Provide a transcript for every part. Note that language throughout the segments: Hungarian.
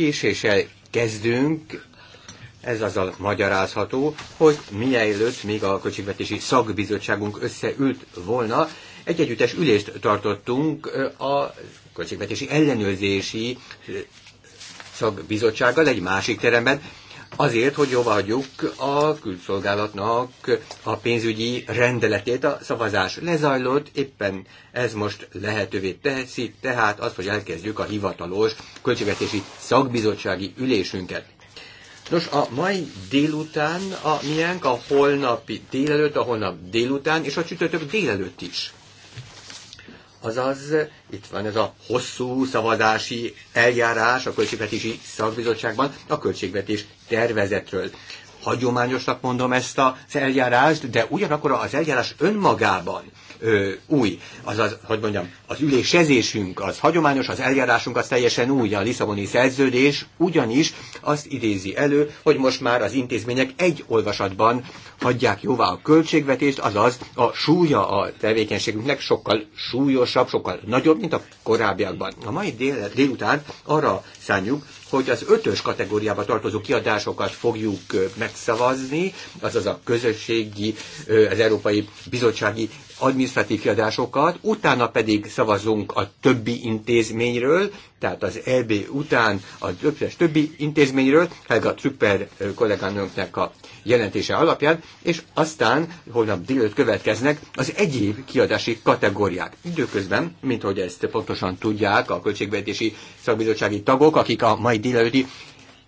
késéssel kezdünk, ez azzal magyarázható, hogy mielőtt még a költségvetési szakbizottságunk összeült volna, egy együttes ülést tartottunk a költségvetési ellenőrzési szakbizottsággal egy másik teremben, azért, hogy hagyjuk a külszolgálatnak a pénzügyi rendeletét, a szavazás lezajlott, éppen ez most lehetővé teszi, tehát azt, hogy elkezdjük a hivatalos költségvetési szakbizottsági ülésünket. Nos, a mai délután a miénk, a holnapi délelőtt, a holnap délután és a csütörtök délelőtt is. Azaz, itt van ez a hosszú szavazási eljárás a Költségvetési Szakbizottságban a költségvetés tervezetről. Hagyományosnak mondom ezt az eljárást, de ugyanakkor az eljárás önmagában ö, új. Azaz, hogy mondjam, az ülésezésünk, az hagyományos, az eljárásunk az teljesen új. A Lisszaboni szerződés ugyanis azt idézi elő, hogy most már az intézmények egy olvasatban hagyják jóvá a költségvetést, azaz a súlya a tevékenységünknek sokkal súlyosabb, sokkal nagyobb, mint a korábbiakban. A mai dél, délután arra szánjuk, hogy az ötös kategóriába tartozó kiadásokat fogjuk megszavazni, azaz a közösségi, az Európai Bizottsági administratív kiadásokat, utána pedig szavazunk a többi intézményről, tehát az EB után a többi intézményről, Helga Trüpper kolléganőnknek a jelentése alapján, és aztán holnap délőtt következnek az egyéb kiadási kategóriák. Időközben, mint hogy ezt pontosan tudják a költségvetési szakbizottsági tagok, akik a mai délelőtti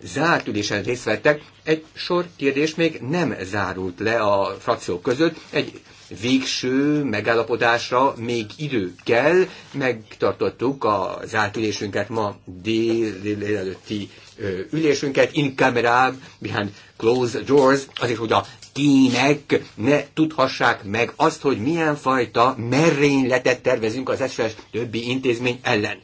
zárt ülésen részt vettek, egy sor kérdés még nem zárult le a frakciók között, egy végső megállapodásra még idő kell. Megtartottuk az átülésünket ma délelőtti ülésünket in camera, behind closed doors, azért, hogy a kínek ne tudhassák meg azt, hogy milyen fajta merényletet tervezünk az SS többi intézmény ellen.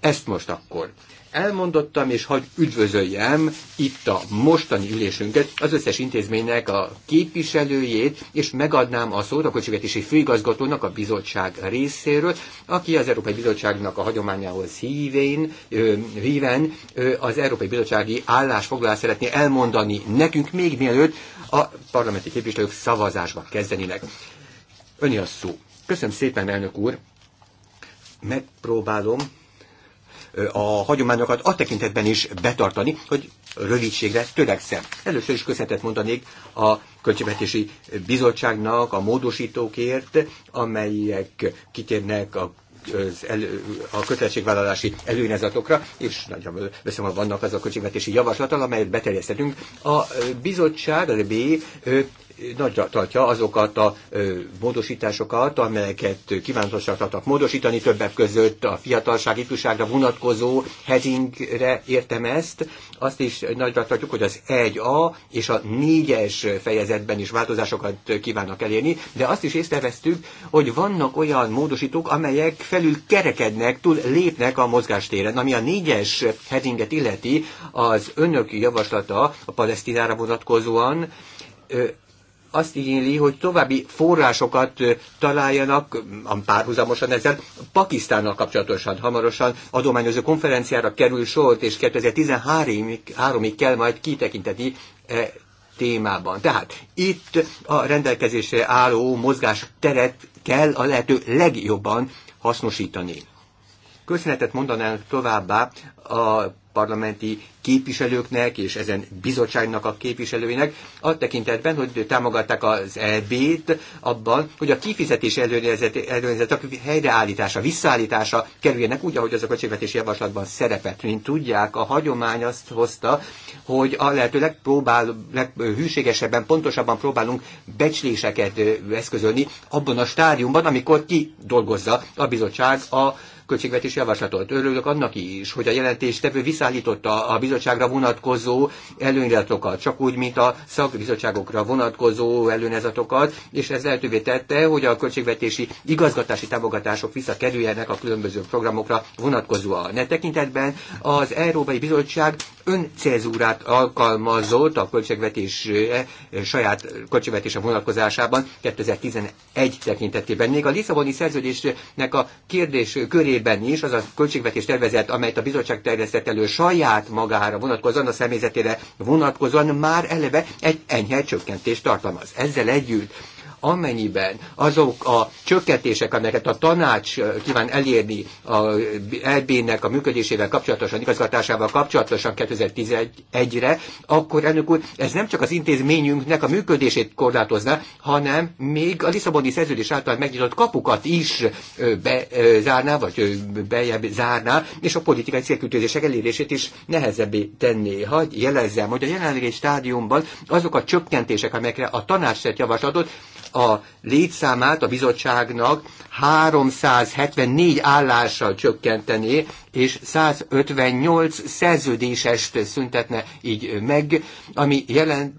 Ezt most akkor elmondottam, és hagy üdvözöljem itt a mostani ülésünket, az összes intézménynek a képviselőjét, és megadnám a szót a kocsivetési főigazgatónak a bizottság részéről, aki az Európai Bizottságnak a hagyományához hívén, ö, híven ö, az Európai Bizottsági állásfoglalást szeretné elmondani nekünk, még mielőtt a parlamenti képviselők szavazásba kezdenének. Öni a szó. Köszönöm szépen, elnök úr! Megpróbálom a hagyományokat a tekintetben is betartani, hogy rövidségre törekszem. Először is köszönetet mondanék a Költségvetési Bizottságnak a módosítókért, amelyek kitérnek a az elő, a kötelezettségvállalási előnyezatokra, és nagyon veszem, vannak az a költségvetési javaslatok, amelyet beterjesztettünk. A bizottság, az EB nagyra tartja azokat a módosításokat, amelyeket kívánatosan tartak módosítani, többek között a fiatalság, ifjúságra vonatkozó hedgingre értem ezt. Azt is nagyra tartjuk, hogy az 1A és a 4-es fejezetben is változásokat kívánnak elérni, de azt is észrevesztük, hogy vannak olyan módosítók, amelyek felül kerekednek, túl lépnek a mozgástéren. Ami a 4-es hedinget illeti, az önök javaslata a palesztinára vonatkozóan, azt igényli, hogy további forrásokat találjanak, párhuzamosan ezzel Pakisztánnal kapcsolatosan hamarosan adományozó konferenciára kerül sor, és 2013-ig kell majd kitekinteni e témában. Tehát itt a rendelkezésre álló mozgás teret kell a lehető legjobban hasznosítani. Köszönetet mondanám továbbá a parlamenti képviselőknek és ezen bizottságnak a képviselőinek a tekintetben, hogy támogatták az EB-t abban, hogy a kifizetés előnyezet, helyreállítása, visszaállítása kerüljenek úgy, ahogy az a költségvetési javaslatban szerepet, Mint tudják, a hagyomány azt hozta, hogy a lehető legpróbál, leghűségesebben, pontosabban próbálunk becsléseket eszközölni abban a stádiumban, amikor ki dolgozza a bizottság a költségvetés javaslatot. Örülök annak is, hogy a jelentéstevő visszaállította a bizottságra vonatkozó előnyezatokat, csak úgy, mint a szakbizottságokra vonatkozó előnyezatokat, és ez lehetővé tette, hogy a költségvetési igazgatási támogatások visszakerüljenek a különböző programokra vonatkozóan. Ne tekintetben az Európai Bizottság öncezúrát alkalmazott a költségvetés e, saját költségvetése vonatkozásában 2011 tekintetében. Még a Lisszaboni szerződésnek a kérdés köré esetében is az a költségvetés tervezet, amelyet a bizottság terjesztett elő saját magára vonatkozóan, a személyzetére vonatkozóan már eleve egy enyhe csökkentést tartalmaz. Ezzel együtt amennyiben azok a csökkentések, amelyeket a tanács kíván elérni a EB-nek a működésével kapcsolatosan, igazgatásával kapcsolatosan 2011-re, akkor elnök úr, ez nem csak az intézményünknek a működését korlátozná, hanem még a Lisszaboni szerződés által megnyitott kapukat is bezárná, vagy bejebb zárná, és a politikai célkültőzések elérését is nehezebbé tenné. Hagy jelezzem, hogy a jelenlegi stádiumban azok a csökkentések, amelyekre a tanács tett javaslatot, a létszámát a bizottságnak 374 állásra csökkentené, és 158 szerződésest szüntetne így meg, ami jelent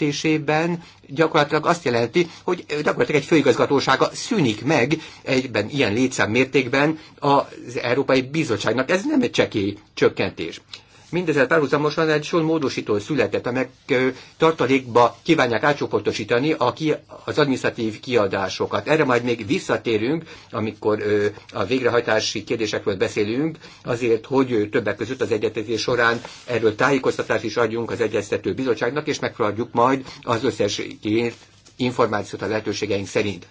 jelentésében gyakorlatilag azt jelenti, hogy gyakorlatilag egy főigazgatósága szűnik meg egyben ilyen létszám mértékben az Európai Bizottságnak. Ez nem egy csekély csökkentés. Mindezzel párhuzamosan egy sor módosító született, amely tartalékba kívánják átcsoportosítani a ki, az administratív kiadásokat. Erre majd még visszatérünk, amikor a végrehajtási kérdésekről beszélünk, azért, hogy többek között az egyetetés során erről tájékoztatást is adjunk az egyeztető bizottságnak, és megfeladjuk majd az összes információt a lehetőségeink szerint.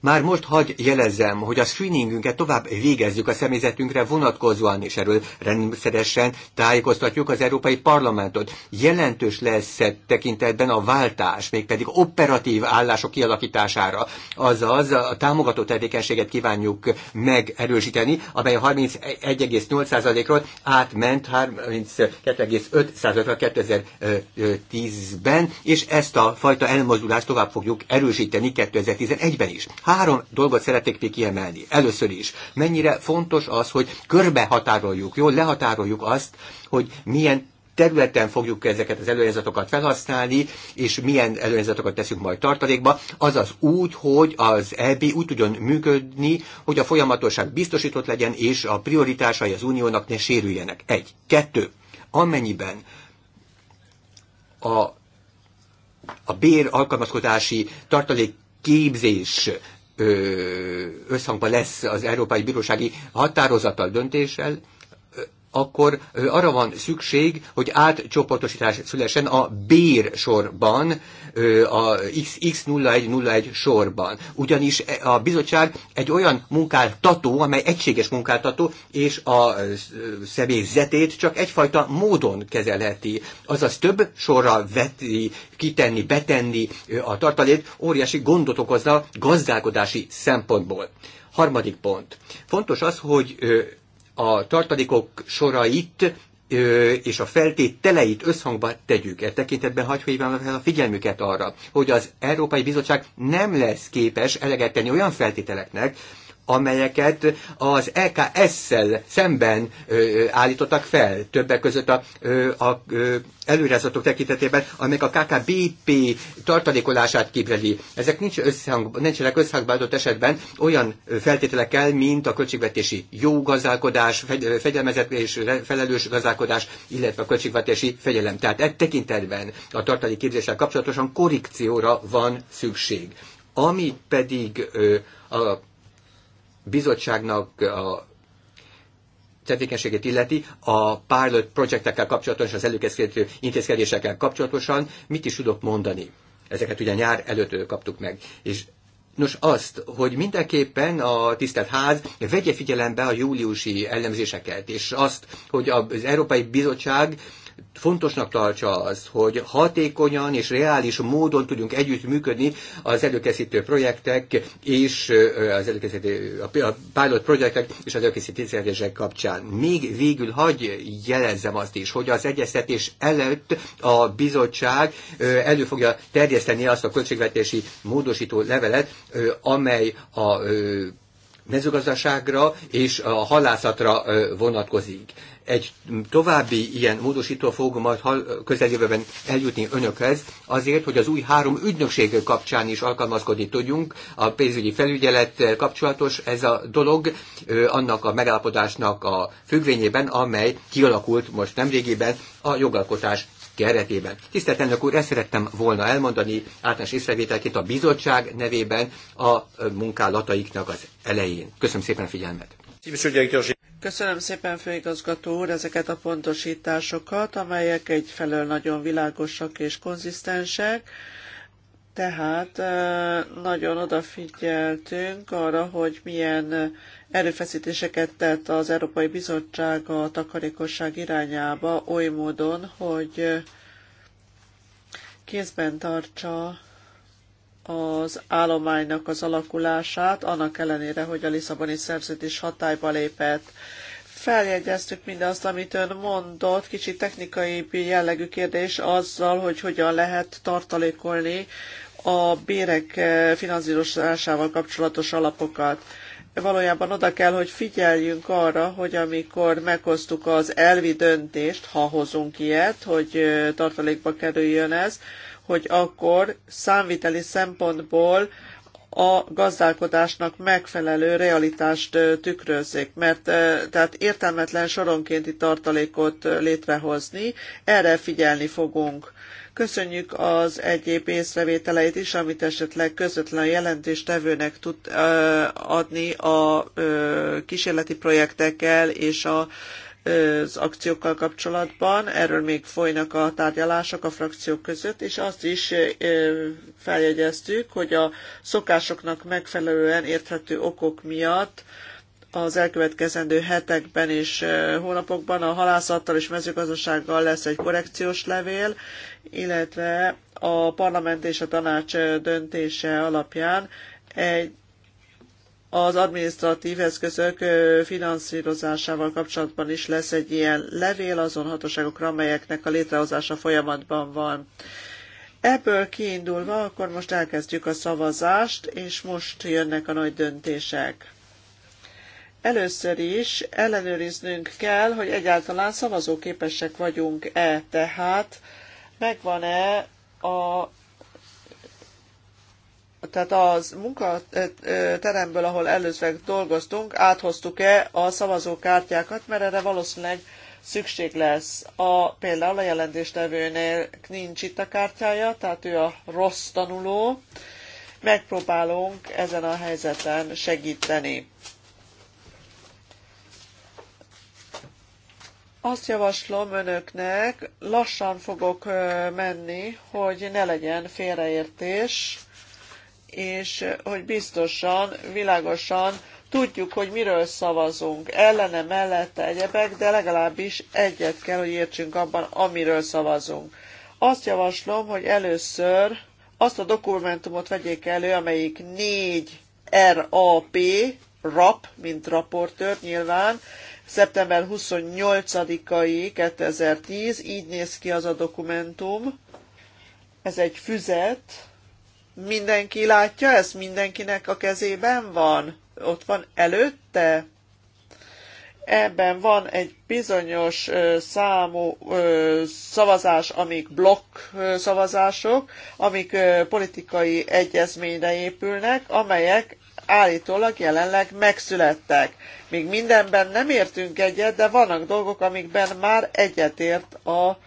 Már most hagy jelezzem, hogy a screeningünket tovább végezzük a személyzetünkre vonatkozóan, és erről rendszeresen tájékoztatjuk az Európai Parlamentot. Jelentős lesz e tekintetben a váltás, mégpedig operatív állások kialakítására, azaz a támogató tevékenységet kívánjuk megerősíteni, amely a 31,8%-ról átment 32,5%-ra 2010-ben, és ezt a fajta elmozdulást tovább fogjuk erősíteni 2011-ben is. Három dolgot szeretnék még kiemelni. Először is, mennyire fontos az, hogy körbehatároljuk, jól lehatároljuk azt, hogy milyen területen fogjuk ezeket az előnyezatokat felhasználni, és milyen előnyezatokat teszünk majd tartalékba, azaz úgy, hogy az EB úgy tudjon működni, hogy a folyamatosság biztosított legyen, és a prioritásai az uniónak ne sérüljenek. Egy. Kettő. Amennyiben a, a bér alkalmazkodási tartalék képzés összhangban lesz az Európai Bírósági határozattal, döntéssel, akkor arra van szükség, hogy átcsoportosítás szülessen a bér sorban, a X0101 sorban. Ugyanis e, a bizottság egy olyan munkáltató, amely egységes munkáltató, és a személyzetét csak egyfajta módon kezelheti. Azaz több sorra veti, kitenni, betenni a tartalét óriási gondot okozna gazdálkodási szempontból. Harmadik pont. Fontos az, hogy a tartalékok sorait és a feltételeit összhangba tegyük. E tekintetben hagy hívjam fel a figyelmüket arra, hogy az Európai Bizottság nem lesz képes elegetteni tenni olyan feltételeknek, amelyeket az EKS-szel szemben ö, állítottak fel, többek között a, ö, a ö, előrehozatok tekintetében, amelyek a KKBP tartalékolását képzeli. Ezek nincs összhang, nincsenek összhangban adott esetben olyan feltételekkel, mint a költségvetési jó gazdálkodás, fegy, fegyelmezett és felelős gazdálkodás, illetve a költségvetési fegyelem. Tehát e tekintetben a tartalék képzéssel kapcsolatosan korrekcióra van szükség. Ami pedig ö, a bizottságnak a tevékenységét illeti, a pilot projektekkel kapcsolatosan, az előkészítő intézkedésekkel kapcsolatosan, mit is tudok mondani? Ezeket ugye nyár előtt kaptuk meg. És Nos azt, hogy mindenképpen a tisztelt ház vegye figyelembe a júliusi ellenzéseket, és azt, hogy az Európai Bizottság fontosnak tartsa az, hogy hatékonyan és reális módon tudjunk együttműködni az előkészítő projektek és az előkészítő, a pilot projektek és az előkészítő szervezések kapcsán. Még végül hagy jelezzem azt is, hogy az egyeztetés előtt a bizottság elő fogja terjeszteni azt a költségvetési módosító levelet, amely a mezőgazdaságra és a halászatra vonatkozik. Egy további ilyen módosító fog majd közeljövőben eljutni önökhez, azért, hogy az új három ügynökség kapcsán is alkalmazkodni tudjunk. A pénzügyi felügyelet kapcsolatos ez a dolog, annak a megállapodásnak a függvényében, amely kialakult most nemrégiben a jogalkotás keretében. Tisztelt elnök úr, ezt szerettem volna elmondani általános észrevételként a bizottság nevében a munkálataiknak az elején. Köszönöm szépen a figyelmet. Köszönöm szépen, főigazgató úr, ezeket a pontosításokat, amelyek egyfelől nagyon világosak és konzisztensek, tehát nagyon odafigyeltünk arra, hogy milyen erőfeszítéseket tett az Európai Bizottság a takarékosság irányába oly módon, hogy kézben tartsa az állománynak az alakulását, annak ellenére, hogy a Lisszaboni szerződés hatályba lépett. Feljegyeztük mindazt, amit ön mondott, kicsit technikai jellegű kérdés azzal, hogy hogyan lehet tartalékolni a bérek finanszírozásával kapcsolatos alapokat valójában oda kell, hogy figyeljünk arra, hogy amikor meghoztuk az elvi döntést, ha hozunk ilyet, hogy tartalékba kerüljön ez, hogy akkor számviteli szempontból a gazdálkodásnak megfelelő realitást tükrözzék, mert tehát értelmetlen soronkénti tartalékot létrehozni, erre figyelni fogunk. Köszönjük az egyéb észrevételeit is, amit esetleg közvetlen jelentéstevőnek tud adni a kísérleti projektekkel és a az akciókkal kapcsolatban, erről még folynak a tárgyalások a frakciók között, és azt is feljegyeztük, hogy a szokásoknak megfelelően érthető okok miatt az elkövetkezendő hetekben és hónapokban a halászattal és mezőgazdasággal lesz egy korrekciós levél, illetve a parlament és a tanács döntése alapján egy az adminisztratív eszközök finanszírozásával kapcsolatban is lesz egy ilyen levél azon hatóságokra, amelyeknek a létrehozása folyamatban van. Ebből kiindulva, akkor most elkezdjük a szavazást, és most jönnek a nagy döntések először is ellenőriznünk kell, hogy egyáltalán szavazóképesek vagyunk-e, tehát megvan-e a tehát az munkateremből, ahol előzőleg dolgoztunk, áthoztuk-e a szavazókártyákat, mert erre valószínűleg szükség lesz. A, például a jelentéstevőnél nincs itt a kártyája, tehát ő a rossz tanuló. Megpróbálunk ezen a helyzeten segíteni. Azt javaslom önöknek, lassan fogok menni, hogy ne legyen félreértés, és hogy biztosan, világosan tudjuk, hogy miről szavazunk, ellene, mellette, egyebek, de legalábbis egyet kell, hogy értsünk abban, amiről szavazunk. Azt javaslom, hogy először azt a dokumentumot vegyék elő, amelyik 4 RAP, RAP, mint raportőr nyilván, szeptember 28-ai 2010, így néz ki az a dokumentum. Ez egy füzet. Mindenki látja ezt? Mindenkinek a kezében van? Ott van előtte? Ebben van egy bizonyos számú szavazás, amik blokk szavazások, amik politikai egyezményre épülnek, amelyek állítólag jelenleg megszülettek. Még mindenben nem értünk egyet, de vannak dolgok, amikben már egyetért a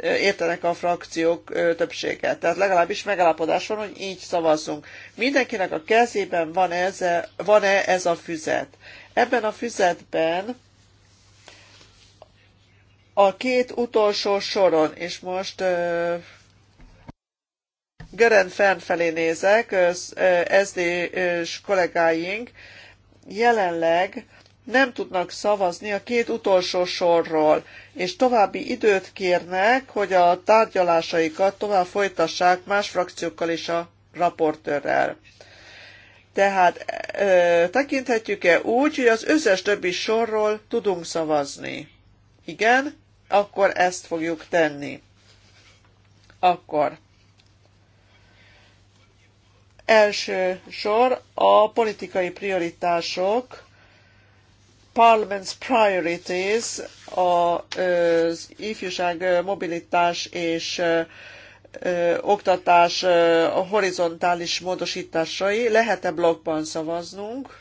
értenek a frakciók többsége. Tehát legalábbis megállapodás van, hogy így szavazzunk. Mindenkinek a kezében van ez, van-e ez a füzet. Ebben a füzetben a két utolsó soron, és most Gören Fern felé nézek, SD-s kollégáink jelenleg nem tudnak szavazni a két utolsó sorról, és további időt kérnek, hogy a tárgyalásaikat tovább folytassák más frakciókkal és a raportőrrel. Tehát ö, tekinthetjük-e úgy, hogy az összes többi sorról tudunk szavazni? Igen, akkor ezt fogjuk tenni. Akkor Első sor a politikai prioritások, Parliament's Priorities, az ifjúság, mobilitás és oktatás a horizontális módosításai, lehet-e blogban szavaznunk?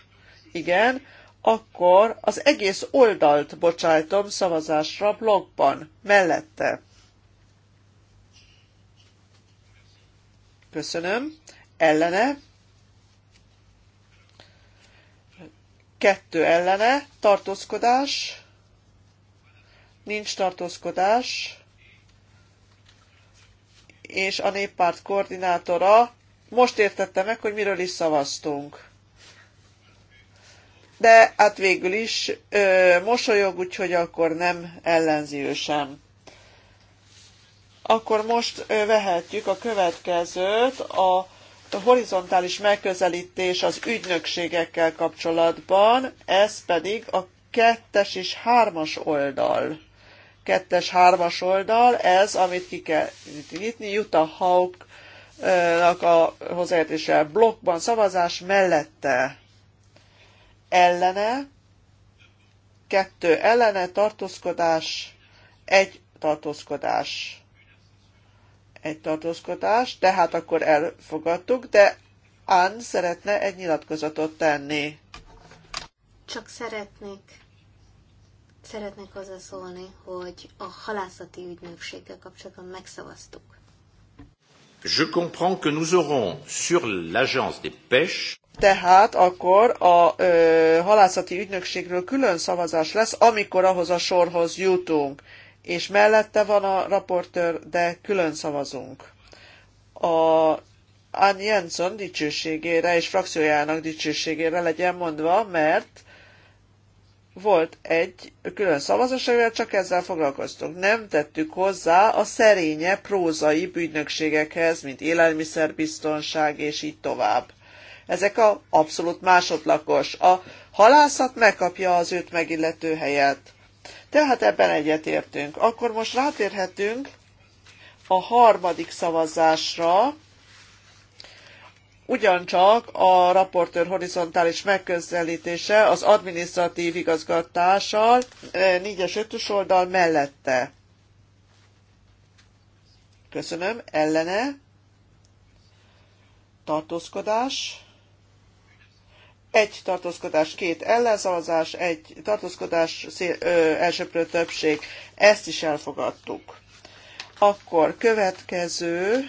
Igen. Akkor az egész oldalt bocsájtom szavazásra blogban, mellette. Köszönöm ellene, kettő ellene, tartózkodás, nincs tartózkodás, és a néppárt koordinátora most értette meg, hogy miről is szavaztunk. De hát végül is ö, mosolyog, úgyhogy akkor nem ellenzi ő sem. Akkor most ö, vehetjük a következőt, a a horizontális megközelítés az ügynökségekkel kapcsolatban, ez pedig a kettes és hármas oldal. Kettes, hármas oldal, ez, amit ki kell nyitni, Jutta Hauk a hozzáértése blokkban szavazás mellette ellene, kettő ellene tartózkodás, egy tartózkodás egy tartózkodás, tehát akkor elfogadtuk, de Ann szeretne egy nyilatkozatot tenni. Csak szeretnék szeretnék hozzászólni, hogy a halászati ügynökséggel kapcsolatban megszavaztuk. Je comprends que nous aurons sur l'agence des pêches tehát akkor a ö, halászati ügynökségről külön szavazás lesz, amikor ahhoz a sorhoz jutunk és mellette van a raportőr, de külön szavazunk. A Ann Jensen dicsőségére és frakciójának dicsőségére legyen mondva, mert volt egy külön szavazás, amivel csak ezzel foglalkoztunk. Nem tettük hozzá a szerénye prózai bűnökségekhez, mint élelmiszerbiztonság és így tovább. Ezek a abszolút másodlakos. A halászat megkapja az őt megillető helyet. Tehát ebben egyetértünk. Akkor most rátérhetünk a harmadik szavazásra, Ugyancsak a raportőr horizontális megközelítése az adminisztratív igazgatással 4-es eh, 5-ös oldal mellette. Köszönöm. Ellene. Tartózkodás egy tartózkodás, két ellenszavazás, egy tartózkodás, szél, elsőprő többség. Ezt is elfogadtuk. Akkor következő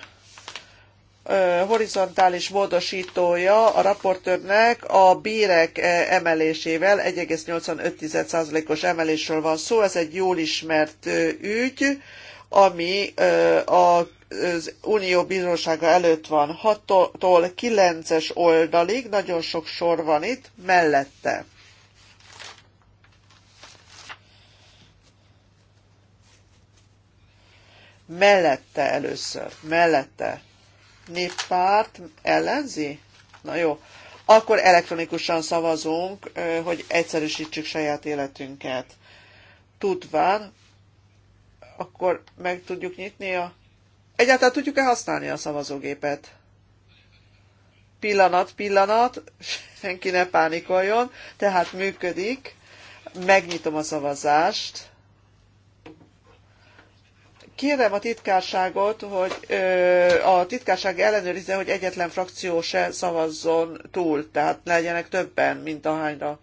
horizontális módosítója a raportőrnek a bírek emelésével 1,85%-os emelésről van szó. Ez egy jól ismert ügy, ami a az Unió Bírósága előtt van 6-tól 9-es oldalig, nagyon sok sor van itt, mellette. Mellette először, mellette. Néppárt ellenzi? Na jó. Akkor elektronikusan szavazunk, hogy egyszerűsítsük saját életünket. Tudván, akkor meg tudjuk nyitni a Egyáltalán tudjuk-e használni a szavazógépet? Pillanat, pillanat, senki ne pánikoljon, tehát működik. Megnyitom a szavazást. Kérem a titkárságot, hogy ö, a titkárság ellenőrizze, hogy egyetlen frakció se szavazzon túl, tehát legyenek többen, mint ahányra.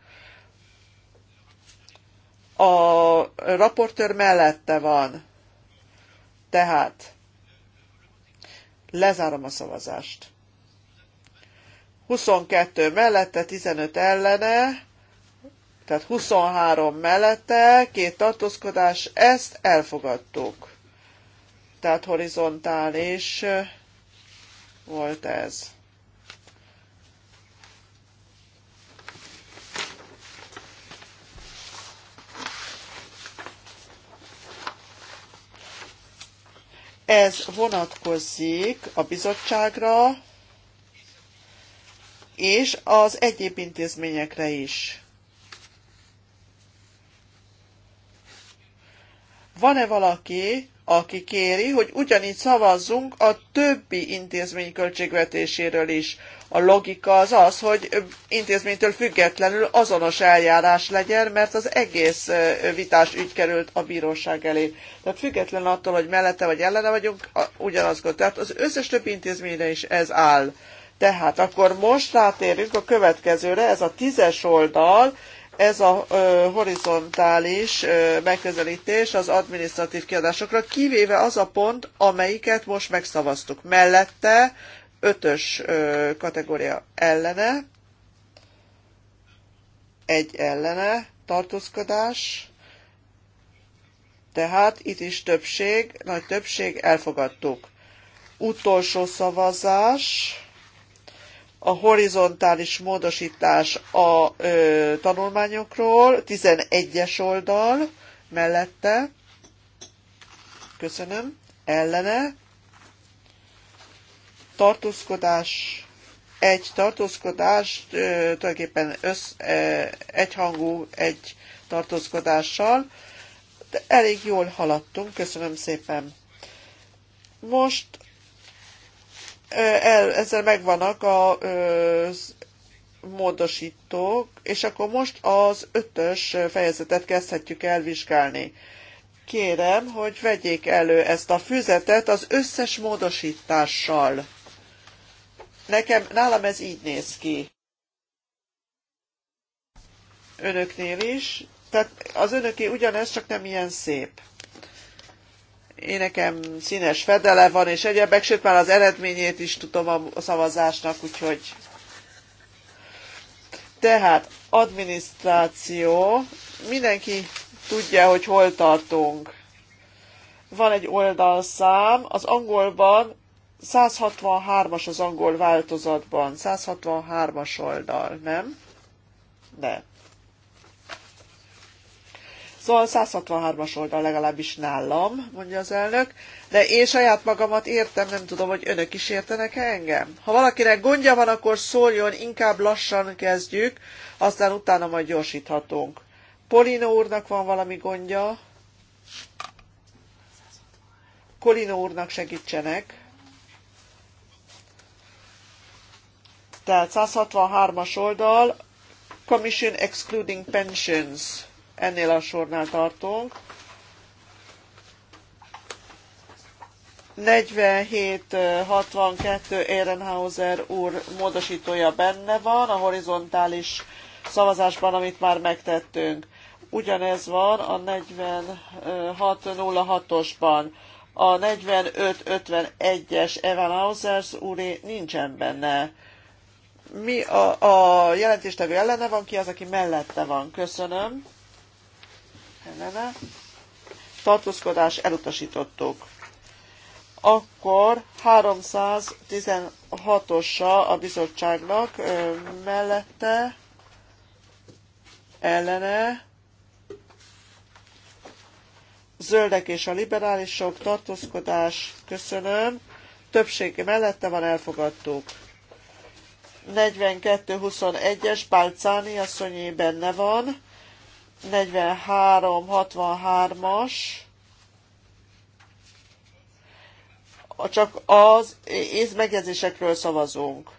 A raportőr mellette van. Tehát Lezárom a szavazást. 22 mellette, 15 ellene, tehát 23 mellette, két tartózkodás, ezt elfogadtuk. Tehát horizontális volt ez. Ez vonatkozik a bizottságra és az egyéb intézményekre is. Van-e valaki, aki kéri, hogy ugyanígy szavazzunk a többi intézmény költségvetéséről is, a logika az az, hogy intézménytől függetlenül azonos eljárás legyen, mert az egész vitás ügy került a bíróság elé. Tehát független attól, hogy mellette vagy ellene vagyunk, ugyanaz gond. Tehát az összes több intézményre is ez áll. Tehát akkor most rátérünk a következőre, ez a tízes oldal, ez a ö, horizontális ö, megközelítés az administratív kiadásokra, kivéve az a pont, amelyiket most megszavaztuk. Mellette ötös kategória ellene, egy ellene, tartózkodás, tehát itt is többség, nagy többség, elfogadtuk. Utolsó szavazás, a horizontális módosítás a ö, tanulmányokról, 11-es oldal mellette, köszönöm, ellene, tartózkodás egy tartózkodás tulajdonképpen össz, egyhangú egy tartózkodással. De elég jól haladtunk, köszönöm szépen. Most el, ezzel megvannak a módosítók, és akkor most az ötös fejezetet kezdhetjük el vizsgálni. Kérem, hogy vegyék elő ezt a füzetet az összes módosítással. Nekem, nálam ez így néz ki. Önöknél is. Tehát az önöké ugyanez, csak nem ilyen szép. Én nekem színes fedele van, és egyebek, sőt már az eredményét is tudom a szavazásnak, úgyhogy... Tehát, adminisztráció, mindenki tudja, hogy hol tartunk. Van egy oldalszám, az angolban 163-as az angol változatban, 163-as oldal, nem? De. Szóval 163-as oldal legalábbis nálam, mondja az elnök, de én saját magamat értem, nem tudom, hogy önök is értenek -e engem. Ha valakinek gondja van, akkor szóljon, inkább lassan kezdjük, aztán utána majd gyorsíthatunk. Polino úrnak van valami gondja? Kolino úrnak segítsenek. Tehát 163-as oldal, Commission Excluding Pensions. Ennél a sornál tartunk. 47-62 Ehrenhauser úr módosítója benne van a horizontális szavazásban, amit már megtettünk. Ugyanez van a 46-06-osban. A 45-51-es Evan Hausers úré nincsen benne. Mi a, a jelentéstevő ellene van, ki az, aki mellette van? Köszönöm. Ellene. Tartózkodás elutasítottuk. Akkor 316-osa a bizottságnak ö, mellette ellene zöldek és a liberálisok tartózkodás, köszönöm. Többség mellette van, elfogadtuk. 42-21-es Pálcáni asszonyé benne van, 43-63-as, csak az megjegyzésekről szavazunk.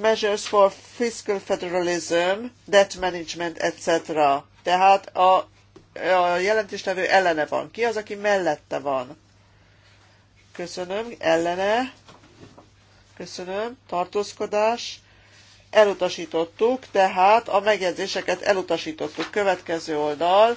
Measures for Fiscal Federalism, Debt Management, etc. Tehát a, a jelentéstevő ellene van. Ki az, aki mellette van? Köszönöm, ellene. Köszönöm. Tartózkodás. Elutasítottuk, tehát a megjegyzéseket elutasítottuk. Következő oldal.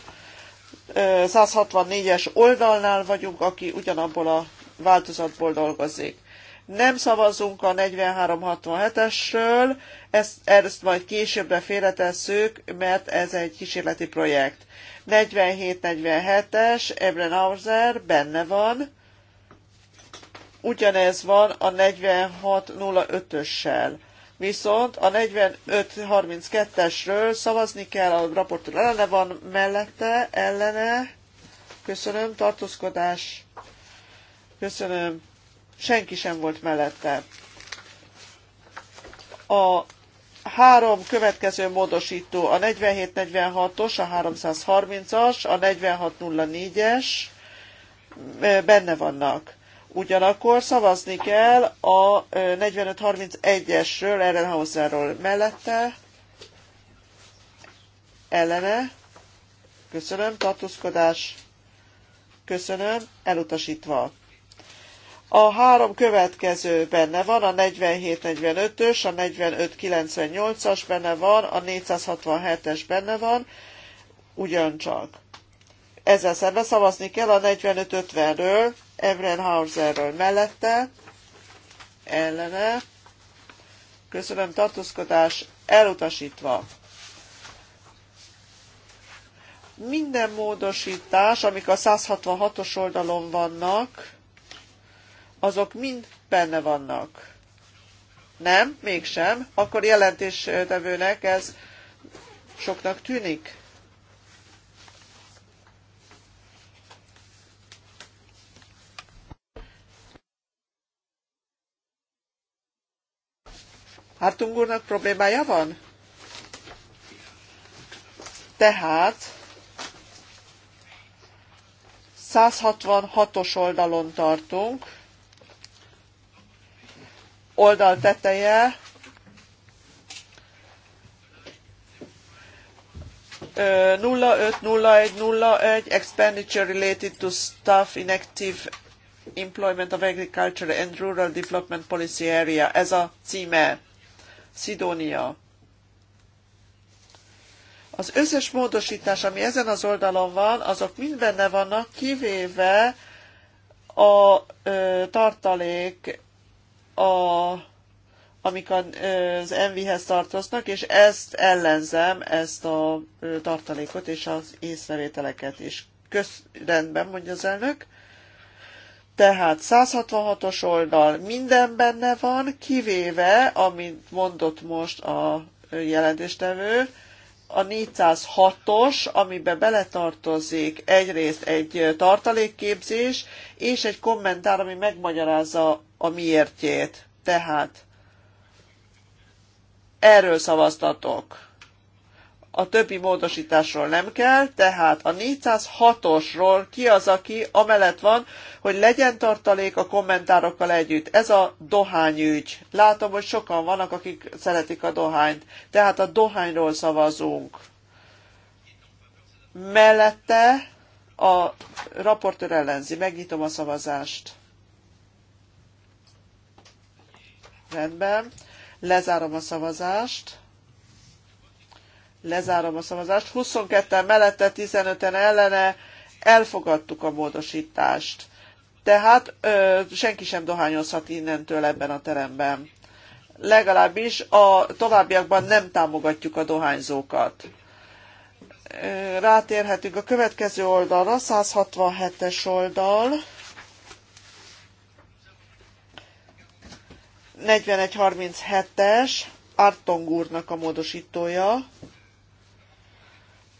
164-es oldalnál vagyunk, aki ugyanabból a változatból dolgozik. Nem szavazunk a 4367-esről, ezt, ezt majd későbbre félretesszük, mert ez egy kísérleti projekt. 4747 es Ebrenhauser benne van, Ugyanez van a 4605-össel. Viszont a 4532-esről szavazni kell, a raportőr ellene van, mellette, ellene, köszönöm, tartózkodás, köszönöm, senki sem volt mellette. A három következő módosító, a 4746-os, a 330-as, a 4604-es benne vannak. Ugyanakkor szavazni kell a 4531-esről, Ehrenhauserről mellette, ellene, köszönöm, tartózkodás, köszönöm, elutasítva. A három következő benne van, a 4745 ös a 4598 as benne van, a 467-es benne van, ugyancsak. Ezzel szemben szavazni kell a 45-50-ről, Evrenhauserről mellette, ellene. Köszönöm, tartózkodás elutasítva. Minden módosítás, amik a 166-os oldalon vannak, azok mind benne vannak. Nem, mégsem. Akkor jelentéstevőnek ez soknak tűnik. Hartung úrnak problémája van? Tehát 166-os oldalon tartunk, oldal teteje, Uh, 0,1 expenditure related to staff inactive employment of agriculture and rural development policy area. Ez a címe. Szidónia. Az összes módosítás, ami ezen az oldalon van, azok mind benne vannak, kivéve a ö, tartalék, a, amik az envihez tartoznak, és ezt ellenzem, ezt a ö, tartalékot és az észrevételeket is. Köszönöm, rendben, mondja az elnök. Tehát 166-os oldal minden benne van, kivéve, amit mondott most a jelentéstevő, a 406-os, amiben beletartozik egyrészt egy tartalékképzés, és egy kommentár, ami megmagyarázza a miértjét. Tehát erről szavaztatok a többi módosításról nem kell, tehát a 406-osról ki az, aki amellett van, hogy legyen tartalék a kommentárokkal együtt. Ez a dohányügy. Látom, hogy sokan vannak, akik szeretik a dohányt. Tehát a dohányról szavazunk. Mellette a raportőr ellenzi. Megnyitom a szavazást. Rendben. Lezárom a szavazást. Lezárom a szavazást. 22-en mellette, 15-en ellene elfogadtuk a módosítást. Tehát ö, senki sem dohányozhat innentől ebben a teremben. Legalábbis a továbbiakban nem támogatjuk a dohányzókat. Rátérhetünk a következő oldalra, 167-es oldal. 4137-es Artong úrnak a módosítója.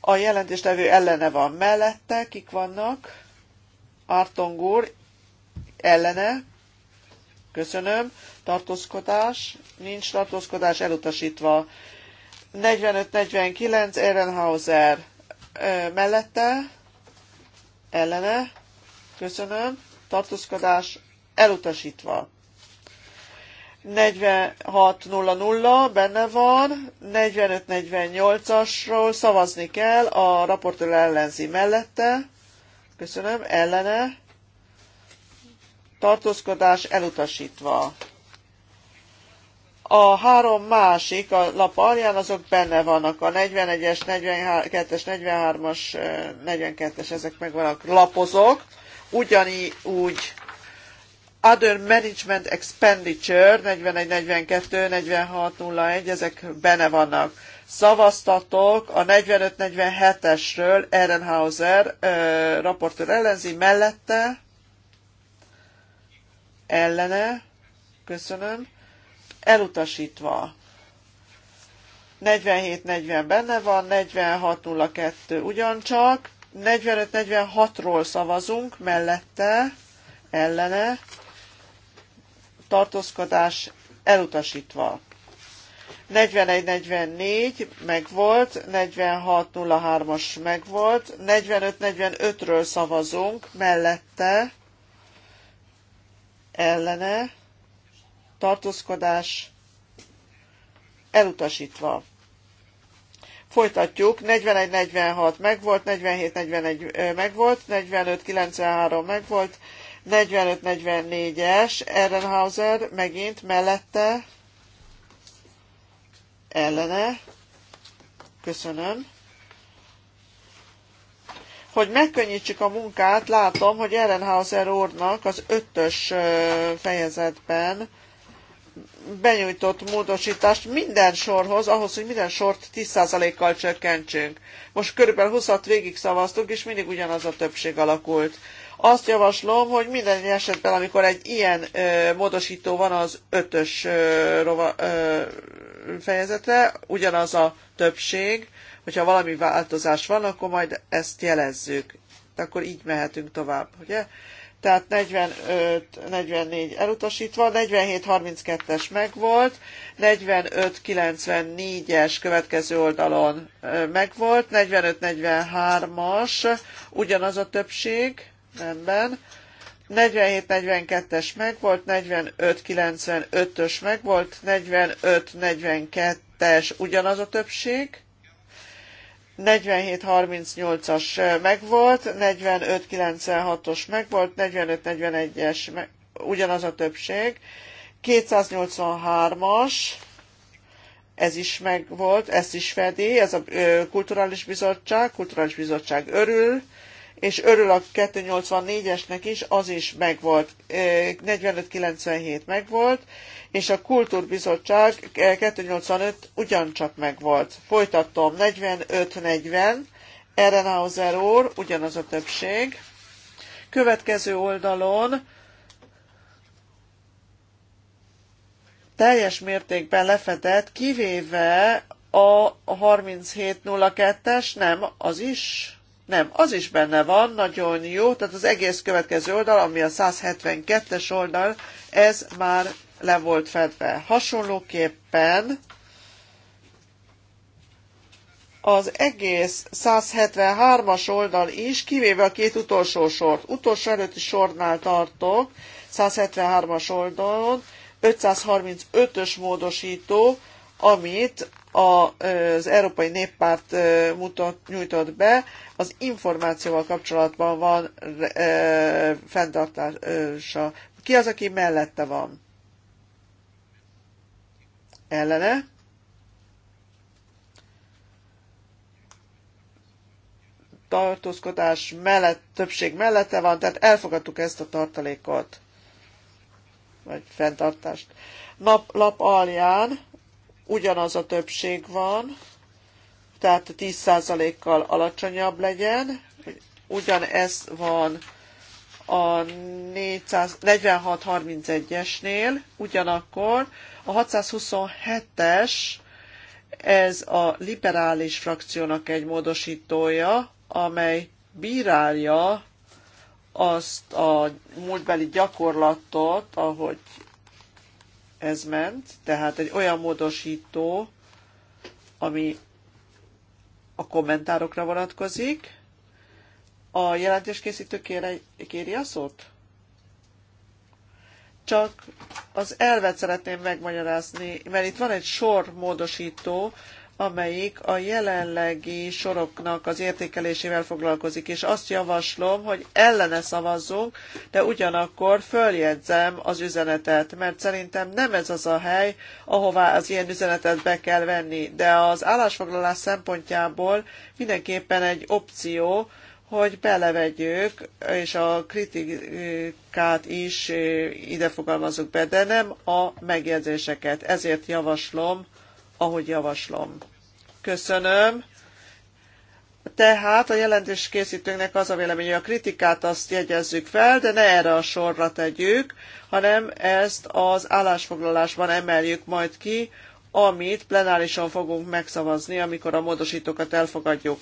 A jelentéstevő ellene van mellette, kik vannak? Ártongúr ellene, köszönöm, tartózkodás, nincs tartózkodás, elutasítva. 45-49, Ehrenhauser mellette, ellene, köszönöm, tartózkodás, elutasítva. 46.00 benne van, 45.48-asról szavazni kell, a raportőr ellenzi mellette. Köszönöm, ellene. Tartózkodás elutasítva. A három másik a lap alján, azok benne vannak, a 41-es, 42-es, 43-as, 42-es, ezek meg vannak lapozók, Ugyanígy úgy Other Management Expenditure 41, 42, 46, 01, ezek benne vannak. Szavaztatok a 45-47-esről Ehrenhauser ö, raportőr ellenzi mellette, ellene, köszönöm, elutasítva. 47-40 benne van, 46-02 ugyancsak, 45-46-ról szavazunk mellette, ellene, tartózkodás elutasítva. 41-44 megvolt, 46-03-as megvolt, 45-45-ről szavazunk, mellette, ellene, tartózkodás elutasítva. Folytatjuk, 41-46 megvolt, 47-41 megvolt, 45-93 megvolt, 45-44-es, Ehrenhauser megint mellette, ellene, köszönöm. Hogy megkönnyítsük a munkát, látom, hogy Ehrenhauser úrnak az ötös fejezetben benyújtott módosítást minden sorhoz, ahhoz, hogy minden sort 10%-kal csökkentsünk. Most körülbelül 20-at végig szavaztuk, és mindig ugyanaz a többség alakult. Azt javaslom, hogy minden esetben, amikor egy ilyen ö, módosító van az ötös ö, rova, ö, fejezete, ugyanaz a többség, hogyha valami változás van, akkor majd ezt jelezzük. Akkor így mehetünk tovább, ugye? Tehát 45-44 elutasítva, 47-32-es megvolt, 45-94-es következő oldalon megvolt, 45-43-as, ugyanaz a többség, rendben. 47-42-es megvolt, 45-95-ös megvolt, 45-42-es ugyanaz a többség, 47-38-as megvolt, 45-96-os megvolt, 45-41-es ugyanaz a többség, 283-as, ez is megvolt, ezt is fedi, ez a Kulturális Bizottság, Kulturális Bizottság örül, és örül a 284-esnek is, az is megvolt, 4597 megvolt, és a Kultúrbizottság 285 ugyancsak megvolt. Folytatom, 45 Erenhauser úr, ugyanaz a többség. Következő oldalon teljes mértékben lefedett, kivéve a 3702-es, nem, az is nem, az is benne van, nagyon jó, tehát az egész következő oldal, ami a 172-es oldal, ez már le volt fedve. Hasonlóképpen az egész 173-as oldal is, kivéve a két utolsó sort. Utolsó előtti sornál tartok, 173-as oldalon, 535-ös módosító, amit az Európai Néppárt mutat, nyújtott be, az információval kapcsolatban van fenntartása. Ki az, aki mellette van? Ellene? tartózkodás mellett, többség mellette van, tehát elfogadtuk ezt a tartalékot, vagy fenntartást. Nap, lap alján ugyanaz a többség van, tehát 10%-kal alacsonyabb legyen. Ugyanez van a 4631-esnél, ugyanakkor a 627-es, ez a liberális frakciónak egy módosítója, amely bírálja azt a múltbeli gyakorlatot, ahogy ez ment, tehát egy olyan módosító, ami a kommentárokra vonatkozik. A jelentéskészítő kéri, kéri a szót? Csak az elvet szeretném megmagyarázni, mert itt van egy sor módosító, amelyik a jelenlegi soroknak az értékelésével foglalkozik, és azt javaslom, hogy ellene szavazzunk, de ugyanakkor följegyzem az üzenetet, mert szerintem nem ez az a hely, ahová az ilyen üzenetet be kell venni, de az állásfoglalás szempontjából mindenképpen egy opció, hogy belevegyük, és a kritikát is eh, ide fogalmazzuk be, de nem a megjegyzéseket. Ezért javaslom, ahogy javaslom. Köszönöm. Tehát a jelentés készítőnknek az a véleménye, a kritikát azt jegyezzük fel, de ne erre a sorra tegyük, hanem ezt az állásfoglalásban emeljük majd ki, amit plenárisan fogunk megszavazni, amikor a módosítókat elfogadjuk.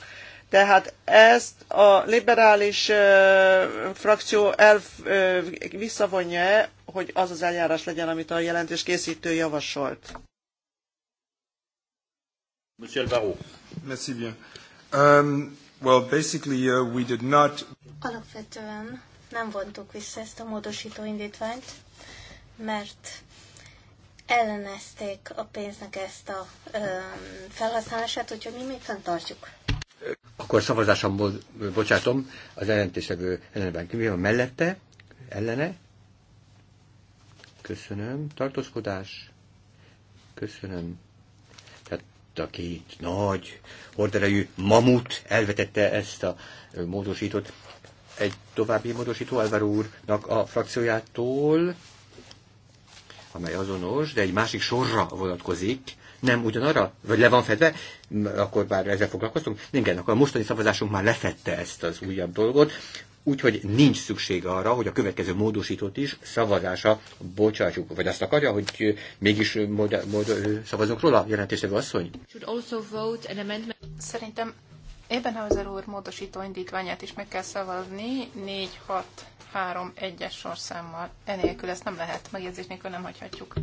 Tehát ezt a liberális ö, frakció elf, ö, visszavonja, hogy az az eljárás legyen, amit a jelentés készítő javasolt. Monsieur Alvaro. Merci bien. Um, well, basically uh, we did not... Alapvetően nem vontuk vissza ezt a módosító indítványt, mert ellenezték a pénznek ezt a um, felhasználását, úgyhogy mi még fenntartjuk. Akkor szavazásom, bocsátom, az jelentéstevő ellenben kívül a mellette, ellene. Köszönöm. Tartózkodás. Köszönöm a két nagy horderejű mamut elvetette ezt a módosítót. Egy további módosító Álvaro úrnak a frakciójától, amely azonos, de egy másik sorra vonatkozik, nem ugyanarra, vagy le van fedve, akkor bár ezzel foglalkoztunk, igen, akkor a mostani szavazásunk már lefette ezt az újabb dolgot úgyhogy nincs szükség arra, hogy a következő módosítót is szavazása bocsássuk. Vagy azt akarja, hogy mégis mód, mód, szavazunk róla, jelentéstevő asszony? Szerintem Ebenhauser úr módosító indítványát is meg kell szavazni 4-6-3-1-es sorszámmal. Enélkül ezt nem lehet, megjegyzés nélkül nem hagyhatjuk.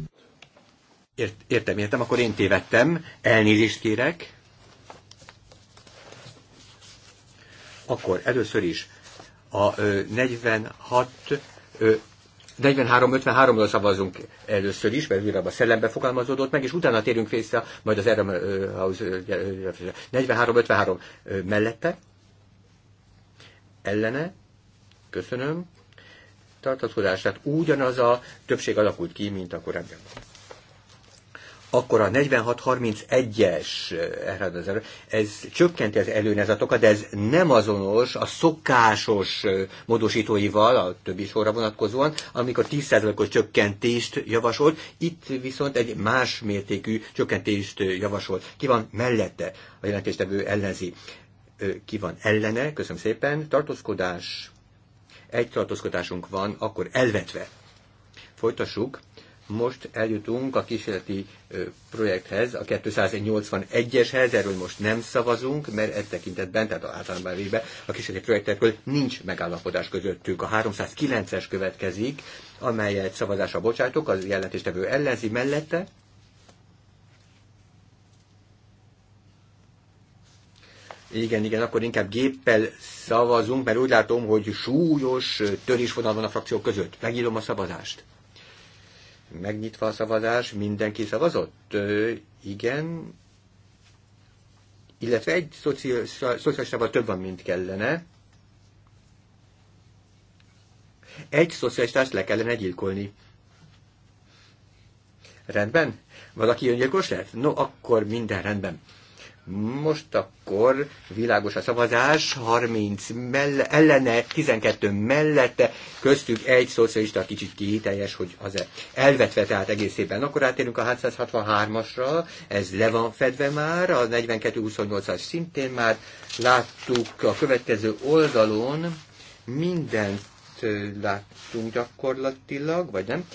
Ért, értem, értem, akkor én tévedtem, elnézést kérek. Akkor először is a 46 43-53-ról szavazunk először is, mert újra a szellembe fogalmazódott meg, és utána térünk vissza majd az erre 43-53 mellette. Ellene. Köszönöm. Tartatkozását ugyanaz a többség alakult ki, mint a korábbiakban akkor a 4631-es eh, ez csökkenti az előnezatokat, de ez nem azonos a szokásos eh, módosítóival, a többi sorra vonatkozóan, amikor 10%-os csökkentést javasolt, itt viszont egy más mértékű csökkentést eh, javasolt. Ki van mellette? A jelentéstevő ellenzi. Ki van ellene? Köszönöm szépen. Tartózkodás. Egy tartózkodásunk van, akkor elvetve. Folytassuk most eljutunk a kísérleti projekthez, a 281-eshez, erről most nem szavazunk, mert ez tekintetben, tehát általában véve a kísérleti projektekről nincs megállapodás közöttük A 309-es következik, amelyet szavazásra bocsátok, az jelentéstevő ellenzi mellette. Igen, igen, akkor inkább géppel szavazunk, mert úgy látom, hogy súlyos törésvonal van a frakciók között. Megírom a szavazást megnyitva a szavazás, mindenki szavazott? Ö, igen, illetve egy szocialistával több van, mint kellene. Egy szocialistást le kellene gyilkolni. Rendben? Valaki öngyilkos lett? No, akkor minden rendben. Most akkor világos a szavazás, 30 mell- ellene, 12 mellette, köztük egy szocialista kicsit kihiteljes, hogy az -e elvetve tehát egészében. Akkor átérünk a 763-asra, ez le van fedve már, a 42-28-as szintén már láttuk a következő oldalon, mindent láttunk gyakorlatilag, vagy nem?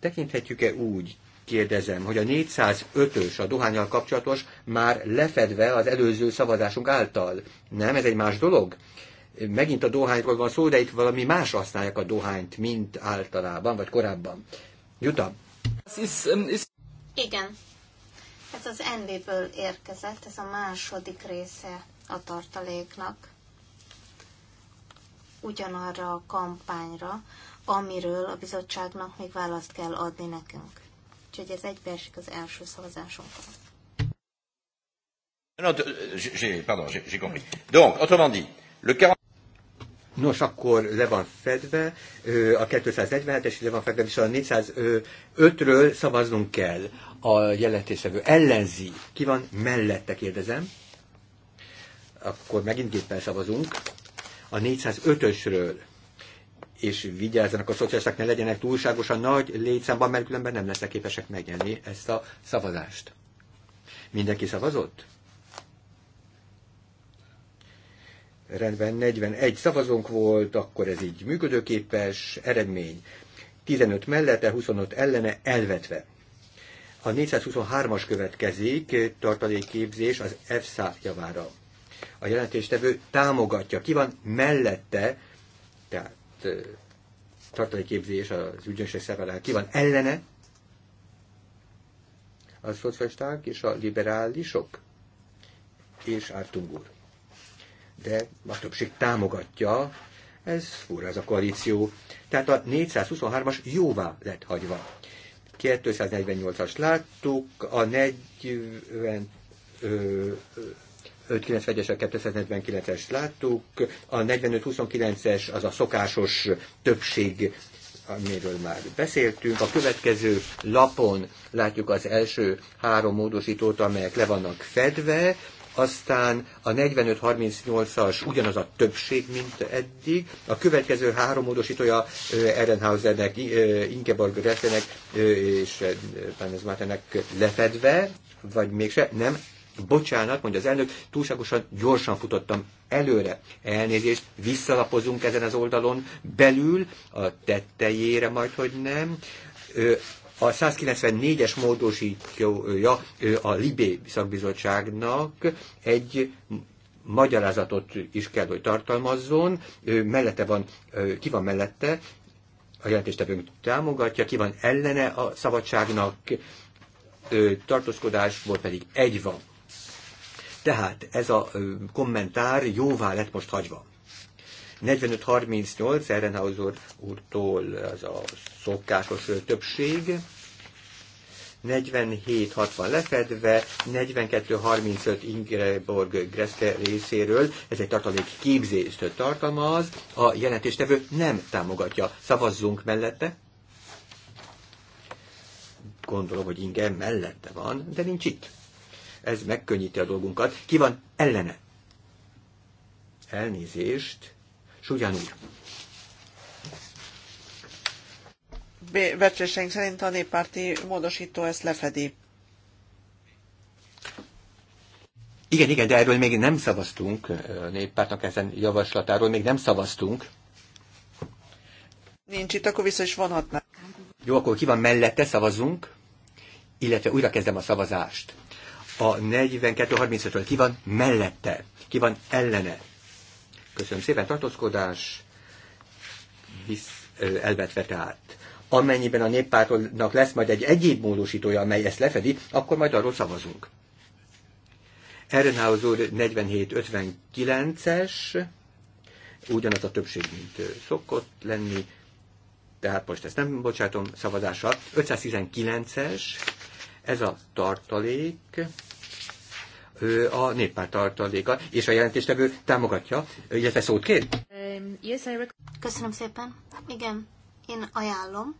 Tekinthetjük-e úgy? kérdezem, hogy a 405-ös a dohányal kapcsolatos már lefedve az előző szavazásunk által. Nem? Ez egy más dolog? Megint a dohányról van szó, de itt valami más használják a dohányt, mint általában, vagy korábban. Juta? Igen. Ez az NB-ből érkezett, ez a második része a tartaléknak. Ugyanarra a kampányra, amiről a bizottságnak még választ kell adni nekünk úgyhogy ez egybeesik az első szavazásunkkal. Non, pardon, j'ai compris. Donc, autrement dit, le 40... Nos, akkor le van fedve, a 247-es le van fedve, és a 405-ről szavaznunk kell a jelentéstevő. Ellenzi. Ki van mellette, kérdezem. Akkor megint géppel szavazunk. A 405-ösről és vigyázzanak a szocialisták, ne legyenek túlságosan nagy létszámban, mert különben nem lesznek képesek megnyerni ezt a szavazást. Mindenki szavazott? Rendben, 41 szavazónk volt, akkor ez így működőképes eredmény. 15 mellette, 25 ellene elvetve. A 423-as következik, tartalékképzés az EFSA javára. A jelentéstevő támogatja. Ki van mellette? Tehát tartani képzés az ügynökség szervelel hát ki van ellene, a szocialisták és a liberálisok, és Ártung úr. De a többség támogatja, ez fura ez a koalíció. Tehát a 423-as jóvá lett hagyva. 248-as láttuk, a 40, ö, 591-es, a 249-es láttuk, a 45-29-es az a szokásos többség, amiről már beszéltünk. A következő lapon látjuk az első három módosítót, amelyek le vannak fedve, aztán a 45-38-as ugyanaz a többség, mint eddig. A következő három módosítója Ehrenhausernek, Ingeborg Ressenek és Pánez Mátenek lefedve, vagy mégse, nem, Bocsánat, mondja az elnök, túlságosan gyorsan futottam előre. Elnézést, visszalapozunk ezen az oldalon belül, a tettejére majd, hogy nem. A 194-es módosítója a Libé szakbizottságnak egy magyarázatot is kell, hogy tartalmazzon. Mellette van, ki van mellette, a jelentéstevőnk támogatja, ki van ellene a szabadságnak, tartózkodásból pedig egy van. Tehát ez a kommentár jóvá lett most hagyva. 45-38 Ehrenhauser úrtól az a szokásos többség, 47-60 lefedve, 42-35 Ingeborg Greske részéről, ez egy tartalék képzést tartalmaz, a jelentéstevő nem támogatja. Szavazzunk mellette. Gondolom, hogy Inge mellette van, de nincs itt ez megkönnyíti a dolgunkat. Ki van ellene? Elnézést. Súlyán ugyanúgy. Becsesség szerint a néppárti módosító ezt lefedi. Igen, igen, de erről még nem szavaztunk, a néppártnak ezen javaslatáról még nem szavaztunk. Nincs itt, akkor vissza is vonhatnánk. Jó, akkor ki van mellette, szavazunk, illetve újra kezdem a szavazást a 42-35-ről. Ki van mellette? Ki van ellene? Köszönöm szépen. Tartózkodás visz, elvetve tehát. Amennyiben a néppártnak lesz majd egy egyéb módosítója, amely ezt lefedi, akkor majd arról szavazunk. Ehrenhaus úr 47-59-es, ugyanaz a többség, mint szokott lenni, tehát most ezt nem bocsátom szavazásra. 519-es, ez a tartalék, a néppárt tartaléka, és a jelentéstevő támogatja, illetve szót kér? Köszönöm szépen. Igen, én ajánlom,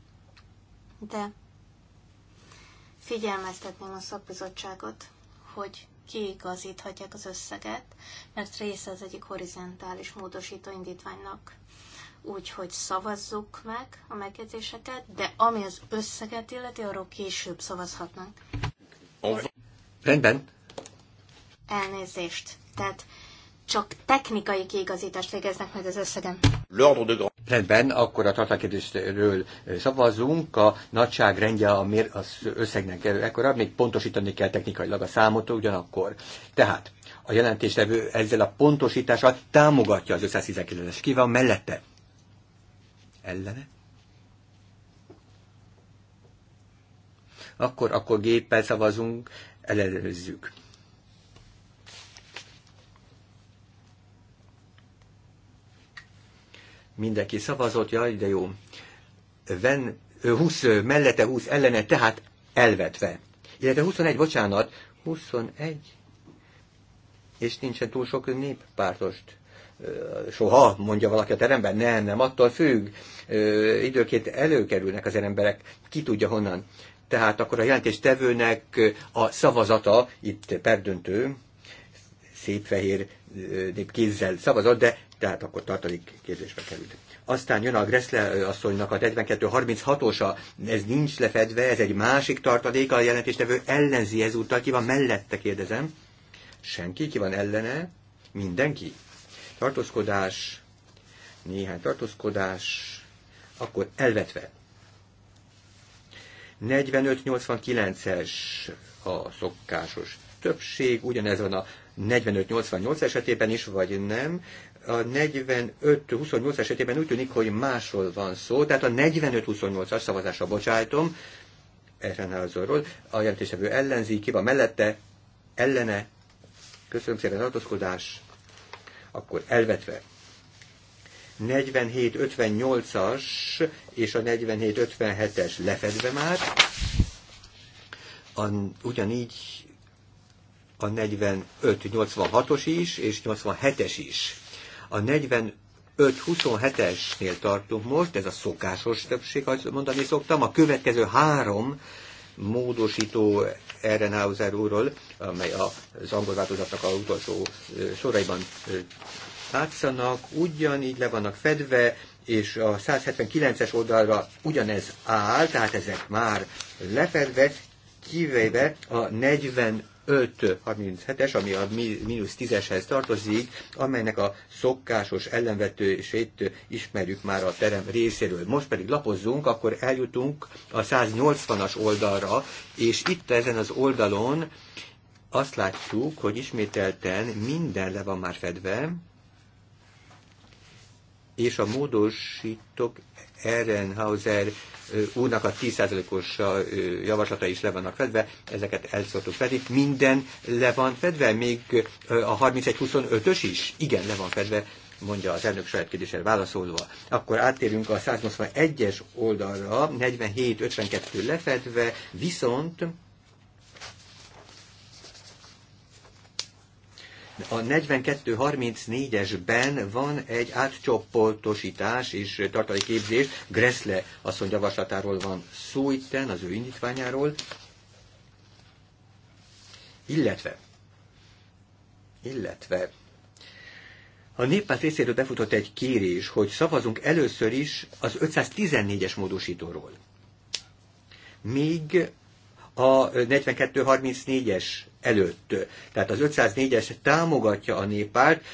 de figyelmeztetném a szakbizottságot, hogy kiigazíthatják az összeget, mert része az egyik horizontális módosító indítványnak. Úgyhogy szavazzuk meg a megjegyzéseket, de ami az összeget illeti, arról később szavazhatnak. Rendben, Elnézést. Tehát csak technikai kiigazítást végeznek meg az összegen. Rendben, akkor a tartalmakérdésről szavazunk. A nagyságrendje a mér, az összegnek ekkora, még pontosítani kell technikailag a számot ugyanakkor. Tehát a jelentéstevő ezzel a pontosítással támogatja az 519-es. Ki van mellette? Ellene? Akkor, akkor géppel szavazunk, elelőzzük. Mindenki szavazott, jaj, de jó. Ven, 20 mellette, 20 ellene, tehát elvetve. Illetve 21, bocsánat, 21, és nincsen túl sok néppártost. Soha, mondja valaki a teremben, nem, nem, attól függ. Időként előkerülnek az emberek, ki tudja honnan. Tehát akkor a jelentéstevőnek a szavazata, itt perdöntő, szép-fehér kézzel szavazott, de tehát akkor tartalék kérdésbe került. Aztán jön a Gressle asszonynak a 42-36-osa, ez nincs lefedve, ez egy másik tartalék, a jelentéstevő ellenzi ezúttal, ki van mellette, kérdezem. Senki, ki van ellene? Mindenki. Tartózkodás, néhány tartózkodás, akkor elvetve. 45-89-es a szokásos többség, ugyanez van a 45-88 esetében is, vagy nem. A 45-28 esetében úgy tűnik, hogy másról van szó, tehát a 45-28-as szavazásra bocsájtom, Ehrenházorról, a jelentésevő ellenzi, ki van mellette, ellene, köszönöm szépen tartózkodás, akkor elvetve. 47-58-as és a 47-57-es lefedve már, a, ugyanígy a 45, 86-os is, és 87-es is. A 45 27 esnél tartunk most, ez a szokásos többség, ahogy mondani szoktam. A következő három módosító Ehrenhauser úrról, amely az angol változatnak a utolsó soraiban látszanak, ugyanígy le vannak fedve, és a 179-es oldalra ugyanez áll, tehát ezek már lefedve, kivéve a 537-es, ami a mínusz 10-eshez tartozik, amelynek a szokásos ellenvetősét ismerjük már a terem részéről. Most pedig lapozzunk, akkor eljutunk a 180-as oldalra, és itt ezen az oldalon azt látjuk, hogy ismételten minden le van már fedve, és a módosítók Ehrenhauser úrnak a 10%-os javaslata is le vannak fedve, ezeket el szoktuk fedni. Minden le van fedve, még a 31-25-ös is? Igen, le van fedve, mondja az elnök saját kérdésére válaszolva. Akkor áttérünk a 181-es oldalra, 47-52 lefedve, viszont A 42-34-esben van egy átcsoportosítás és képzés. Gressle asszony javaslatáról van szó itten, az ő indítványáról. Illetve, illetve a néppárt részéről befutott egy kérés, hogy szavazunk először is az 514-es módosítóról. Még a 42-34-es előtt. Tehát az 504-es támogatja a néppárt,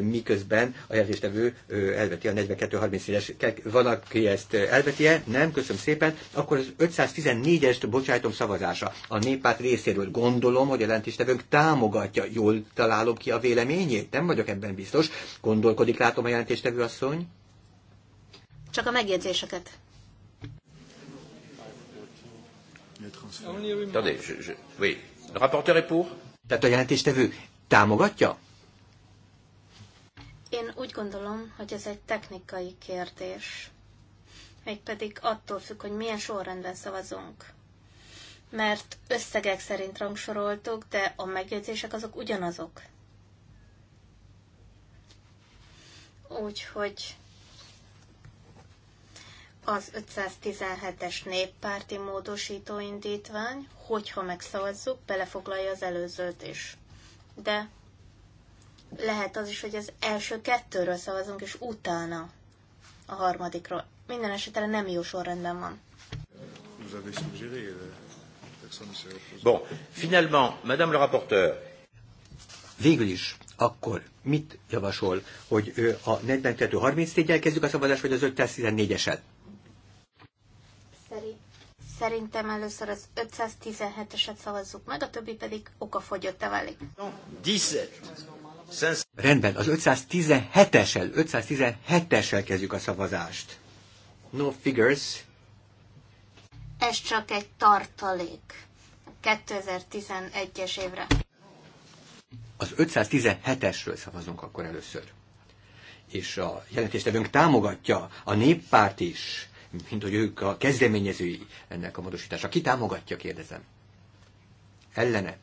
miközben a jelzéstevő elveti a 42-34-es. Van, aki ezt -e? Nem, köszönöm szépen. Akkor az 514-est bocsájtom szavazása. A néppárt részéről gondolom, hogy a jelentéstevőnk támogatja. Jól találom ki a véleményét? Nem vagyok ebben biztos. Gondolkodik, látom a jelentéstevő asszony. Csak a megjegyzéseket. Attendez, je, je, oui, le rapporteur est pour? Tehát a jelentéstevő támogatja? Én úgy gondolom, hogy ez egy technikai kérdés. pedig attól függ, hogy milyen sorrendben szavazunk. Mert összegek szerint rangsoroltuk, de a megjegyzések azok ugyanazok. Úgyhogy az 517-es néppárti módosító indítvány, hogyha megszavazzuk, belefoglalja az előzőt is. De lehet az is, hogy az első kettőről szavazunk, és utána a harmadikról. Minden esetre nem jó sorrendben van. Euh, bon, finalement, madame le rapporteur. Végül is, akkor mit javasol, hogy a 42-34-el kezdjük a szavazást, vagy az 514-eset? Szerint. Szerintem először az 517-eset szavazzuk meg, a többi pedig okafogyott -e válik. Rendben, az 517-esel, 517-esel kezdjük a szavazást. No figures. Ez csak egy tartalék. 2011-es évre. Az 517-esről szavazunk akkor először. És a jelentéstevőnk támogatja, a néppárt is mint hogy ők a kezdeményezői ennek a módosítása. Ki támogatja, kérdezem? Ellene.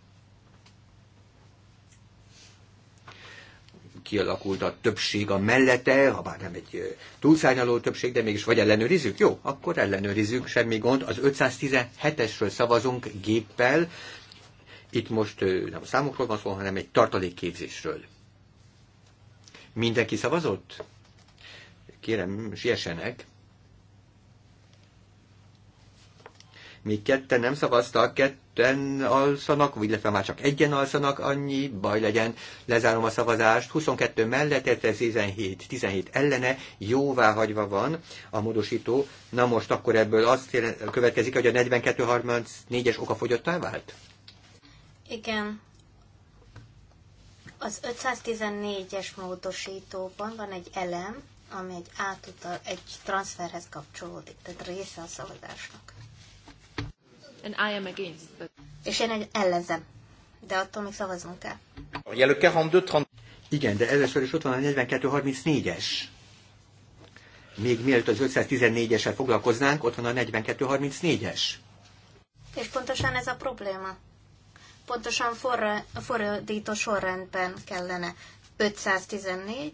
Kialakult a többség a mellette, ha bár nem egy túlszárnyaló többség, de mégis vagy ellenőrizzük? Jó, akkor ellenőrizzük, semmi gond. Az 517-esről szavazunk géppel. Itt most nem a számokról van szó, hanem egy tartalékképzésről. Mindenki szavazott? Kérem, siessenek. még ketten nem szavaztak, ketten alszanak, illetve már csak egyen alszanak, annyi, baj legyen, lezárom a szavazást, 22 mellett, illetve 17, 17 ellene, jóvá hagyva van a módosító. Na most akkor ebből azt következik, hogy a 42-34-es fogyottá vált? Igen, az 514-es módosítóban van egy elem, ami egy átutal, egy transferhez kapcsolódik, tehát része a szavazásnak. And I am against, but... És én egy ellenzem, de attól még szavaznunk kell. A jelő 32-30. Igen, de először is ott van a 42-34-es. Még mielőtt az 514-esel foglalkoznánk, ott van a 42-34-es. És pontosan ez a probléma. Pontosan forra, fordító sorrendben kellene. 514,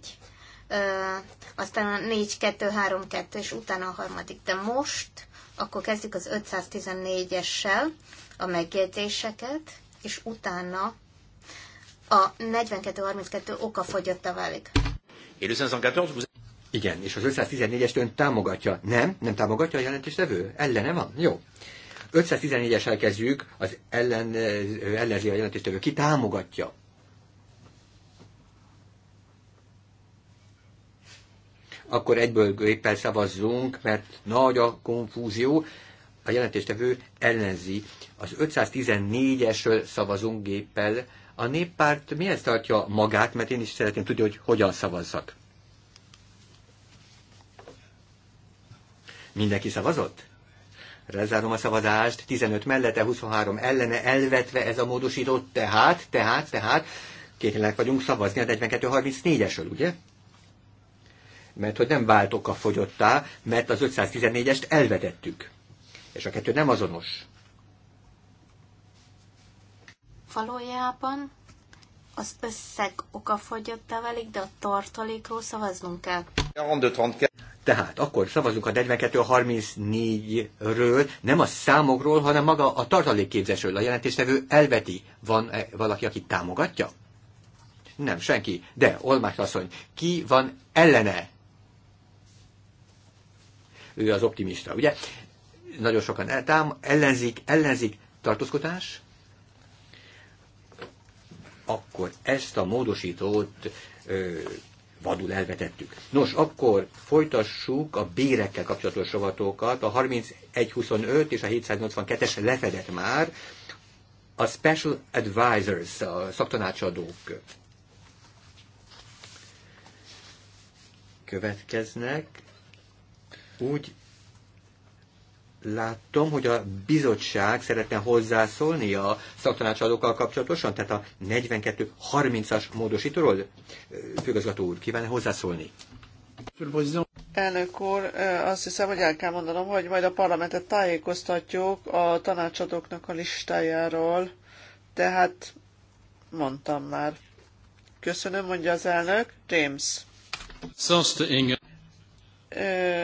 ö, aztán a 4, 2, 3, 2, és utána a harmadik. De most akkor kezdjük az 514-essel a megjegyzéseket, és utána a 42-32 fogyotta válik. Igen, és az 514-est ön támogatja. Nem? Nem támogatja a jelentéstevő? Ellene van? Jó. 514-es elkezdjük, az ellen, ellenzi a jelentéstevő. Ki támogatja? akkor egyből géppel szavazzunk, mert nagy a konfúzió. A jelentéstevő ellenzi. Az 514-esről szavazunk géppel. A néppárt mihez tartja magát, mert én is szeretném tudni, hogy hogyan szavazzak. Mindenki szavazott? Lezárom a szavazást, 15 mellette, 23 ellene, elvetve ez a módosított, tehát, tehát, tehát, kénytelenek vagyunk szavazni a 42-34-esről, ugye? mert hogy nem váltok a fogyottá, mert az 514-est elvetettük. És a kettő nem azonos. Valójában az összeg okafogyottá válik, de a tartalékról szavaznunk kell. Tehát akkor szavazunk a 42-34-ről, nem a számokról, hanem maga a tartalékképzésről. A jelentéstevő elveti. Van -e valaki, aki támogatja? Nem, senki. De, Olmás asszony, ki van ellene? ő az optimista, ugye? Nagyon sokan eltám, ellenzik, ellenzik tartózkodás, akkor ezt a módosítót ö, vadul elvetettük. Nos, akkor folytassuk a bérekkel kapcsolatos rovatókat, a 3125 és a 782-es lefedett már, a Special Advisors, a szaktanácsadók következnek, úgy látom, hogy a bizottság szeretne hozzászólni a szaktanácsadókkal kapcsolatosan, tehát a 42-30-as módosítóról. Főgazgató úr, kíván hozzászólni? Elnök úr, azt hiszem, hogy el kell mondanom, hogy majd a parlamentet tájékoztatjuk a tanácsadóknak a listájáról, tehát mondtam már. Köszönöm, mondja az elnök. James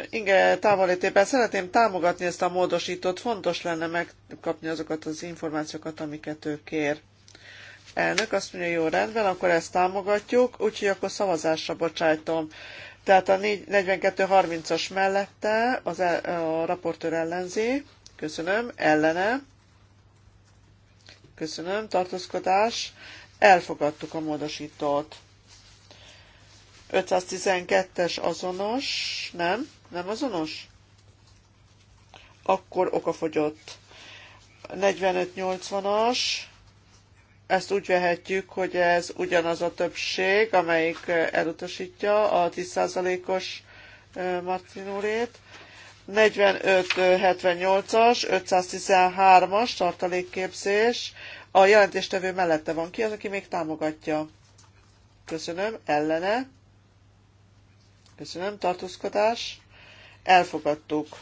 inge távolétében szeretném támogatni ezt a módosítót, fontos lenne megkapni azokat az információkat, amiket ő kér. Elnök azt mondja, jó rendben, akkor ezt támogatjuk, úgyhogy akkor szavazásra bocsájtom. Tehát a 42-30-as mellette az el, a raportőr ellenzi, köszönöm, ellene, köszönöm, tartózkodás, elfogadtuk a módosítót. 512-es azonos, nem? Nem azonos? Akkor okafogyott. 45-80-as, ezt úgy vehetjük, hogy ez ugyanaz a többség, amelyik elutasítja a 10%-os Martinurét. 45-78-as, 513-as tartalékképzés. A jelentéstevő mellette van ki az, aki még támogatja. Köszönöm. Ellene. Köszönöm. Tartózkodás. Elfogadtuk.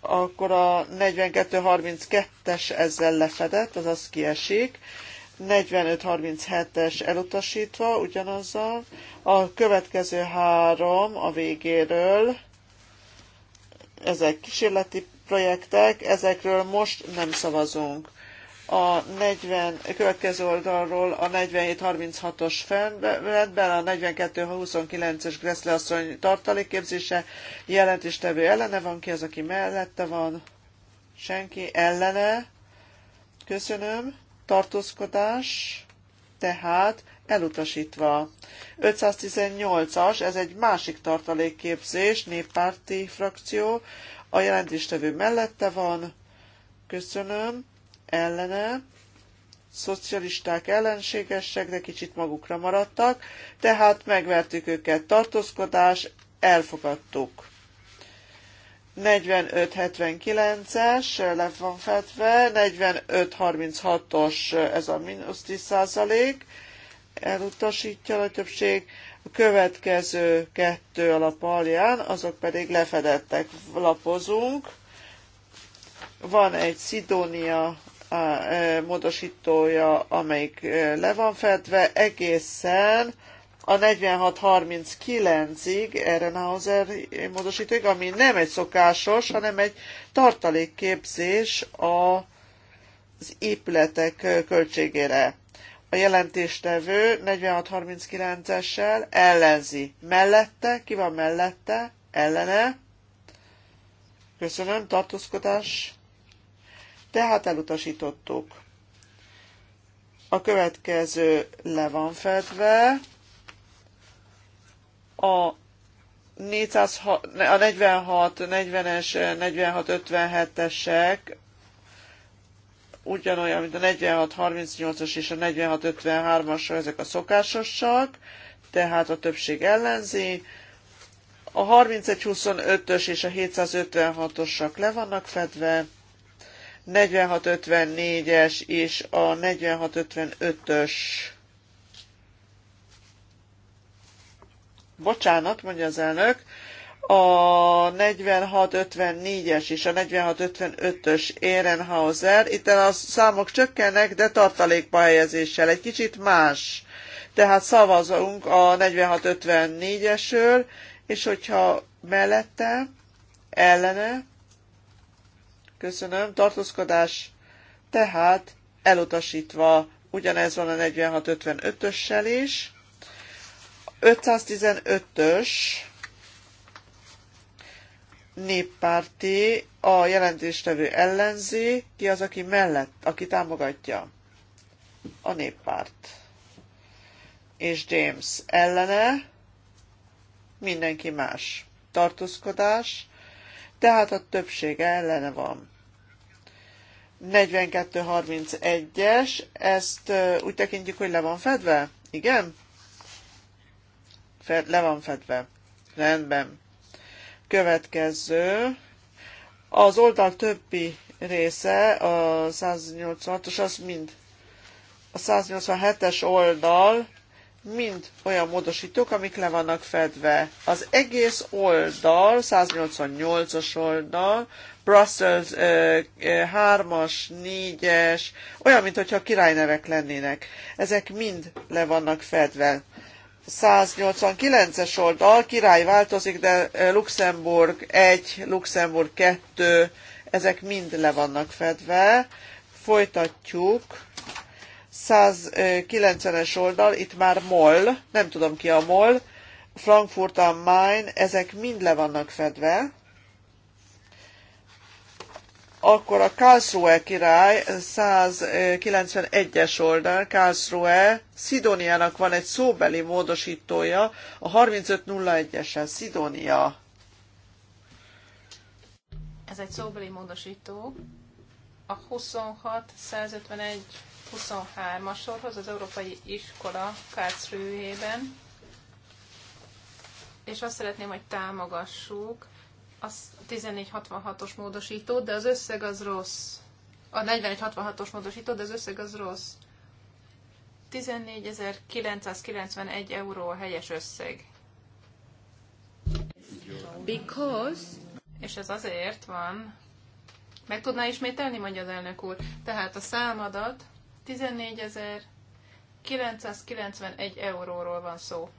Akkor a 42-32-es ezzel lefedett, azaz kiesik. 45-37-es elutasítva ugyanazzal. A következő három a végéről. Ezek kísérleti projektek, ezekről most nem szavazunk a 40, következő oldalról a 47-36-os fennrendben a 42-29-es Gressle asszony tartalékképzése jelentéstevő ellene van, ki az, aki mellette van, senki ellene, köszönöm, tartózkodás, tehát elutasítva. 518-as, ez egy másik tartalékképzés, néppárti frakció, a jelentéstevő mellette van, köszönöm, ellene, szocialisták ellenségesek, de kicsit magukra maradtak, tehát megvertük őket tartózkodás, elfogadtuk. 45-79-es le van fedve, 45-36-os ez a mínusz 10 százalék, elutasítja a többség, a következő kettő alap alján, azok pedig lefedettek, lapozunk. Van egy Sidonia a e, módosítója, amelyik e, le van fedve, egészen a 4639 ig erre módosítóig, ami nem egy szokásos, hanem egy tartalékképzés az épületek e, költségére. A jelentéstevő 4639 essel ellenzi. Mellette, ki van mellette? Ellene? Köszönöm, tartózkodás tehát elutasítottuk. A következő le van fedve. A a 46, 40-es, 46, 57-esek ugyanolyan, mint a 46, 38-as és a 46, 53-as, ezek a szokásosak, tehát a többség ellenzi. A 31, 25-ös és a 756-osak le vannak fedve. 4654-es és a 4655-ös. Bocsánat, mondja az elnök, a 4654-es és a 4655-ös Ehrenhauser, itt a számok csökkennek, de tartalékba helyezéssel, egy kicsit más. Tehát szavazunk a 4654-esről, és hogyha mellette, ellene, Köszönöm. Tartózkodás tehát elutasítva. Ugyanez van a 4655 össel is. 515-ös néppárti, a jelentéstevő ellenzi, ki az, aki mellett, aki támogatja? A néppárt. És James ellene, mindenki más. Tartózkodás, tehát a többsége ellene van. 4231-es, ezt úgy tekintjük, hogy le van fedve? Igen? Fed, le van fedve. Rendben. Következő. Az oldal többi része, a 186-os, az mind a 187-es oldal mind olyan módosítók, amik le vannak fedve. Az egész oldal, 188-as oldal, Brussels 3-as, 4-es, olyan, mintha királynevek lennének. Ezek mind le vannak fedve. 189-es oldal, király változik, de Luxemburg 1, Luxemburg 2, ezek mind le vannak fedve. Folytatjuk. 190-es oldal, itt már MOL, nem tudom ki a MOL, Frankfurt am Main, ezek mind le vannak fedve akkor a Karlsruhe király 191-es eh, eh, oldal, Karlsruhe, Szidóniának van egy szóbeli módosítója, a 3501-esen, Szidónia. Ez egy szóbeli módosító. A 26, 151, 23-as sorhoz az Európai Iskola Karlsruhe-ben. És azt szeretném, hogy támogassuk az 1466-os módosító, de az összeg az rossz. A 4166-os módosító, de az összeg az rossz. 14.991 euró a helyes összeg. Because... És ez azért van. Meg tudná ismételni, mondja az elnök úr. Tehát a számadat 14.991 euróról van szó.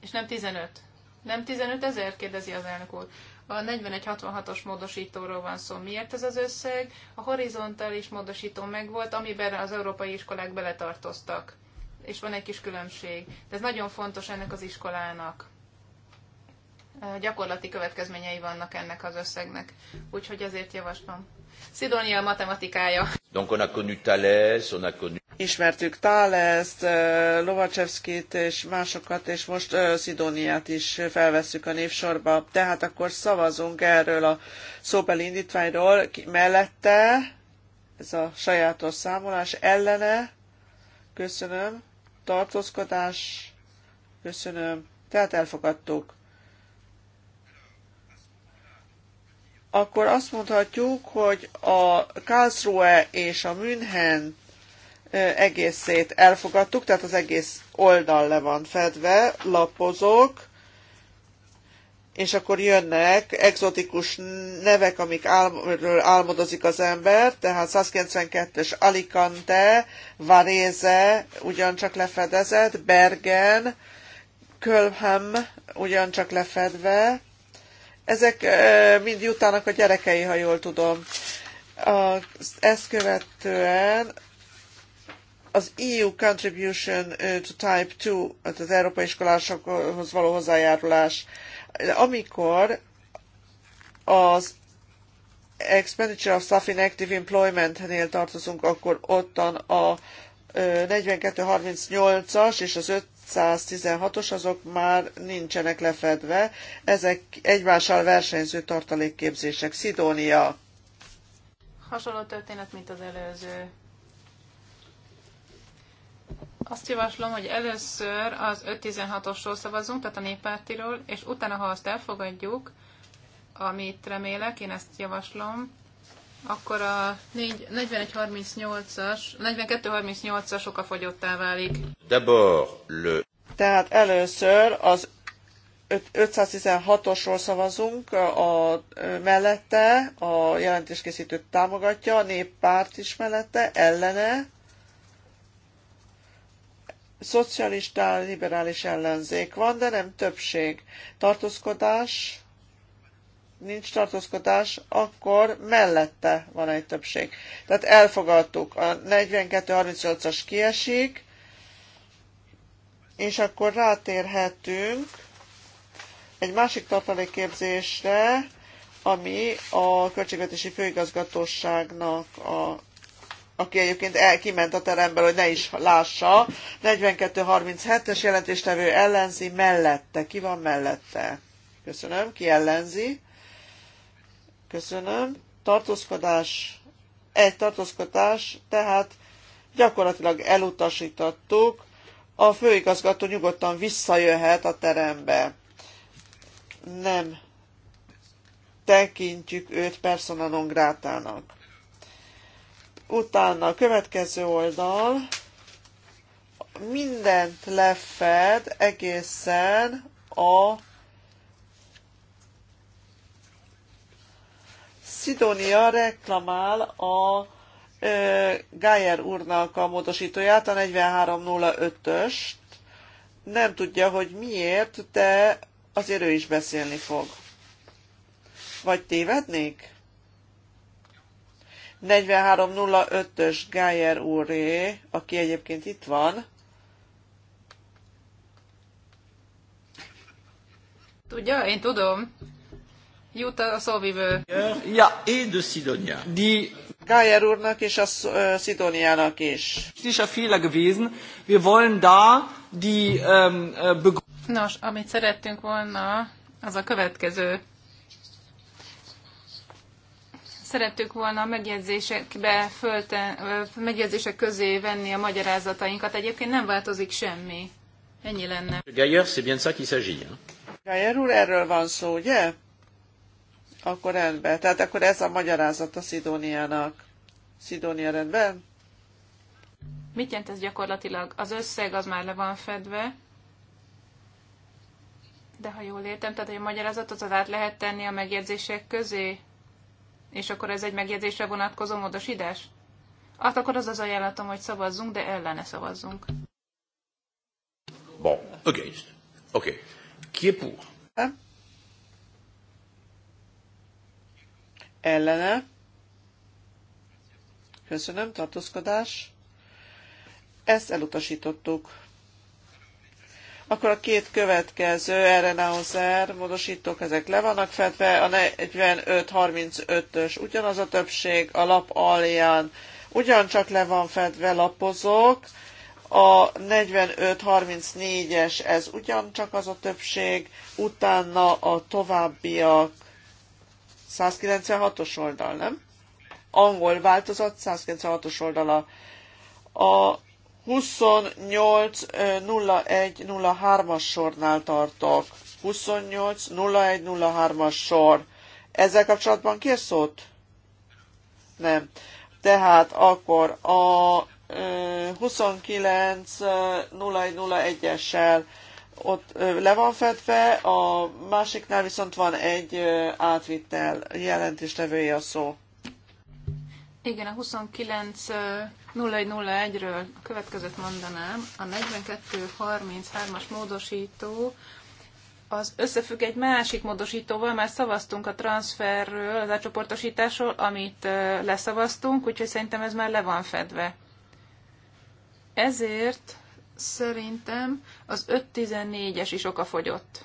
És nem 15. Nem 15 ezer? kérdezi az elnök úr. A 4166-os módosítóról van szó. Miért ez az összeg? A horizontális módosító megvolt, amiben az európai iskolák beletartoztak. És van egy kis különbség. De ez nagyon fontos ennek az iskolának gyakorlati következményei vannak ennek az összegnek. Úgyhogy ezért javaslom. Szidónia matematikája. Donc on a connu Thales, on a connu... Ismertük Thales-t, Lovacevskit és másokat, és most Szidóniát is felvesszük a névsorba. Tehát akkor szavazunk erről a szóbeli indítványról. Mellette ez a sajátos számolás ellene, köszönöm, tartózkodás, köszönöm, tehát elfogadtuk. akkor azt mondhatjuk, hogy a Karlsruhe és a München egészét elfogadtuk, tehát az egész oldal le van fedve, lapozok, és akkor jönnek exotikus nevek, amik álmodról álmodozik az ember, tehát 192-es Alicante, Varese, ugyancsak lefedezett, Bergen, Kölhem, ugyancsak lefedve, ezek mind jutának a gyerekei, ha jól tudom. A, ezt követően az EU Contribution to Type 2, hát az európai iskolásokhoz való hozzájárulás, amikor az Expenditure of Staff in Active Employment-nél tartozunk, akkor ottan a 4238-as és az 116-os, azok már nincsenek lefedve. Ezek egymással versenyző tartalékképzések. Szidónia. Hasonló történet, mint az előző. Azt javaslom, hogy először az 5.16-osról szavazunk, tehát a néppártiról, és utána, ha azt elfogadjuk, amit remélek, én ezt javaslom, akkor a 41-38-as, 42-38-as okafogyottá válik. Le... Tehát először az 516-osról szavazunk, a, mellette a jelentéskészítőt támogatja, a néppárt is mellette, ellene, szocialista liberális ellenzék van, de nem többség. Tartózkodás, nincs tartózkodás, akkor mellette van egy többség. Tehát elfogadtuk. A 42-38-as kiesik, és akkor rátérhetünk egy másik tartalékképzésre, ami a Költségvetési Főigazgatóságnak a aki egyébként el, kiment a teremből, hogy ne is lássa. 42-37-es jelentéstevő ellenzi mellette. Ki van mellette? Köszönöm. Ki ellenzi? Köszönöm. Tartózkodás, egy tartózkodás, tehát gyakorlatilag elutasítottuk. A főigazgató nyugodtan visszajöhet a terembe. Nem tekintjük őt persona non grátának. Utána a következő oldal mindent lefed egészen a Szidónia reklamál a Gájer úrnak a módosítóját, a 4305-öst. Nem tudja, hogy miért, de azért ő is beszélni fog. Vagy tévednék? 4305-ös Gájer úré, aki egyébként itt van. Tudja, én tudom jut a szóvivő. Ja, et de Sidonia. Die Gájer úrnak és a Szidóniának is. Is a féle gewesen. Wir wollen da die um, Nos, amit szerettünk volna, az a következő. Szerettük volna a megjegyzésekbe fölten, megjegyzések közé venni a magyarázatainkat. Egyébként nem változik semmi. Ennyi lenne. Gájer, c'est bien ça qu'il s'agit. Gaillard úr, erről van szó, ugye? Akkor rendben. Tehát akkor ez a magyarázat a Szidóniának. Szidónia rendben? Mit jelent ez gyakorlatilag? Az összeg az már le van fedve, de ha jól értem, tehát hogy a magyarázatot az át lehet tenni a megjegyzések közé, és akkor ez egy megjegyzésre vonatkozó módosítás? Hát akkor az az ajánlatom, hogy szavazzunk, de ellene szavazzunk. Bon, Okay. Oké. Okay. Ki pour? ellene, köszönöm, tartózkodás, ezt elutasítottuk. Akkor a két következő RNA-zer módosítók, ezek le vannak fedve, a 45-35-ös ugyanaz a többség, a lap alján ugyancsak le van fedve lapozók, a 45-34-es ez ugyancsak az a többség, utána a továbbiak 196-os oldal, nem? Angol változat, 196-os oldala. A 28.01.03-as sornál tartok. 28.01.03-as sor. Ezzel kapcsolatban kér szót? Nem. Tehát akkor a 29.01.01-essel ott le van fedve, a másiknál viszont van egy átvittel, jelentéstevője a szó. Igen, a 29.01.01-ről a következőt mondanám. A 42.33-as módosító az összefügg egy másik módosítóval, mert szavaztunk a transferről, az átcsoportosításról, amit leszavaztunk, úgyhogy szerintem ez már le van fedve. Ezért Szerintem az 5.14-es is okafogyott.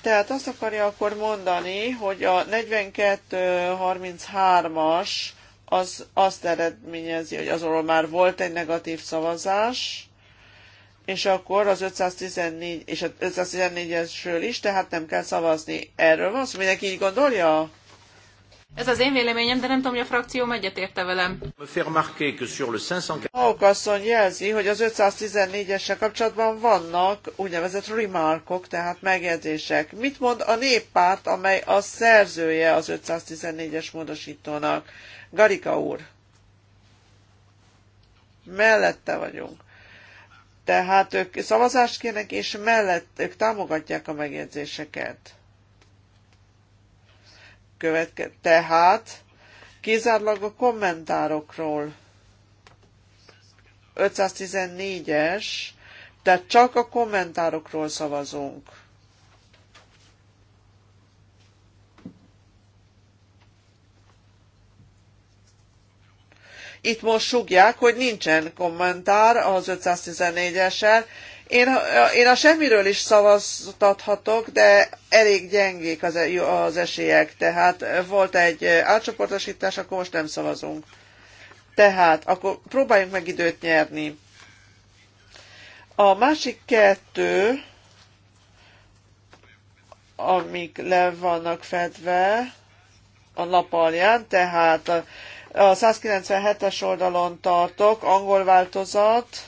Tehát azt akarja akkor mondani, hogy a 42.33-as az azt eredményezi, hogy azonról már volt egy negatív szavazás, és akkor az 514 és az 514-esről is, tehát nem kell szavazni. Erről van szó, mindenki így gondolja? Ez az én véleményem, de nem tudom, hogy a frakcióm egyetérte velem. Halkasszony jelzi, hogy az 514-essel kapcsolatban vannak úgynevezett remarkok, tehát megjegyzések. Mit mond a néppárt, amely a szerzője az 514-es módosítónak? Garika úr. Mellette vagyunk. Tehát ők szavazást kérnek, és mellett ők támogatják a megjegyzéseket követke, tehát kizárólag a kommentárokról. 514-es, tehát csak a kommentárokról szavazunk. Itt most sugják, hogy nincsen kommentár az 514-esel, én, én a semmiről is szavaztathatok, de elég gyengék az, e, az esélyek. Tehát e, volt egy e, átcsoportosítás, akkor most nem szavazunk. Tehát akkor próbáljunk meg időt nyerni. A másik kettő, amik le vannak fedve a nap alján, tehát a 197-es oldalon tartok, angol változat,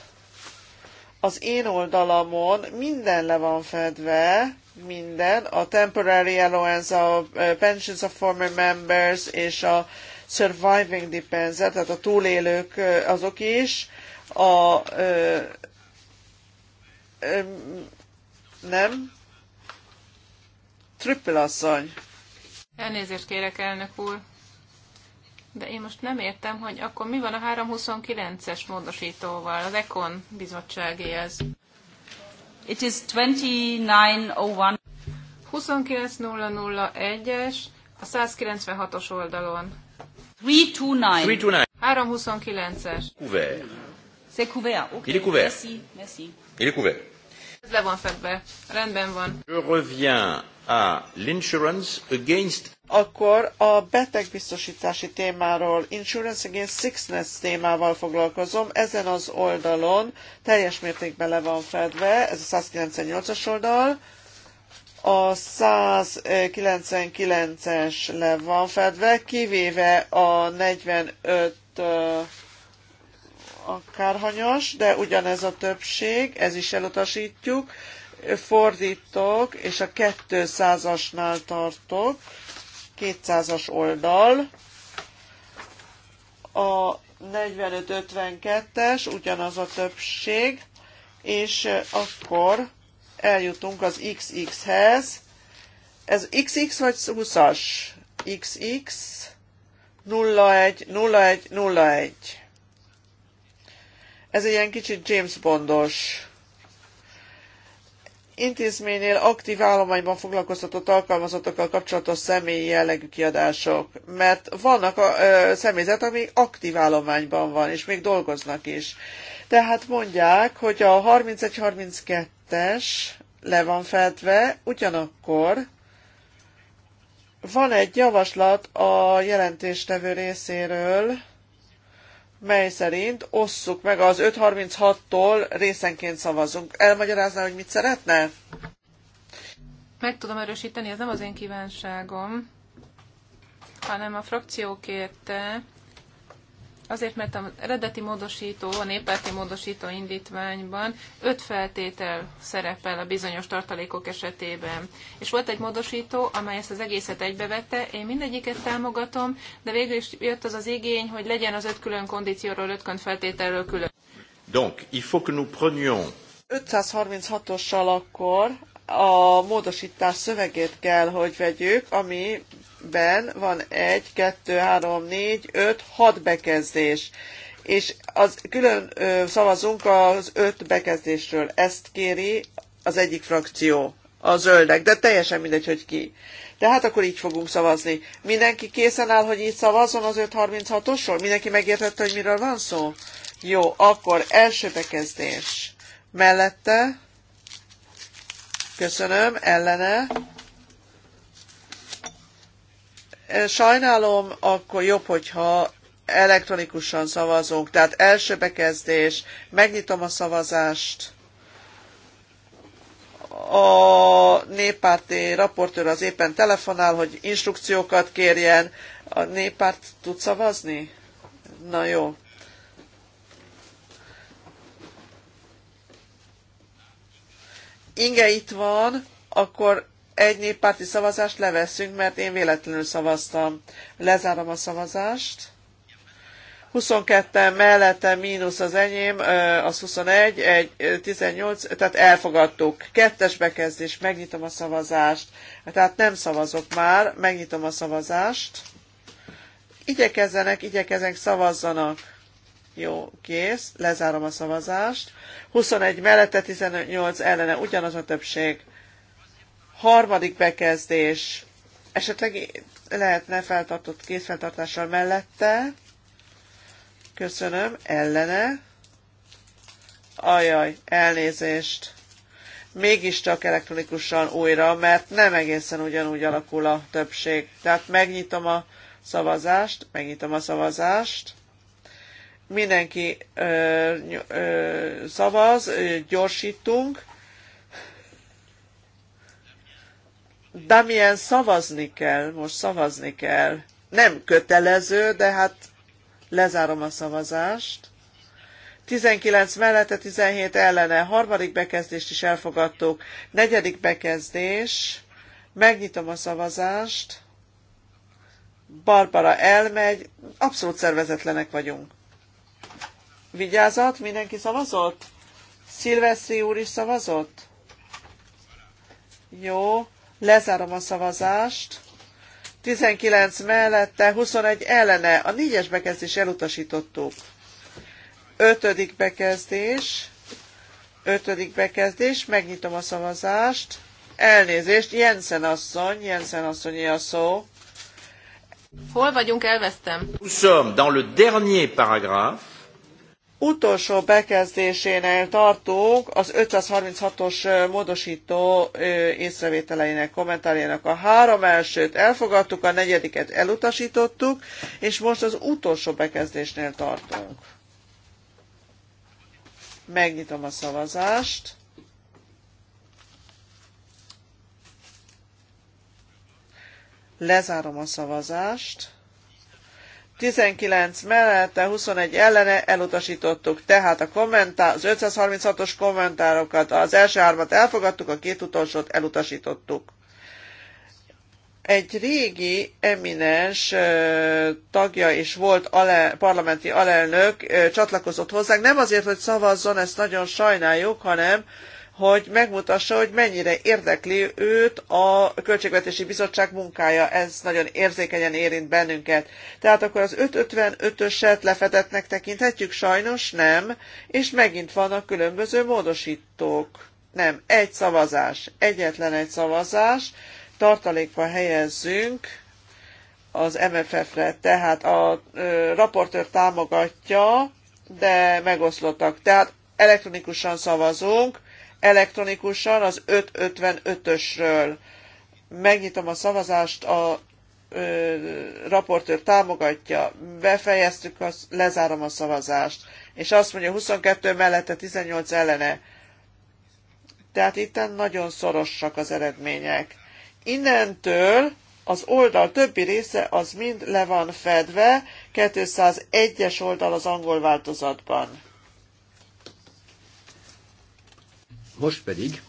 az én oldalamon minden le van fedve, minden, a temporary allowance, a e, pensions of former members és a surviving depends, tehát a túlélők e, azok is, a ö, e, ö, nem, triple asszony. Elnézést kérek, elnök úr. De én most nem értem, hogy akkor mi van a 329-es módosítóval, az Econ bizottságé ez. It is 2901. 29.001-es, a 196-os oldalon. 329. 329. 329-es. Couvert. C'est couvert, ok. Il est couvert. Merci, merci. Il est couvert. Ez le van fedve. Rendben van. Je reviens l'insurance against akkor a betegbiztosítási témáról, Insurance Against Sickness témával foglalkozom. Ezen az oldalon teljes mértékben le van fedve, ez a 198-as oldal, a 199-es le van fedve, kivéve a 45 akárhanyas, de ugyanez a többség, ez is elutasítjuk fordítok, és a 200-asnál tartok, 200-as oldal, a 45-52-es, ugyanaz a többség, és akkor eljutunk az XX-hez. Ez XX vagy 20-as? XX 01 01 01. Ez egy ilyen kicsit James Bondos intézménynél aktív állományban foglalkoztatott alkalmazottakkal kapcsolatos személyi jellegű kiadások, mert vannak a ö, személyzet, ami aktív állományban van, és még dolgoznak is. Tehát mondják, hogy a 31-32-es le van fedve, ugyanakkor van egy javaslat a jelentéstevő részéről, mely szerint osszuk meg az 5.36-tól részenként szavazunk. Elmagyarázná, hogy mit szeretne? Meg tudom erősíteni, ez nem az én kívánságom, hanem a frakció kérte, Azért, mert az eredeti módosító, a néppárti módosító indítványban öt feltétel szerepel a bizonyos tartalékok esetében. És volt egy módosító, amely ezt az egészet egybevette, én mindegyiket támogatom, de végül is jött az az igény, hogy legyen az öt külön kondícióról, öt külön feltételről külön. Donc, il faut que nous prenions 536-ossal akkor a módosítás szövegét kell, hogy vegyük, amiben van egy, kettő, három, négy, öt, hat bekezdés. És az külön ö, szavazunk az öt bekezdésről. Ezt kéri az egyik frakció, a zöldek, de teljesen mindegy, hogy ki. De hát akkor így fogunk szavazni. Mindenki készen áll, hogy így szavazzon az 536-osról? Mindenki megértette, hogy miről van szó? Jó, akkor első bekezdés. Mellette Köszönöm. Ellene. Eh, sajnálom, akkor jobb, hogyha elektronikusan szavazunk. Tehát első bekezdés, megnyitom a szavazást. A néppárti raportőr az éppen telefonál, hogy instrukciókat kérjen. A néppárt tud szavazni? Na jó, Inge itt van, akkor egy néppárti szavazást leveszünk, mert én véletlenül szavaztam. Lezárom a szavazást. 22 mellette mínusz az enyém, az 21, egy, 18, tehát elfogadtuk. Kettes bekezdés, megnyitom a szavazást. Tehát nem szavazok már, megnyitom a szavazást. Igyekezzenek, igyekezzenek, szavazzanak. Jó, kész. Lezárom a szavazást. 21 mellette, 18 ellene. Ugyanaz a többség. Harmadik bekezdés. Esetleg lehetne feltartott készfeltartással mellette. Köszönöm. Ellene. Ajaj, elnézést. Mégis csak elektronikusan újra, mert nem egészen ugyanúgy alakul a többség. Tehát megnyitom a szavazást, megnyitom a szavazást mindenki ö, ö, szavaz, ö, gyorsítunk. Damien szavazni kell, most szavazni kell. Nem kötelező, de hát lezárom a szavazást. 19 mellette, 17 ellene. Harmadik bekezdést is elfogadtuk. Negyedik bekezdés. Megnyitom a szavazást. Barbara elmegy. Abszolút szervezetlenek vagyunk. Vigyázat, mindenki szavazott? Szilveszi úr is szavazott? Jó, lezárom a szavazást. 19 mellette, 21 ellene. A négyes bekezdés elutasítottuk. Ötödik bekezdés. Ötödik bekezdés. Megnyitom a szavazást. Elnézést, Jensen asszony, Jensen asszonyi a szó. Hol vagyunk, elvesztem. Nous sommes dans le dernier paragraphe. Utolsó bekezdésénél tartunk az 536-os módosító észrevételeinek, kommentárjának a három elsőt elfogadtuk, a negyediket elutasítottuk, és most az utolsó bekezdésnél tartunk. Megnyitom a szavazást. Lezárom a szavazást. 19 mellette, 21 ellene elutasítottuk. Tehát a kommentár, az 536-os kommentárokat, az első hármat elfogadtuk, a két utolsót elutasítottuk. Egy régi eminens ö, tagja és volt ale, parlamenti alelnök ö, csatlakozott hozzánk, nem azért, hogy szavazzon, ezt nagyon sajnáljuk, hanem hogy megmutassa, hogy mennyire érdekli őt a Költségvetési Bizottság munkája. Ez nagyon érzékenyen érint bennünket. Tehát akkor az 555-öset lefedetnek tekinthetjük? Sajnos nem, és megint vannak különböző módosítók. Nem, egy szavazás, egyetlen egy szavazás, tartalékba helyezzünk az MFF-re. Tehát a ö, raportőr támogatja, de megoszlottak. Tehát elektronikusan szavazunk, elektronikusan az 555-ösről. Megnyitom a szavazást, a ö, raportőr támogatja, befejeztük, az, lezárom a szavazást. És azt mondja, 22 mellette 18 ellene. Tehát itt nagyon szorosak az eredmények. Innentől az oldal többi része az mind le van fedve, 201-es oldal az angol változatban. Most pedig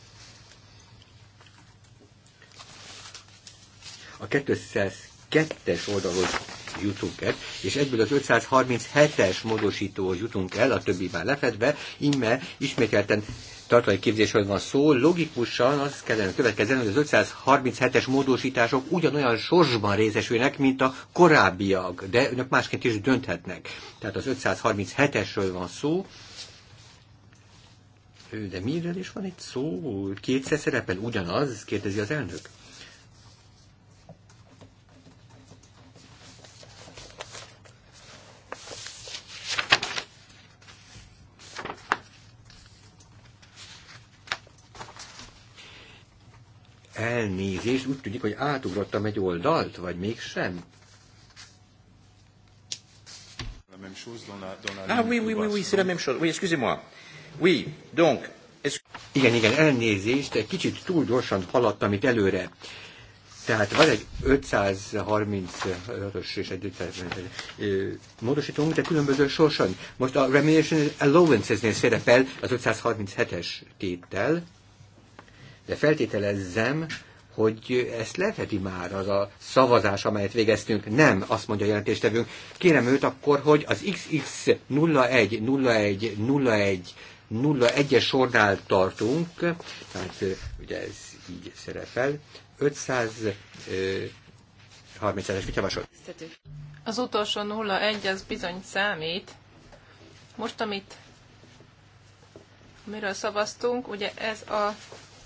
a 202-es oldalhoz jutunk el, és egyből az 537-es módosítóhoz jutunk el, a többi már lefedve, imme ismételten tartalmi képzésről van szó, logikusan az kellene következzen, hogy az 537-es módosítások ugyanolyan sorsban részesülnek, mint a korábbiak, de önök másként is dönthetnek. Tehát az 537-esről van szó, de miről is van itt szó? Kétszer szerepel ugyanaz, kérdezi az elnök. Elnézést, úgy tudjuk, hogy átugrottam egy oldalt, vagy mégsem. Ah oui, oui, oui, oui, c'est la même chose. Oui, excusez-moi. Oui, donc, Igen, igen, elnézést, egy kicsit túl gyorsan haladtam itt előre. Tehát van egy 536-os és egy 500 os módosítónk, de különböző sorson. Most a Remuneration Allowances-nél szerepel az 537-es tétel, de feltételezzem, hogy ezt leheti már az a szavazás, amelyet végeztünk. Nem, azt mondja a jelentéstevünk. Kérem őt akkor, hogy az XX010101 01-es sornál tartunk, tehát ugye ez így szerepel, 530 es mit javasol? Az utolsó 01 az bizony számít. Most, amit miről szavaztunk, ugye ez a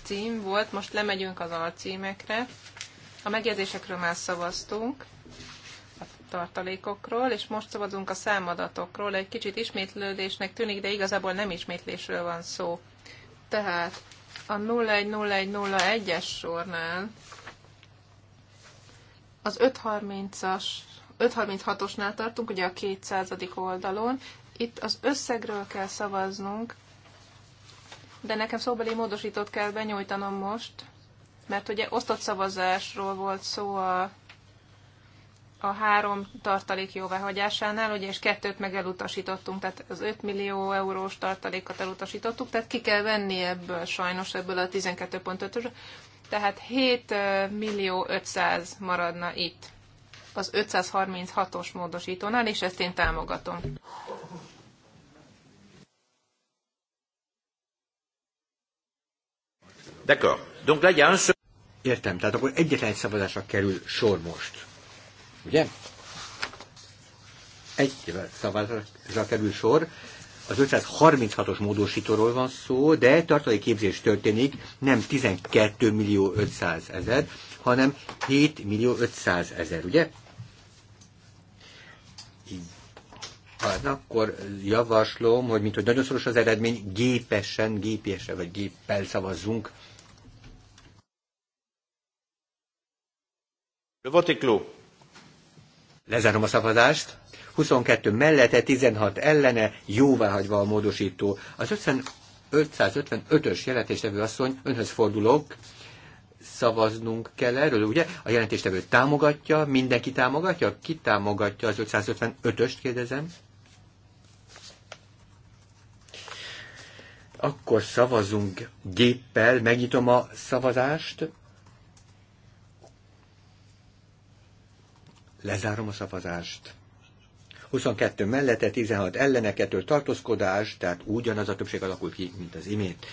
cím volt, most lemegyünk az alcímekre. A megjegyzésekről már szavaztunk tartalékokról, és most szavazunk a számadatokról. Egy kicsit ismétlődésnek tűnik, de igazából nem ismétlésről van szó. Tehát a 010101-es sornál az 536-osnál tartunk, ugye a 200. oldalon. Itt az összegről kell szavaznunk, de nekem szóbeli módosítót kell benyújtanom most, mert ugye osztott szavazásról volt szó a a három tartalék jóváhagyásánál, ugye, és kettőt meg elutasítottunk, tehát az 5 millió eurós tartalékat elutasítottuk, tehát ki kell venni ebből sajnos, ebből a 12.5-ös, tehát 7 millió 500 maradna itt az 536-os módosítónál, és ezt én támogatom. D'accord. Donc là, il y a un Értem, tehát akkor egyetlen egy szavazásra kerül sor most ugye? Egy szavazatra kerül sor, az 536-os módosítóról van szó, de tartalmi képzés történik nem 12 millió 500 ezer, hanem 7 millió 500 ezer, ugye? Így. Hát akkor javaslom, hogy mint hogy nagyon szoros az eredmény, gépesen, gépiesen vagy géppel szavazzunk. Le vote est clos. Lezárom a szavazást. 22 mellette, 16 ellene, jóváhagyva a módosító. Az 555-ös jelentéstevő asszony, önhöz fordulok, szavaznunk kell erről, ugye? A jelentéstevő támogatja, mindenki támogatja? Ki támogatja az 555-öst, kérdezem? Akkor szavazunk géppel, megnyitom a szavazást. Lezárom a szavazást. 22 mellette, 16 elleneketől tartózkodás, tehát ugyanaz a többség alakul ki, mint az imént.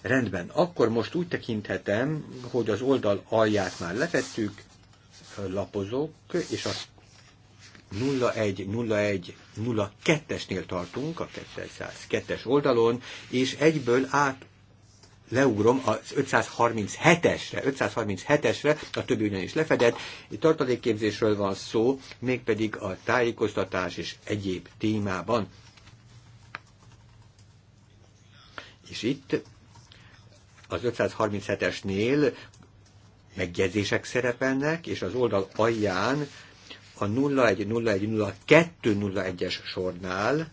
Rendben, akkor most úgy tekinthetem, hogy az oldal alját már lefettük, lapozok, és a 0101 02-esnél tartunk, a 202-es oldalon, és egyből át leugrom az 537-esre, 537-esre, a többi ugyanis lefedett. Itt tartalékképzésről van szó, mégpedig a tájékoztatás és egyéb témában. És itt az 537-esnél megjegyzések szerepelnek, és az oldal alján a 01010201-es sornál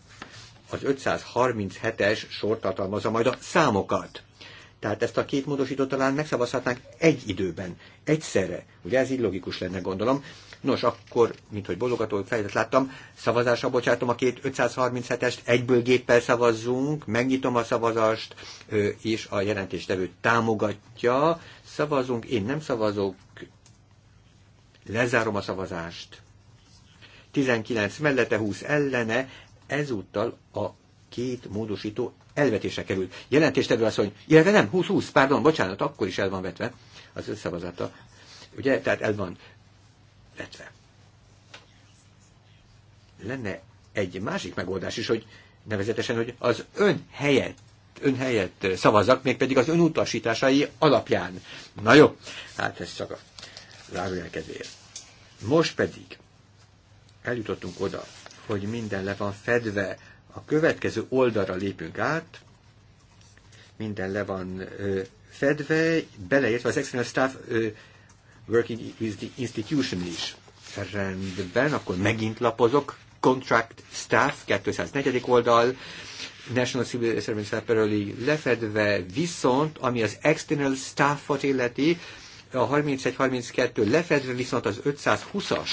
az 537-es sor tartalmazza majd a számokat. Tehát ezt a két módosítót talán megszavazhatnánk egy időben, egyszerre. Ugye ez így logikus lenne, gondolom. Nos, akkor, mint hogy bologató fejlet láttam, szavazásra bocsátom a két 537-est, egyből géppel szavazzunk, megnyitom a szavazást, és a jelentéstevő támogatja. Szavazunk, én nem szavazok, lezárom a szavazást. 19 mellette, 20 ellene, ezúttal a két módosító elvetése került. Jelentéstevő hogy illetve nem, 20-20, pardon, bocsánat, akkor is el van vetve az összavazata. Ugye, tehát el van vetve. Lenne egy másik megoldás is, hogy nevezetesen, hogy az ön helyett ön helyett szavazzak, mégpedig az önutasításai alapján. Na jó, hát ez csak a zárójel kedvéért. Most pedig eljutottunk oda, hogy minden le van fedve a következő oldalra lépünk át, minden le van ö, fedve, beleértve az external staff ö, working with the institution is. Rendben, akkor megint lapozok, contract staff, 204. oldal, National Civil Service Apparently lefedve, viszont ami az external staffot illeti, a 31-32 lefedve, viszont az 520-as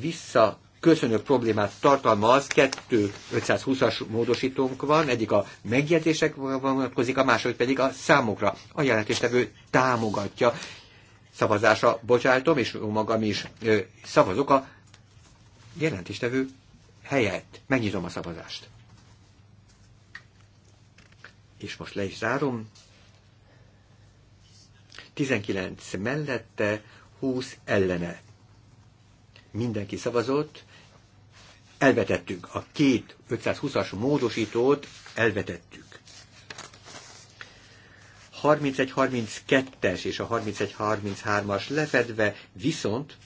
vissza köszönök problémát tartalmaz, kettő 520-as módosítónk van, egyik a megjegyzések vonatkozik, a második pedig a számokra. A jelentéstevő támogatja szavazásra bocsájtom, és magam is ö, szavazok a jelentéstevő helyett. Megnyitom a szavazást. És most le is zárom. 19 mellette, 20 ellene. Mindenki szavazott, elvetettük. A két 520-as módosítót elvetettük. 31-32-es és a 31-33-as lefedve viszont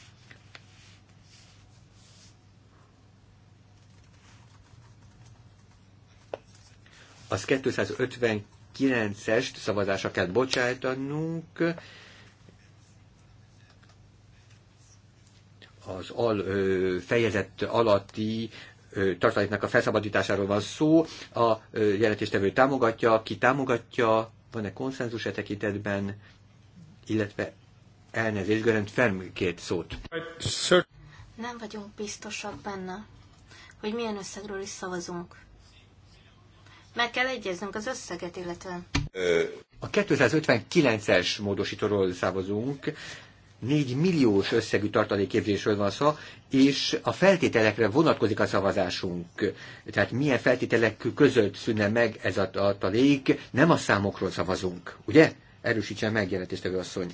az 259-est szavazásra kell bocsájtanunk, az al fejezet alatti tartaléknak a felszabadításáról van szó. A jelentéstevő támogatja, ki támogatja, van-e konszenzus e tekintetben, illetve elnézést, Görönt Ferm két szót. Nem vagyunk biztosak benne, hogy milyen összegről is szavazunk. Meg kell egyeznünk az összeget, illetve. A 259-es módosítóról szavazunk, 4 milliós összegű tartalékképzésről van szó, és a feltételekre vonatkozik a szavazásunk. Tehát milyen feltételek között szűnne meg ez a tartalék, nem a számokról szavazunk, ugye? Erősítsen meg, jelentéstevő asszony.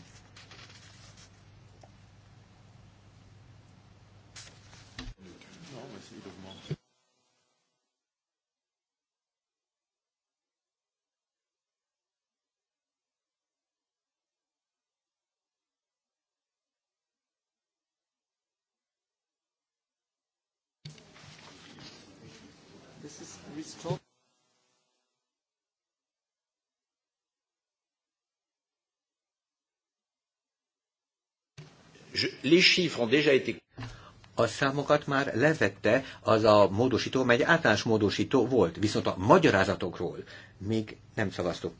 les chiffres ont déjà été a számokat már levette az a módosító, mert egy általános módosító volt, viszont a magyarázatokról még nem szavaztuk.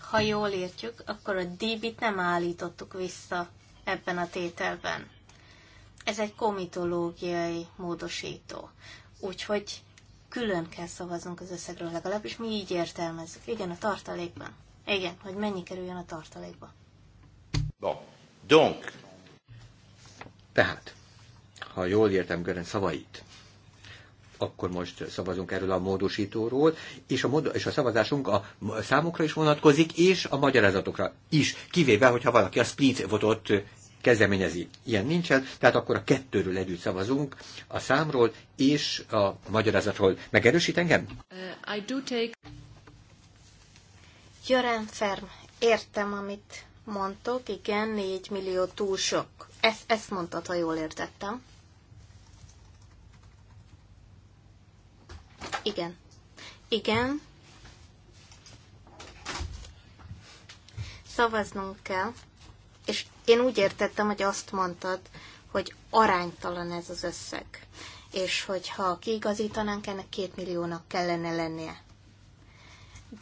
Ha jól értjük, akkor a DB-t nem állítottuk vissza ebben a tételben. Ez egy komitológiai módosító. Úgyhogy külön kell szavaznunk az összegről legalábbis, mi így értelmezzük. Igen, a tartalékban. Igen, hogy mennyi kerüljön a tartalékba. Bon. Donc. Tehát, ha jól értem Gören szavait, akkor most szavazunk erről a módosítóról, és a, mód- és a szavazásunk a számokra is vonatkozik, és a magyarázatokra is, kivéve, hogyha valaki a split votot kezdeményezi. Ilyen nincsen, tehát akkor a kettőről együtt szavazunk, a számról és a magyarázatról. Megerősít engem? Uh, I do take... Jörán Ferm, értem, amit mondtok, igen, 4 millió túl sok. Ezt, ezt mondtad, ha jól értettem. Igen. Igen. Szavaznunk kell. És én úgy értettem, hogy azt mondtad, hogy aránytalan ez az összeg. És hogyha kiigazítanánk, ennek két milliónak kellene lennie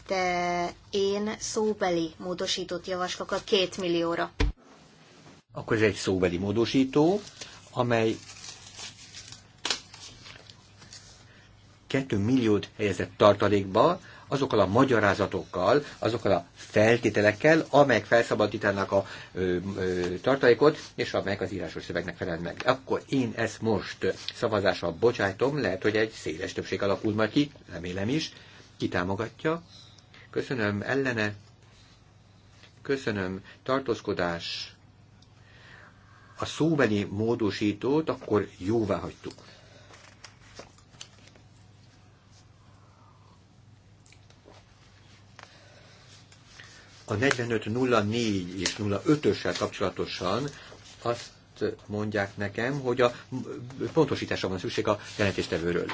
de én szóbeli módosítót javaslok a két millióra. Akkor ez egy szóbeli módosító, amely 2 milliót helyezett tartalékba, azokkal a magyarázatokkal, azokkal a feltételekkel, amelyek felszabadítanak a ö, ö, tartalékot, és amelyek az írásos szövegnek felel meg. Akkor én ezt most szavazással bocsájtom, lehet, hogy egy széles többség alakul majd ki, remélem is, kitámogatja. Köszönöm ellene. Köszönöm tartózkodás. A szóbeli módosítót akkor jóvá hagytuk. A 45.04 és 05-össel kapcsolatosan azt mondják nekem, hogy a pontosításra van szükség a jelentéstevőről.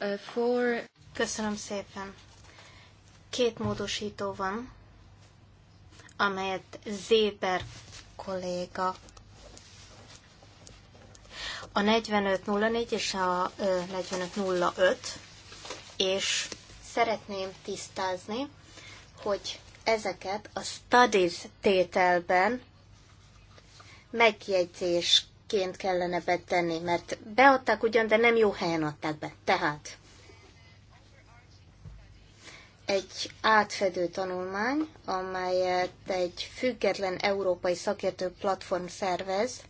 Uh, for... Köszönöm szépen. Két módosító van, amelyet Zéber kolléga a 4504 és a 4505, és szeretném tisztázni, hogy ezeket a studies tételben megjegyzésként kellene betenni, mert beadták ugyan, de nem jó helyen adták be. Tehát egy átfedő tanulmány, amelyet egy független európai szakértő platform szervez,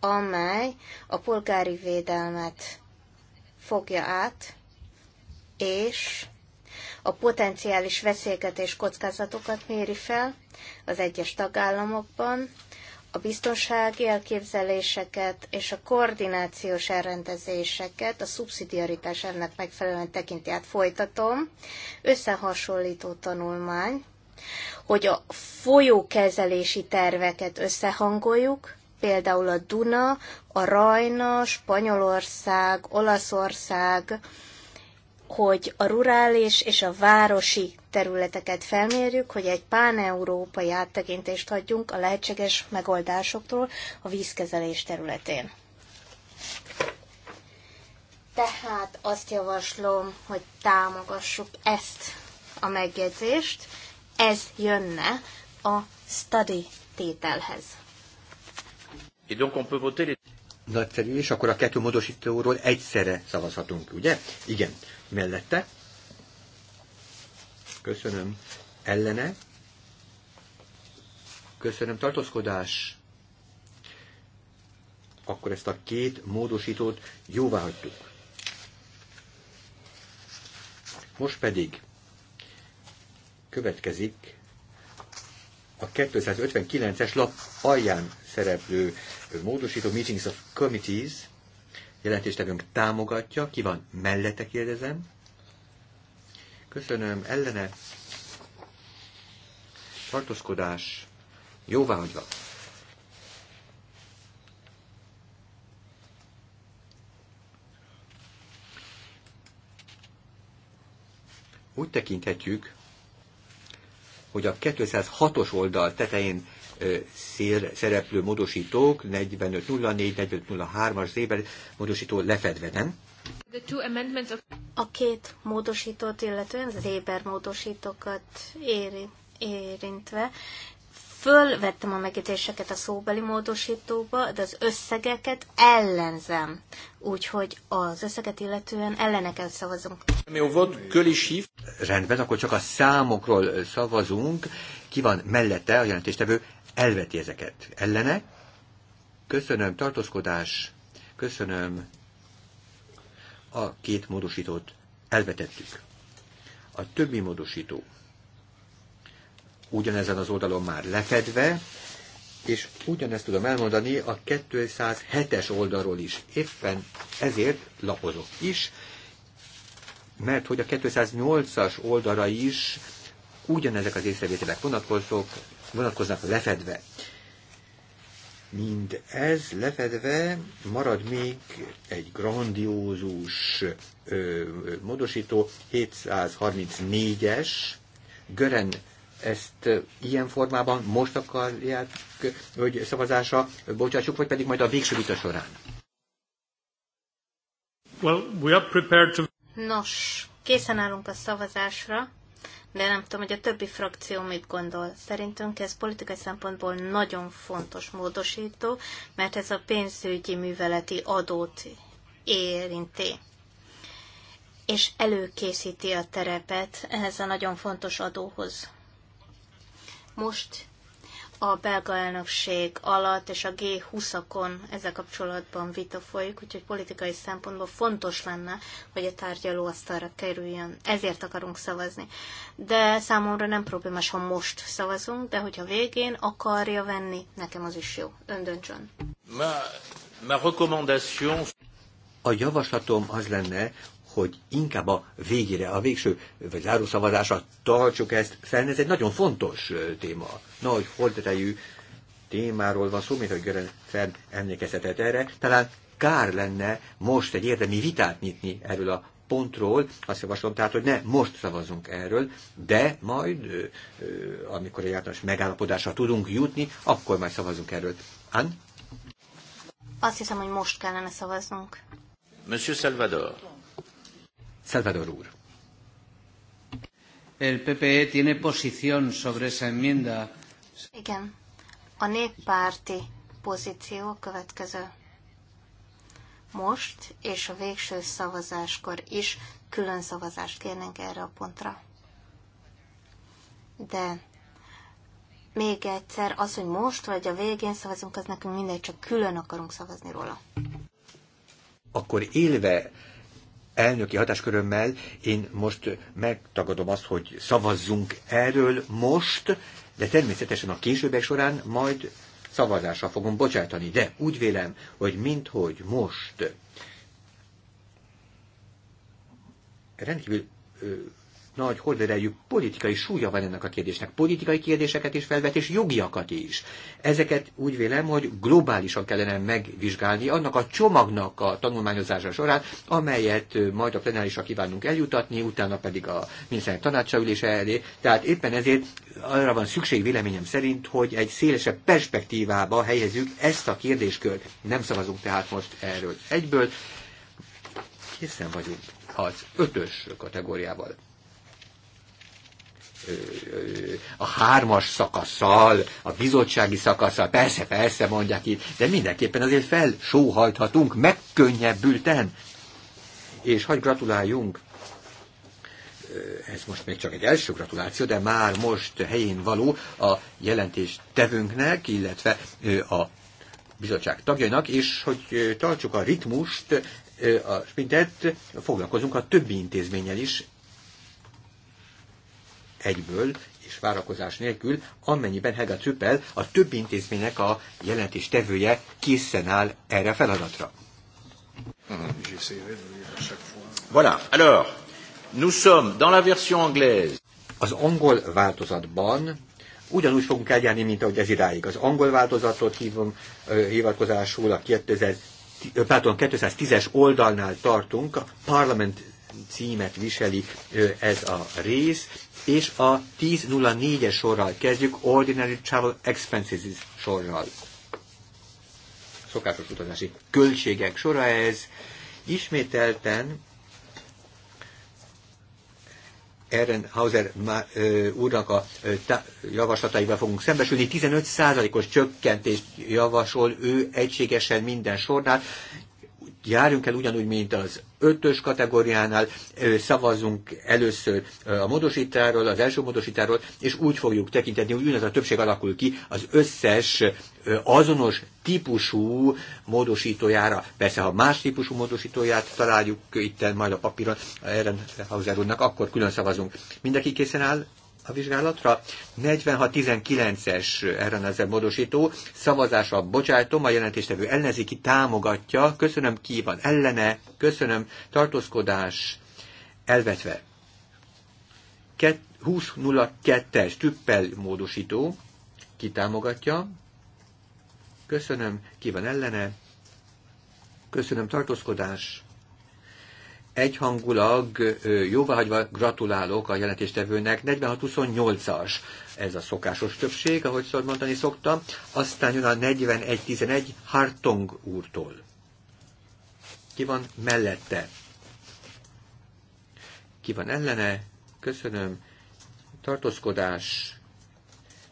amely a polgári védelmet fogja át, és a potenciális veszélyeket és kockázatokat méri fel az egyes tagállamokban, a biztonsági elképzeléseket és a koordinációs elrendezéseket a szubszidiaritás ennek megfelelően tekinti át. Folytatom. Összehasonlító tanulmány, hogy a folyókezelési terveket összehangoljuk, például a Duna, a Rajna, Spanyolország, Olaszország, hogy a rurális és a városi területeket felmérjük, hogy egy páneurópai áttekintést adjunk a lehetséges megoldásoktól a vízkezelés területén. Tehát azt javaslom, hogy támogassuk ezt a megjegyzést. Ez jönne a study tételhez. Et donc on peut voter les... Nagyszerű, és akkor a kettő módosítóról egyszerre szavazhatunk, ugye? Igen. Mellette. Köszönöm. Ellene. Köszönöm. Tartózkodás. Akkor ezt a két módosítót jóvá hagytuk. Most pedig következik a 259-es lap alján szereplő módosító meetings of committees jelentéstevőnk támogatja. Ki van mellette, kérdezem. Köszönöm. Ellene tartózkodás jóváhagyva. Úgy tekinthetjük, hogy a 206-os oldal tetején szél, szereplő módosítók 4504-4503-as zében módosító lefedve, nem? A két módosítót, illetően az éber módosítókat éri, érintve Fölvettem a megjegyzéseket a szóbeli módosítóba, de az összegeket ellenzem. Úgyhogy az összeget illetően ellene kell szavazunk. Rendben, akkor csak a számokról szavazunk. Ki van mellette, a jelentéstevő elveti ezeket. Ellene? Köszönöm, tartózkodás. Köszönöm. A két módosítót elvetettük. A többi módosító ugyanezen az oldalon már lefedve, és ugyanezt tudom elmondani a 207-es oldalról is. Éppen ezért lapozok is, mert hogy a 208-as oldalra is ugyanezek az észrevételek vonatkozók, vonatkoznak lefedve. Mind ez lefedve marad még egy grandiózus ö, módosító, 734-es, Gören ezt ilyen formában most akarják, hogy szavazásra bocsássuk, vagy pedig majd a végső vita során? Well, we are prepared to... Nos, készen állunk a szavazásra, de nem tudom, hogy a többi frakció mit gondol. Szerintünk ez politikai szempontból nagyon fontos módosító, mert ez a pénzügyi műveleti adót érinti és előkészíti a terepet ehhez a nagyon fontos adóhoz. Most a belga elnökség alatt és a G20-akon ezzel kapcsolatban vita folyik, úgyhogy politikai szempontból fontos lenne, hogy a asztalra kerüljön. Ezért akarunk szavazni. De számomra nem problémás, ha most szavazunk, de hogyha végén akarja venni, nekem az is jó. Ön döntsön. Ma, ma recommandation... A javaslatom az lenne, hogy inkább a végére, a végső vagy zárószavazásra tartsuk ezt fenn. Ez egy nagyon fontos téma. Nagy holdrejű témáról van szó, mint hogy Gören fenn emlékeztetett erre. Talán kár lenne most egy érdemi vitát nyitni erről a pontról, azt javaslom tehát, hogy ne most szavazunk erről, de majd, amikor egy általános megállapodásra tudunk jutni, akkor majd szavazunk erről. Ann? Azt hiszem, hogy most kellene szavaznunk. Monsieur Salvador. Salvador úr. El PPE tiene posición sobre esa enmienda. Igen. A néppárti pozíció következő. Most és a végső szavazáskor is külön szavazást kérnénk erre a pontra. De még egyszer, az, hogy most vagy a végén szavazunk, az nekünk mindegy, csak külön akarunk szavazni róla. Akkor élve elnöki hatáskörömmel én most megtagadom azt, hogy szavazzunk erről most, de természetesen a későbbek során majd szavazásra fogom bocsátani. De úgy vélem, hogy minthogy most rendkívül nagy horderejű politikai súlya van ennek a kérdésnek. Politikai kérdéseket is felvet, és jogiakat is. Ezeket úgy vélem, hogy globálisan kellene megvizsgálni annak a csomagnak a tanulmányozása során, amelyet majd a plenárisra kívánunk eljutatni, utána pedig a tanácsa ülése elé. Tehát éppen ezért arra van szükség véleményem szerint, hogy egy szélesebb perspektívába helyezzük ezt a kérdéskört. Nem szavazunk tehát most erről egyből. Készen vagyunk az ötös kategóriával a hármas szakaszsal, a bizottsági szakaszsal, persze, persze mondják itt, de mindenképpen azért felsóhajthatunk megkönnyebbülten. És hagyj gratuláljunk ez most még csak egy első gratuláció, de már most helyén való a jelentés tevünknek, illetve a bizottság tagjainak, és hogy tartsuk a ritmust, a spintet, foglalkozunk a többi intézménnyel is egyből és várakozás nélkül, amennyiben Helga Cüppel a több intézménynek a tevője készen áll erre a feladatra. Voilà, alors, nous sommes dans la version anglaise. Az angol változatban ugyanúgy fogunk eljárni, mint ahogy ez idáig. Az angol változatot hívom hivatkozásul a 2000, 210-es oldalnál tartunk, a Parliament címet viseli ez a rész, és a 10.04-es sorral kezdjük, Ordinary Travel Expenses sorral. Szokásos utazási költségek sora ez. Ismételten Hauser úrnak a javaslataival fogunk szembesülni. 15%-os csökkentést javasol ő egységesen minden sornál, járjunk el ugyanúgy, mint az ötös kategóriánál, szavazunk először a módosításról, az első módosításról, és úgy fogjuk tekinteni, hogy ugyanaz a többség alakul ki az összes azonos típusú módosítójára. Persze, ha más típusú módosítóját találjuk itt majd a papíron, a Ehrenhauser úrnak, akkor külön szavazunk. Mindenki készen áll? a vizsgálatra. 46-19-es erre az módosító szavazásra bocsájtom, a jelentéstevő ellenzéki támogatja. Köszönöm, ki van ellene, köszönöm, tartózkodás elvetve. 20.02-es tüppel módosító, ki támogatja, köszönöm, ki van ellene, köszönöm, tartózkodás egyhangulag jóváhagyva gratulálok a jelentéstevőnek, 46-28-as ez a szokásos többség, ahogy szóval mondani szoktam, aztán jön a 41-11 Hartong úrtól. Ki van mellette? Ki van ellene? Köszönöm. Tartózkodás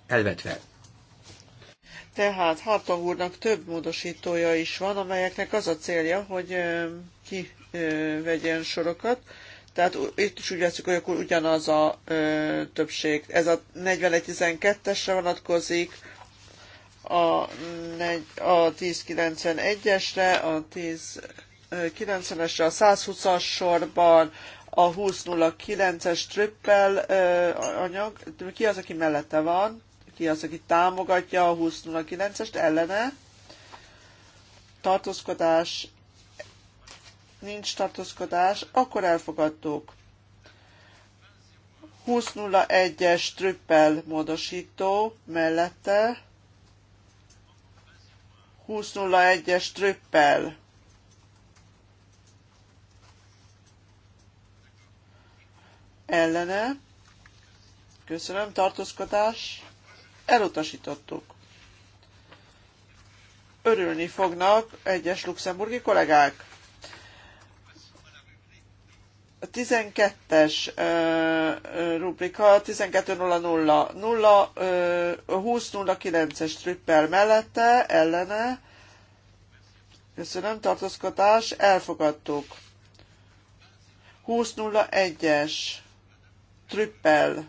elvetve. Tehát Hartong úrnak több módosítója is van, amelyeknek az a célja, hogy ki vegyen sorokat. Tehát itt is úgy veszük, hogy akkor ugyanaz a ö, többség. Ez a 41-12-esre vonatkozik, a, a 10-91-esre, a 10-90-esre, a 120-as sorban, a 20-09-es trippel ö, anyag. Ki az, aki mellette van? Ki az, aki támogatja a 20-09-est ellene? Tartózkodás nincs tartózkodás, akkor elfogadtuk. 20.01-es trüppel módosító mellette. 20.01-es trüppel. Ellene. Köszönöm, tartózkodás. Elutasítottuk örülni fognak egyes luxemburgi kollégák. A 12-es rubrika 12.00 20.09-es trüppel mellette, ellene. Köszönöm, tartózkodás, elfogadtuk. 20.01-es trüppel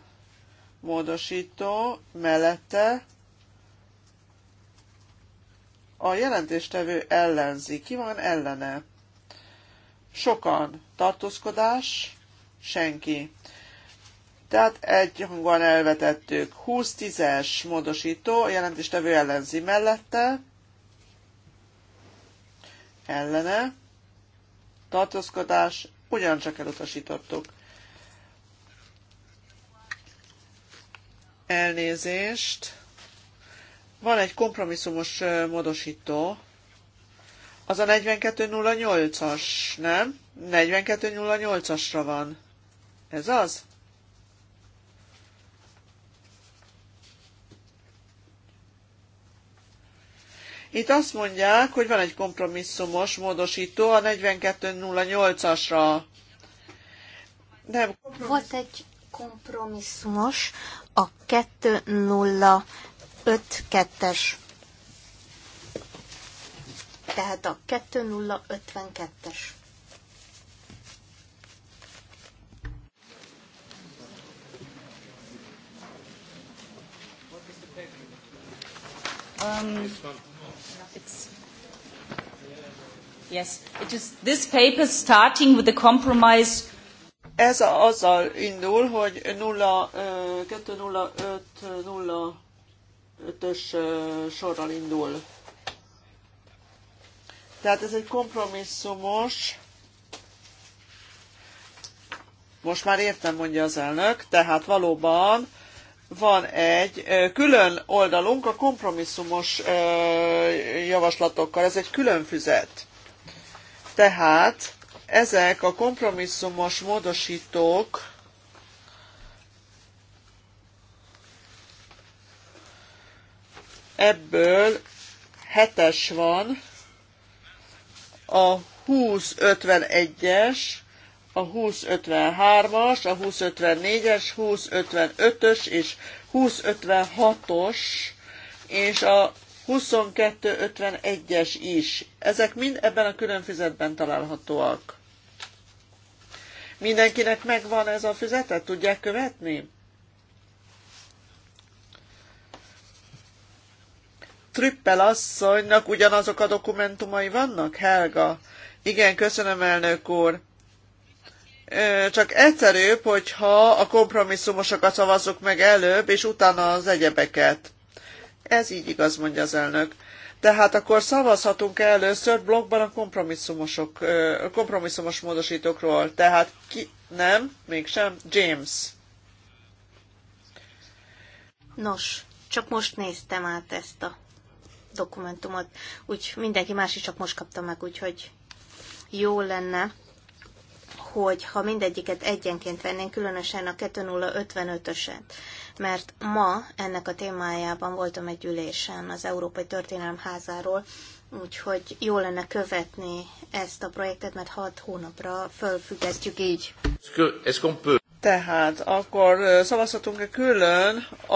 módosító mellette a jelentéstevő ellenzi. Ki van ellene? sokan, tartózkodás, senki. Tehát hangon elvetettük. 20-10-es módosító, a jelentéstevő ellenzi mellette, ellene, tartózkodás, ugyancsak elutasítottuk. Elnézést. Van egy kompromisszumos módosító, az a 4208-as, nem? 4208-asra van. Ez az? Itt azt mondják, hogy van egy kompromisszumos módosító a 4208-asra. Nem. Volt egy kompromisszumos a 2052-es tehát a 2052-es. Um, it's, yes, it is this paper starting with the compromise ez a, azzal indul, hogy 20505-ös sorral indul. Tehát ez egy kompromisszumos, most már értem, mondja az elnök, tehát valóban van egy külön oldalunk a kompromisszumos javaslatokkal, ez egy külön füzet. Tehát ezek a kompromisszumos módosítók ebből hetes van, a 2051-es, a 2053-as, a 2054-es, 2055-ös és 2056-os, és a 2251-es is. Ezek mind ebben a külön füzetben találhatóak. Mindenkinek megvan ez a füzetet? Tudják követni? Trüppel asszonynak ugyanazok a dokumentumai vannak, Helga? Igen, köszönöm, elnök úr. Csak egyszerűbb, hogyha a kompromisszumosokat szavazzuk meg előbb, és utána az egyebeket. Ez így igaz, mondja az elnök. Tehát akkor szavazhatunk először blogban a kompromisszumosok, kompromisszumos módosítókról. Tehát ki, nem, mégsem, James. Nos, csak most néztem át ezt a dokumentumot, úgy mindenki más is csak most kapta meg, úgyhogy jó lenne, hogy ha mindegyiket egyenként vennénk, különösen a 2055-öset, mert ma ennek a témájában voltam egy ülésen az Európai Történelem Házáról, úgyhogy jó lenne követni ezt a projektet, mert hat hónapra fölfüggesztjük így. Tehát akkor szavazhatunk-e külön a,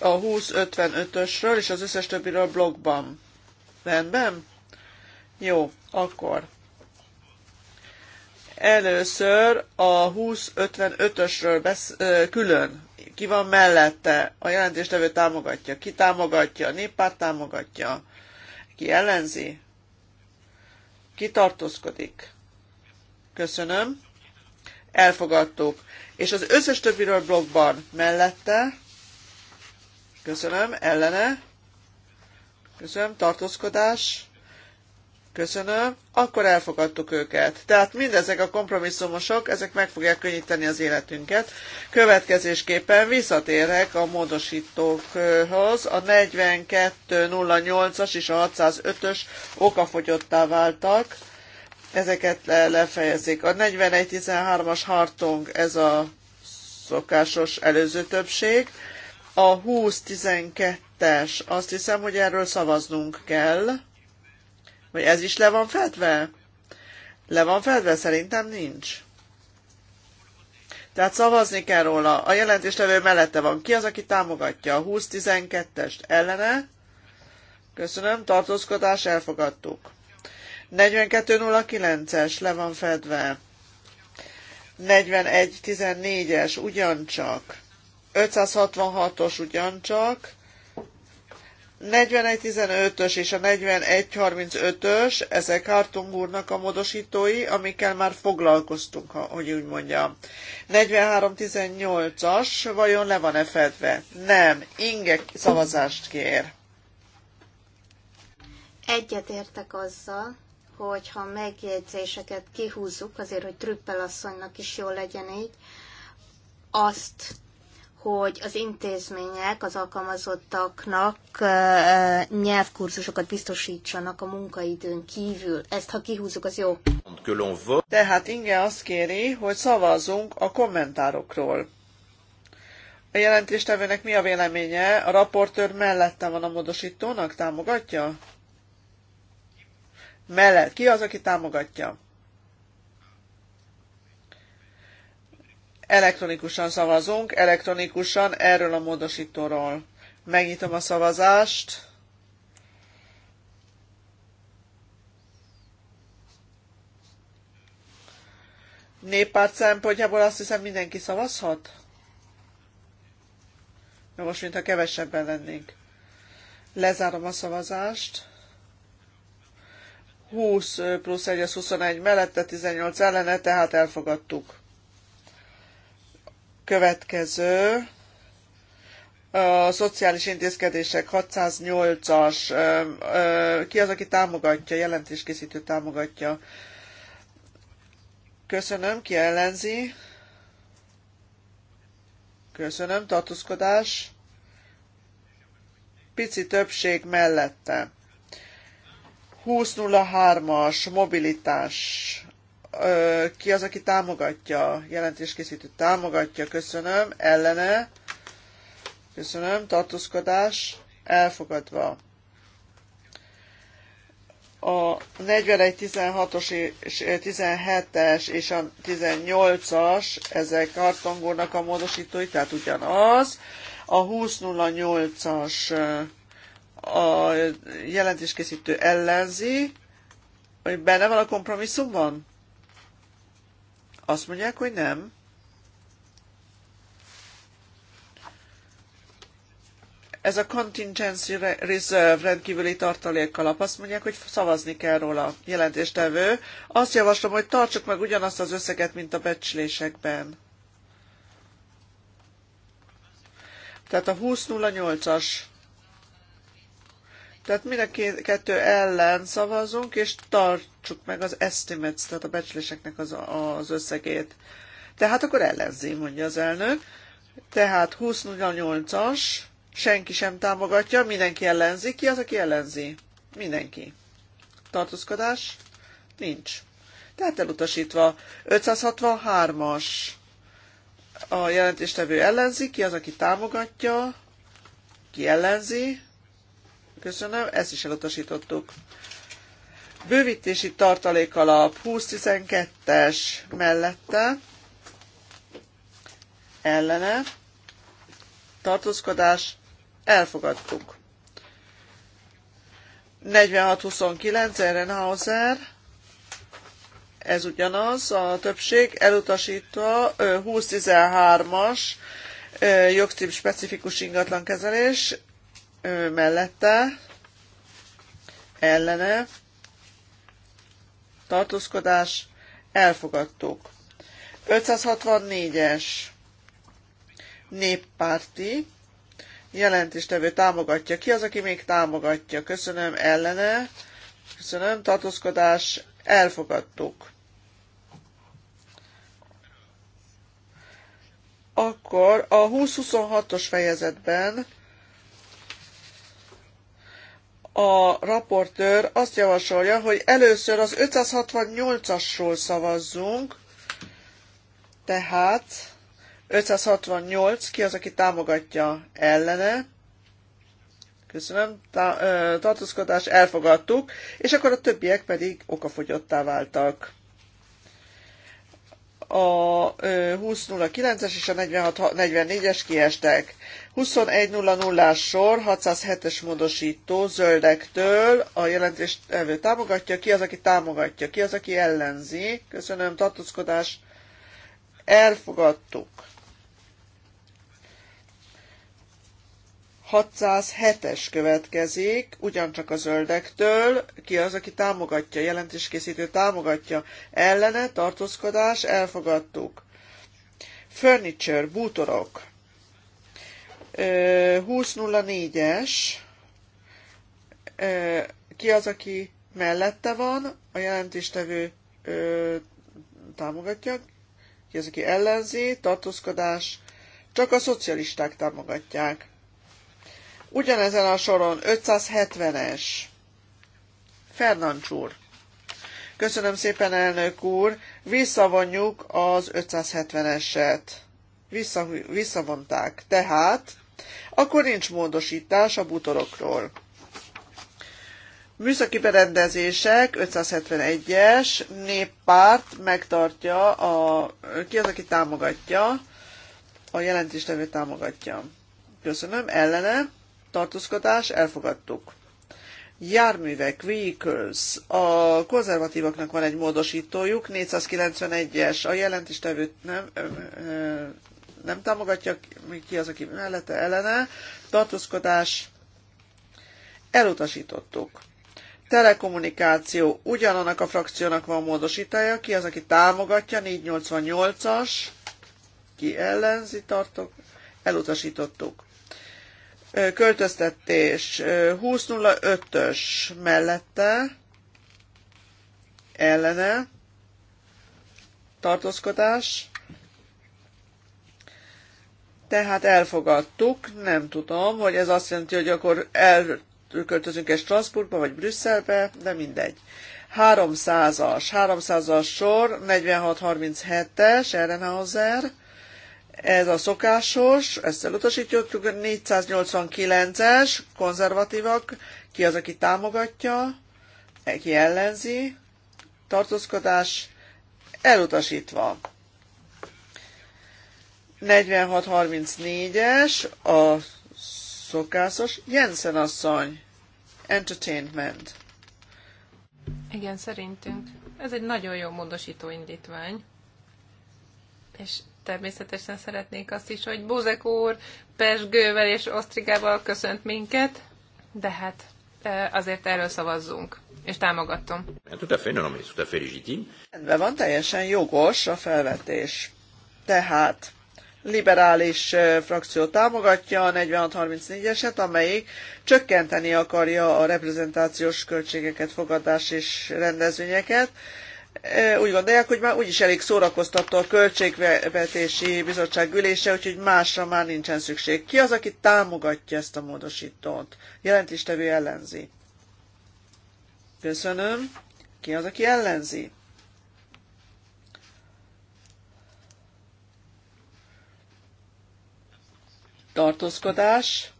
a 55 ösről és az összes többiről blogban? Rendben? Jó, akkor. Először a 55 ösről besz- külön. Ki van mellette? A jelentéstevő támogatja. Ki támogatja? A néppárt támogatja. Ki ellenzi? Ki tartózkodik? Köszönöm elfogadtuk. És az összes többiről blogban mellette, köszönöm, ellene, köszönöm, tartózkodás, köszönöm, akkor elfogadtuk őket. Tehát mindezek a kompromisszumosok, ezek meg fogják könnyíteni az életünket. Következésképpen visszatérek a módosítókhoz, a 4208-as és a 605-ös okafogyottá váltak, ezeket le, lefejezik. A 41-13-as hartong ez a szokásos előző többség. A 20-12-es, azt hiszem, hogy erről szavaznunk kell. Vagy ez is le van fedve? Le van fedve? Szerintem nincs. Tehát szavazni kell róla. A jelentéstevő mellette van. Ki az, aki támogatja a 20-12-est? Ellene? Köszönöm. Tartózkodás elfogadtuk. 4209-es le van fedve. 4114-es ugyancsak. 566-os ugyancsak. 4115-ös és a 4135-ös, ezek Hartung úrnak a módosítói, amikkel már foglalkoztunk, ha, hogy úgy mondjam. 4318-as, vajon le van-e fedve? Nem, Inge szavazást kér. Egyetértek azzal, hogyha megjegyzéseket kihúzzuk, azért, hogy Trüppel asszonynak is jó legyen így, azt, hogy az intézmények az alkalmazottaknak nyelvkurzusokat biztosítsanak a munkaidőn kívül. Ezt, ha kihúzzuk, az jó. Tehát Inge azt kéri, hogy szavazzunk a kommentárokról. A jelentéstevőnek mi a véleménye? A raportőr mellette van a módosítónak? Támogatja? mellett. Ki az, aki támogatja? Elektronikusan szavazunk, elektronikusan erről a módosítóról. Megnyitom a szavazást. Néppárt szempontjából azt hiszem mindenki szavazhat? Na most, mintha kevesebben lennénk. Lezárom a szavazást. 20 plusz 1 az 21 mellette, 18 ellene, tehát elfogadtuk. Következő. A szociális intézkedések 608-as. Ki az, aki támogatja, jelentéskészítő támogatja? Köszönöm, ki ellenzi? Köszönöm, tartózkodás. Pici többség mellette. 20.03-as mobilitás. Ki az, aki támogatja? Jelentéskészítő támogatja, köszönöm. Ellene? Köszönöm. Tartózkodás? Elfogadva. A 41-16-os és 17-es és a 18-as, ezek kartongónak a módosítói, tehát ugyanaz. A 20.08-as a jelentéskészítő ellenzi, hogy benne van a kompromisszumban? Azt mondják, hogy nem. Ez a contingency reserve rendkívüli tartalék Azt mondják, hogy szavazni kell róla jelentéstevő. Azt javaslom, hogy tartsuk meg ugyanazt az összeget, mint a becslésekben. Tehát a 2008-as tehát mind a két, kettő ellen szavazunk, és tartsuk meg az estimates, tehát a becsléseknek az, az összegét. Tehát akkor ellenzi, mondja az elnök. Tehát 20-8-as, senki sem támogatja, mindenki ellenzi. Ki az, aki ellenzi? Mindenki. Tartózkodás? Nincs. Tehát elutasítva 563-as a jelentéstevő ellenzi, ki az, aki támogatja, ki ellenzi, Köszönöm, ezt is elutasítottuk. Bővítési tartalékalap 2012-es mellette ellene tartózkodás elfogadtuk. 46-29 Ehrenhauser, ez ugyanaz a többség, elutasítva 20-13-as jogcím specifikus ingatlankezelés, mellette, ellene, tartózkodás, elfogadtuk. 564-es néppárti jelentéstevő támogatja. Ki az, aki még támogatja? Köszönöm, ellene. Köszönöm, tartózkodás, elfogadtuk. Akkor a 20-26-os fejezetben a raportőr azt javasolja, hogy először az 568-asról szavazzunk, tehát 568, ki az, aki támogatja ellene, köszönöm, tá- ö, tartózkodás, elfogadtuk, és akkor a többiek pedig okafogyottá váltak. A 20.09-es és a 46.44-es kiestek. 21.00-ás sor, 607-es módosító zöldektől a jelentést elvő támogatja, ki az, aki támogatja, ki az, aki ellenzi. Köszönöm, tartózkodás. Elfogadtuk. 607-es következik, ugyancsak a zöldektől, ki az, aki támogatja, jelentéskészítő támogatja, ellene, tartózkodás, elfogadtuk. Furniture, bútorok, 20.04-es, ki az, aki mellette van, a jelentéstevő támogatja, ki az, aki ellenzi, tartózkodás, csak a szocialisták támogatják. Ugyanezen a soron 570-es. Fernancs úr. Köszönöm szépen, elnök úr. Visszavonjuk az 570-eset. Vissza, visszavonták. Tehát akkor nincs módosítás a butorokról. Műszaki berendezések 571-es néppárt megtartja, a, ki az, aki támogatja, a jelentéstevő támogatja. Köszönöm, ellene, tartózkodás, elfogadtuk. Járművek, vehicles, a konzervatívaknak van egy módosítójuk, 491-es, a jelentéstevő nem, ö, ö, nem támogatja, ki az, aki mellette ellene. Tartózkodás elutasítottuk. Telekommunikáció ugyanannak a frakciónak van módosítája, ki az, aki támogatja, 488-as, ki ellenzi, tartok, elutasítottuk. Költöztetés 2005-ös mellette, ellene, tartózkodás, tehát elfogadtuk, nem tudom, hogy ez azt jelenti, hogy akkor elköltözünk-e Strasbourgba vagy Brüsszelbe, de mindegy. 300-as, 300-as sor, 46-37-es, Erenhauser, ez a szokásos, ezt elutasítjuk, 489-es, konzervatívak, ki az, aki támogatja, ki ellenzi, tartózkodás elutasítva. 4634-es, a szokásos, Jensen asszony, entertainment. Igen, szerintünk. Ez egy nagyon jó módosító indítvány. És természetesen szeretnék azt is, hogy Bozek úr Pesgővel és Osztrigával köszönt minket, de hát e, azért erről szavazzunk, és támogatom. Rendben van, teljesen jogos a felvetés. Tehát liberális frakció támogatja a 4634-eset, amelyik csökkenteni akarja a reprezentációs költségeket, fogadás és rendezvényeket. Úgy gondolják, hogy már úgyis elég szórakoztató a Költségvetési Bizottság ülése, úgyhogy másra már nincsen szükség. Ki az, aki támogatja ezt a módosítót? Jelentéstevő ellenzi. Köszönöm. Ki az, aki ellenzi? tartózkodás,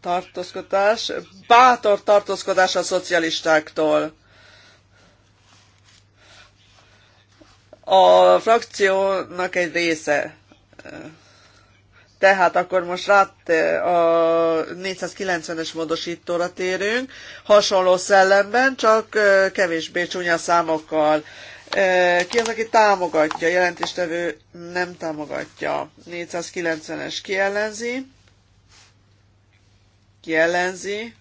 tartózkodás, bátor tartózkodás a szocialistáktól. A frakciónak egy része. Tehát akkor most rá eh, a 490-es módosítóra térünk, hasonló szellemben, csak eh, kevésbé csúnya számokkal. Ki az, aki támogatja? Jelentéstevő nem támogatja. 490-es kiellenzi. Kiellenzi.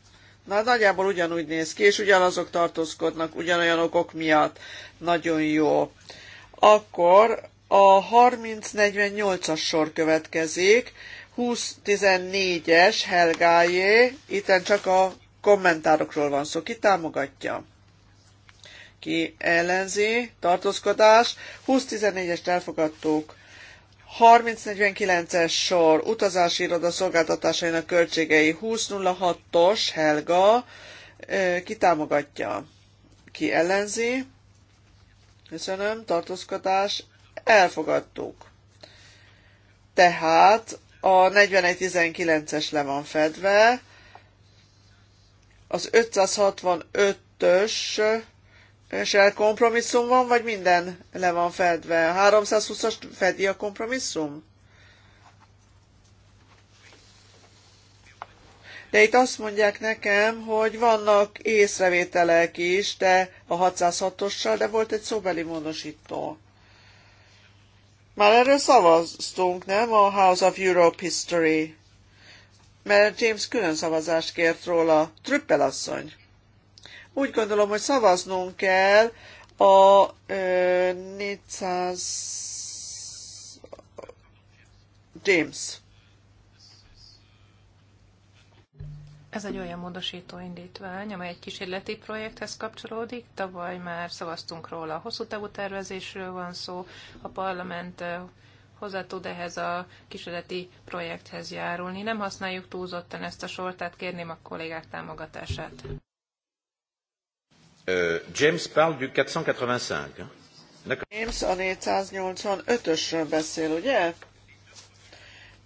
Na, nagyjából ugyanúgy néz ki, és ugyanazok tartózkodnak ugyanolyan okok miatt. Nagyon jó. Akkor a 30-48-as sor következik, 20-14-es Helgájé, itten csak a kommentárokról van szó, ki támogatja? ki ellenzi, tartózkodás, 20-14-est elfogadtuk, 3049-es sor, utazási iroda szolgáltatásainak költségei 2006-os, Helga, ki támogatja, ki ellenzi, köszönöm, tartózkodás, elfogadtuk. Tehát a 4119-es le van fedve, az 565-ös el kompromisszum van, vagy minden le van fedve? 320-as fedi a kompromisszum? De itt azt mondják nekem, hogy vannak észrevételek is, de a 606-ossal, de volt egy szóbeli módosító. Már erről szavaztunk, nem? A House of Europe History. Mert James külön szavazást kért róla. Trüppel asszony. Úgy gondolom, hogy szavaznunk kell a ö, 400 James. Ez egy olyan módosító indítvány, amely egy kísérleti projekthez kapcsolódik. Tavaly már szavaztunk róla. A hosszú távú tervezésről van szó. A parlament hozzá tud ehhez a kísérleti projekthez járulni. Nem használjuk túlzottan ezt a sort, tehát kérném a kollégák támogatását. Euh, James parle du 485. James a 485-ösről beszél, ugye?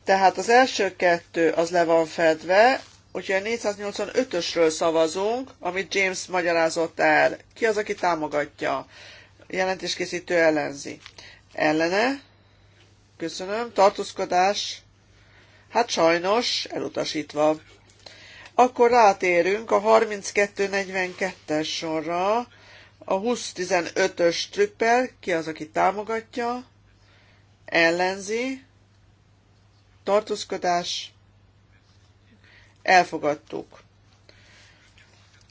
Tehát az első kettő az le van fedve, úgyhogy a 485-ösről szavazunk, amit James magyarázott el. Ki az, aki támogatja? Jelentéskészítő ellenzi. Ellene? Köszönöm. Tartózkodás? Hát sajnos elutasítva. Akkor rátérünk a 3242-es sorra, a 15 ös trüppel, ki az, aki támogatja, ellenzi, tartózkodás, elfogadtuk.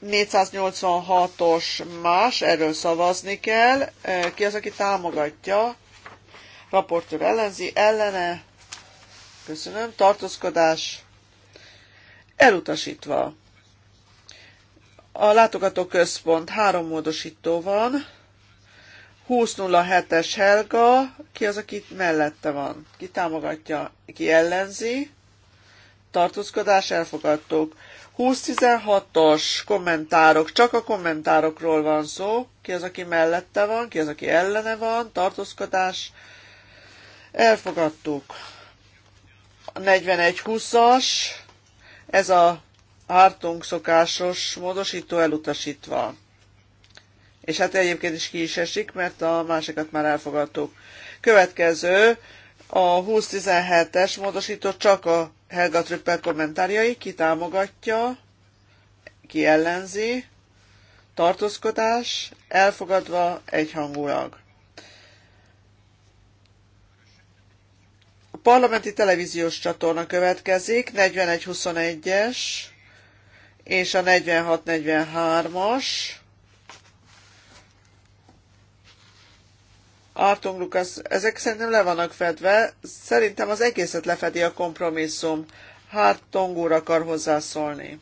486-os más, erről szavazni kell. Ki az, aki támogatja? Raportőr ellenzi, ellene. Köszönöm. Tartózkodás. Elutasítva. A látogatóközpont három módosító van. 20.07-es Helga, ki az, aki mellette van? Ki támogatja, ki ellenzi? Tartózkodás elfogadtuk. 20.16-os kommentárok, csak a kommentárokról van szó. Ki az, aki mellette van, ki az, aki ellene van, tartózkodás. Elfogadtuk. 41.20-as, ez a Hartung szokásos módosító elutasítva. És hát egyébként is ki is esik, mert a másikat már elfogadtuk. Következő, a 2017-es módosító csak a Helga Trüppel kommentárjai, ki támogatja, ki ellenzi, tartózkodás, elfogadva egyhangulag. parlamenti televíziós csatorna következik, 41-21-es és a 46-43-as. Artung Lukasz, ezek szerintem le vannak fedve, szerintem az egészet lefedi a kompromisszum. Hát úr akar hozzászólni.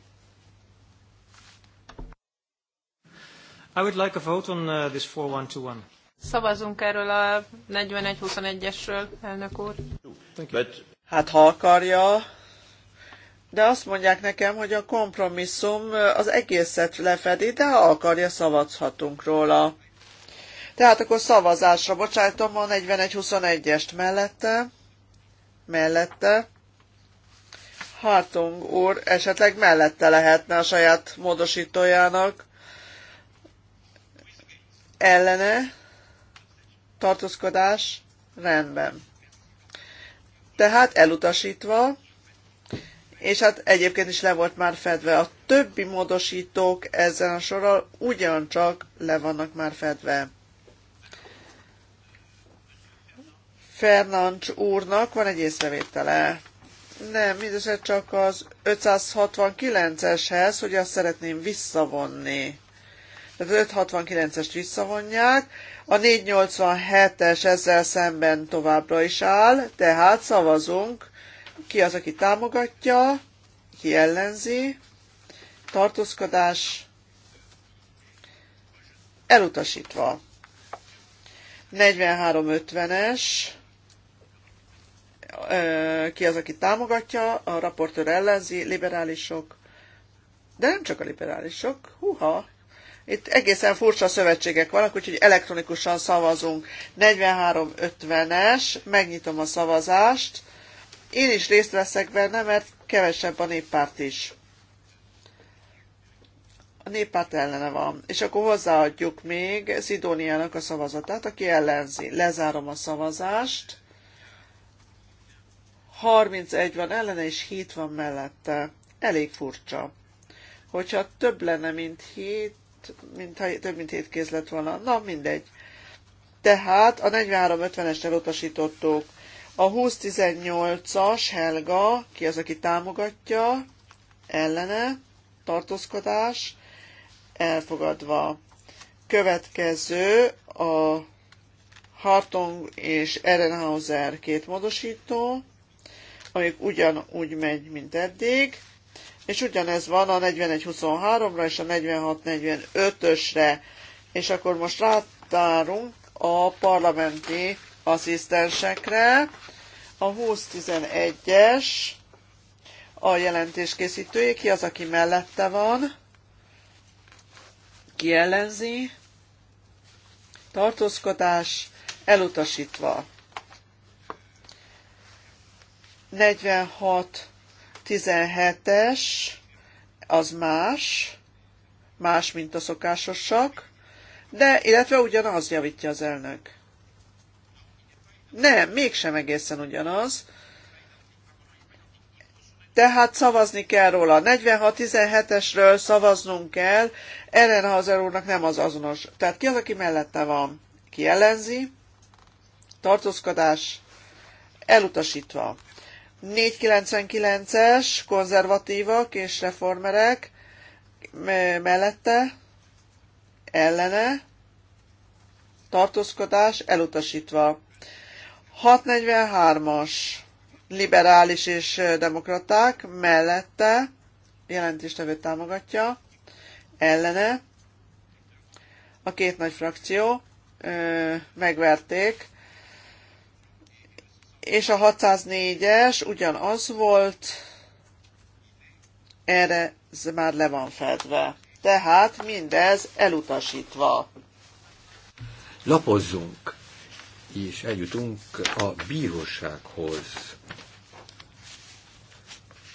I would like a vote on uh, this 4121. Szavazunk erről a 41-21-esről, elnök úr. Hát ha akarja, de azt mondják nekem, hogy a kompromisszum az egészet lefedi, de ha akarja, szavazhatunk róla. Tehát akkor szavazásra bocsájtom a 41-21-est mellette, mellette. Hartung úr esetleg mellette lehetne a saját módosítójának. Ellene tartózkodás, rendben. Tehát elutasítva, és hát egyébként is le volt már fedve. A többi módosítók ezen a sorral ugyancsak le vannak már fedve. Fernancs úrnak van egy észrevétele. Nem, mindössze csak az 569-eshez, hogy azt szeretném visszavonni. Tehát az 569-est visszavonják, a 487-es ezzel szemben továbbra is áll, tehát szavazunk, ki az, aki támogatja, ki ellenzi, tartózkodás elutasítva. 43-50-es, ki az, aki támogatja, a raportőr ellenzi, liberálisok, de nem csak a liberálisok, huha, itt egészen furcsa szövetségek vannak, úgyhogy elektronikusan szavazunk. 4350 es megnyitom a szavazást. Én is részt veszek benne, mert kevesebb a néppárt is. A néppárt ellene van. És akkor hozzáadjuk még Szidóniának a szavazatát, aki ellenzi. Lezárom a szavazást. 31 van ellene, és 7 van mellette. Elég furcsa. Hogyha több lenne, mint 7, mint több mint hét kéz lett volna. Na, mindegy. Tehát a 43-50-est elutasítottuk. A 20-18-as Helga, ki az, aki támogatja, ellene, tartózkodás, elfogadva. Következő a Hartong és Erenhauser két módosító, amik ugyanúgy megy, mint eddig és ugyanez van a 41-23-ra és a 46-45-ösre, és akkor most rátárunk a parlamenti asszisztensekre, a 20-11-es, a jelentés készítője, ki az, aki mellette van, ki ellenzi, tartózkodás, elutasítva. 46 17-es az más, más, mint a szokásosak, de, illetve ugyanaz javítja az elnök. Nem, mégsem egészen ugyanaz. Tehát szavazni kell róla. 46-17-esről szavaznunk kell. az úrnak nem az azonos. Tehát ki az, aki mellette van? Ki ellenzi? Tartózkodás elutasítva. 499-es konzervatívak és reformerek mellette ellene tartózkodás elutasítva. 643-as liberális és demokraták mellette jelentéstevő támogatja ellene a két nagy frakció megverték és a 604-es ugyanaz volt, erre ez már le van fedve. Tehát mindez elutasítva. Lapozzunk, és eljutunk a bírósághoz.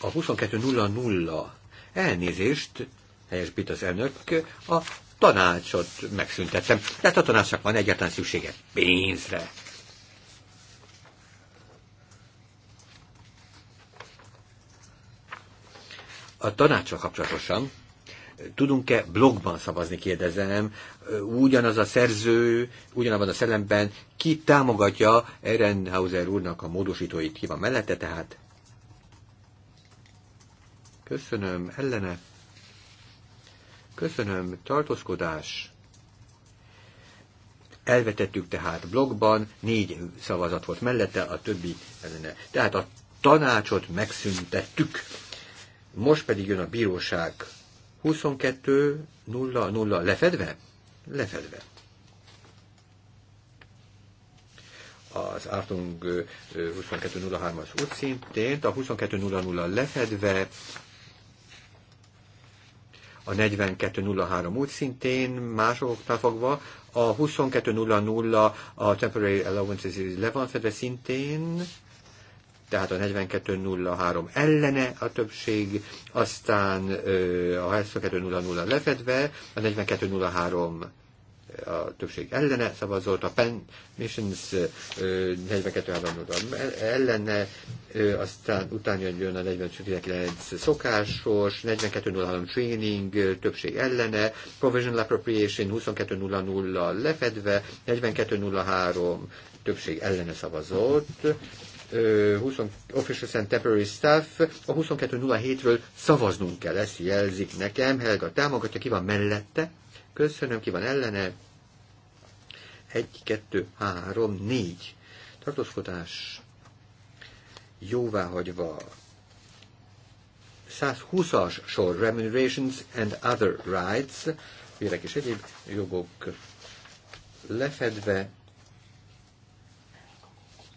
A 22.00 elnézést, bit az elnök, a tanácsot megszüntettem. Tehát a tanácsnak van egyáltalán szüksége pénzre. a tanácsra kapcsolatosan eh, tudunk-e blogban szavazni, kérdezem, eh, ugyanaz a szerző, ugyanabban a szellemben, ki támogatja Ehrenhauser úrnak a módosítóit, ki van mellette tehát? Köszönöm, ellene. Köszönöm, tartózkodás. Elvetettük tehát blogban, négy szavazat volt mellette, a többi ellene. Tehát a tanácsot megszüntettük. Most pedig jön a bíróság 22.00 lefedve? Lefedve. az Artung 2203-as útszintén, a 2200 lefedve, a 4203 útszintén, másoknál fogva, a 2200 a temporary allowances le van fedve szintén, tehát a 42.03 ellene a többség, aztán a 4200 lefedve, a 42.03 a többség ellene szavazott, a Penn Missions 42.3 ellene, aztán utána jön a 42.19 szokásos, 42.03 training többség ellene, provisional appropriation 22.00 lefedve, 42.03 többség ellene szavazott, 20, Official and Temporary Staff, a 2207-ről szavaznunk kell, ezt jelzik nekem. Helga támogatja, ki van mellette? Köszönöm, ki van ellene? 1, 2, 3, 4. Tartózkodás jóváhagyva. 120-as sor Remunerations and Other Rights, vérek és egyéb jogok lefedve,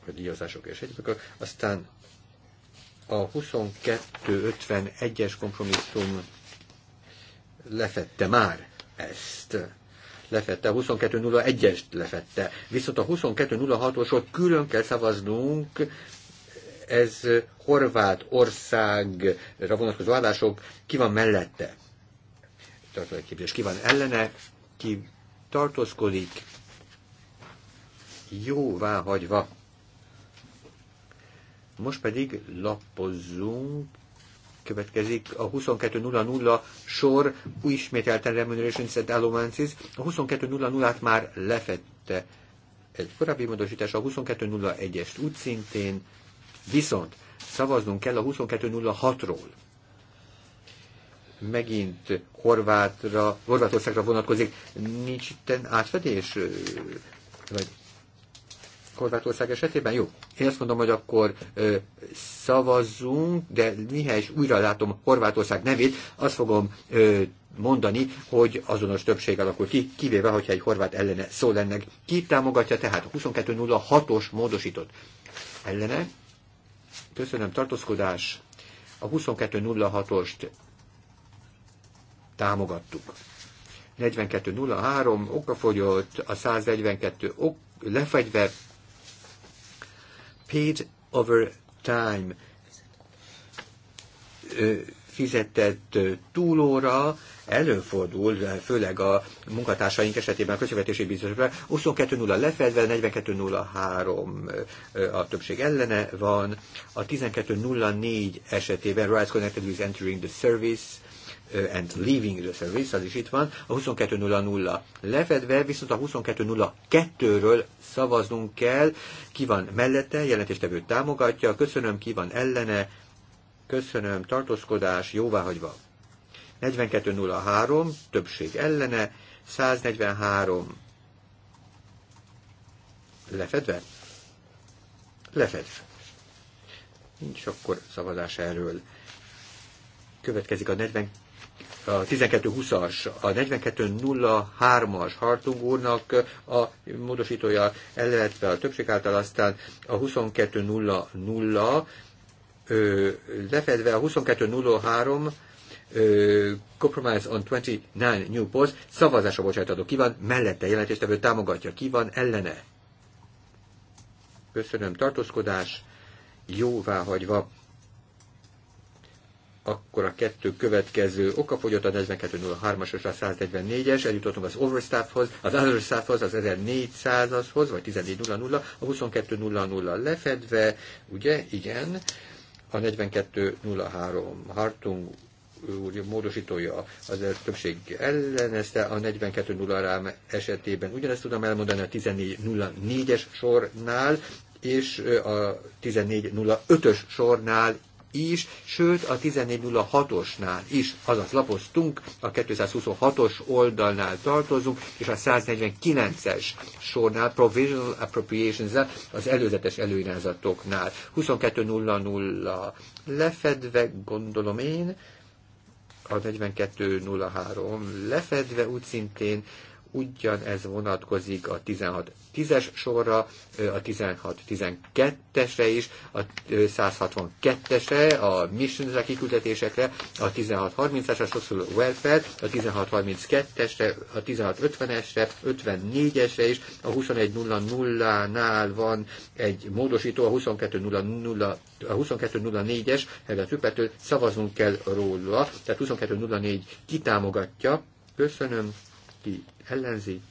a díjazások és egyébként. Aztán a 22.51-es kompromisszum lefette már ezt lefette, a 22.01-est lefette. Viszont a 22.06-osról külön kell szavaznunk, ez horvát országra vonatkozó állások, ki van mellette? Tartalagképzés, ki van ellene, ki tartózkodik, jóvá hagyva. Most pedig lapozzunk, következik a 22.00 sor új ismételten Remuneration Set Allowances. A 22.00-át már lefette egy korábbi módosítás, a 22.01-est úgy szintén, viszont szavaznunk kell a 22.06-ról megint Horvátra, Horvátországra vonatkozik. Nincs itt átfedés? Vagy Horvátország esetében? Jó. Én azt mondom, hogy akkor ö, szavazzunk, de mihez újra látom Horvátország nevét, azt fogom ö, mondani, hogy azonos többség alakul ki, kivéve, hogyha egy horvát ellene szó lenne. Ki támogatja tehát a 2206-os módosított ellene? Köszönöm, tartózkodás. A 2206-ost támogattuk. 4203 okafogyott, a 142 ok, lefegyvert, paid over time fizetett túlóra előfordul, főleg a munkatársaink esetében a közövetési bizottságban 22.0 lefedve, 42.03 a többség ellene van, a 12.04 esetében Rights Connected with Entering the Service and leaving the service, az is itt van, a 22.00 lefedve, viszont a 22.02-ről szavaznunk kell, ki van mellette, jelentéstevő támogatja, köszönöm, ki van ellene, köszönöm, tartózkodás, jóváhagyva. 42.03, többség ellene, 143 lefedve? Lefedve. Nincs akkor szavazás erről. Következik a 42 a 1220-as, a 4203-as Hartung úrnak a módosítója, illetve a többség által aztán a 2200 ö, lefedve a 2203 Compromise on 29 New Post szavazásra bocsájtadó. Ki van mellette jelentéstevő támogatja? Ki van ellene? Köszönöm. Tartózkodás hagyva akkor a kettő következő okafogyott a 4203-asra, a 144-es, eljutottunk az overstaffhoz, az understaffhoz, az 1400-ashoz, vagy 1400, a 2200 lefedve, ugye, igen, a 4203 Hartung úr módosítója az többség ellenezte, a 4203 esetében ugyanezt tudom elmondani a 1404-es sornál, és a 1405-ös sornál is, sőt a 1406-osnál is, azaz lapoztunk, a 226-os oldalnál tartozunk, és a 149-es sornál, Provisional appropriations az előzetes előirányzatoknál. 22.00 lefedve, gondolom én, a 42.03 lefedve úgy szintén, ugyanez vonatkozik a 16 10-es sorra, a 16-12-esre is, a 162-esre, a missions kiküldetésekre, a 16-30-esre, sokszor welfare, a 16-32-esre, a 16-50-esre, 54-esre is, a 21-00-nál van egy módosító, a 22 04 es ez a tüpetől szavazunk kell róla, tehát 22-04 kitámogatja, köszönöm, ki ellenzi,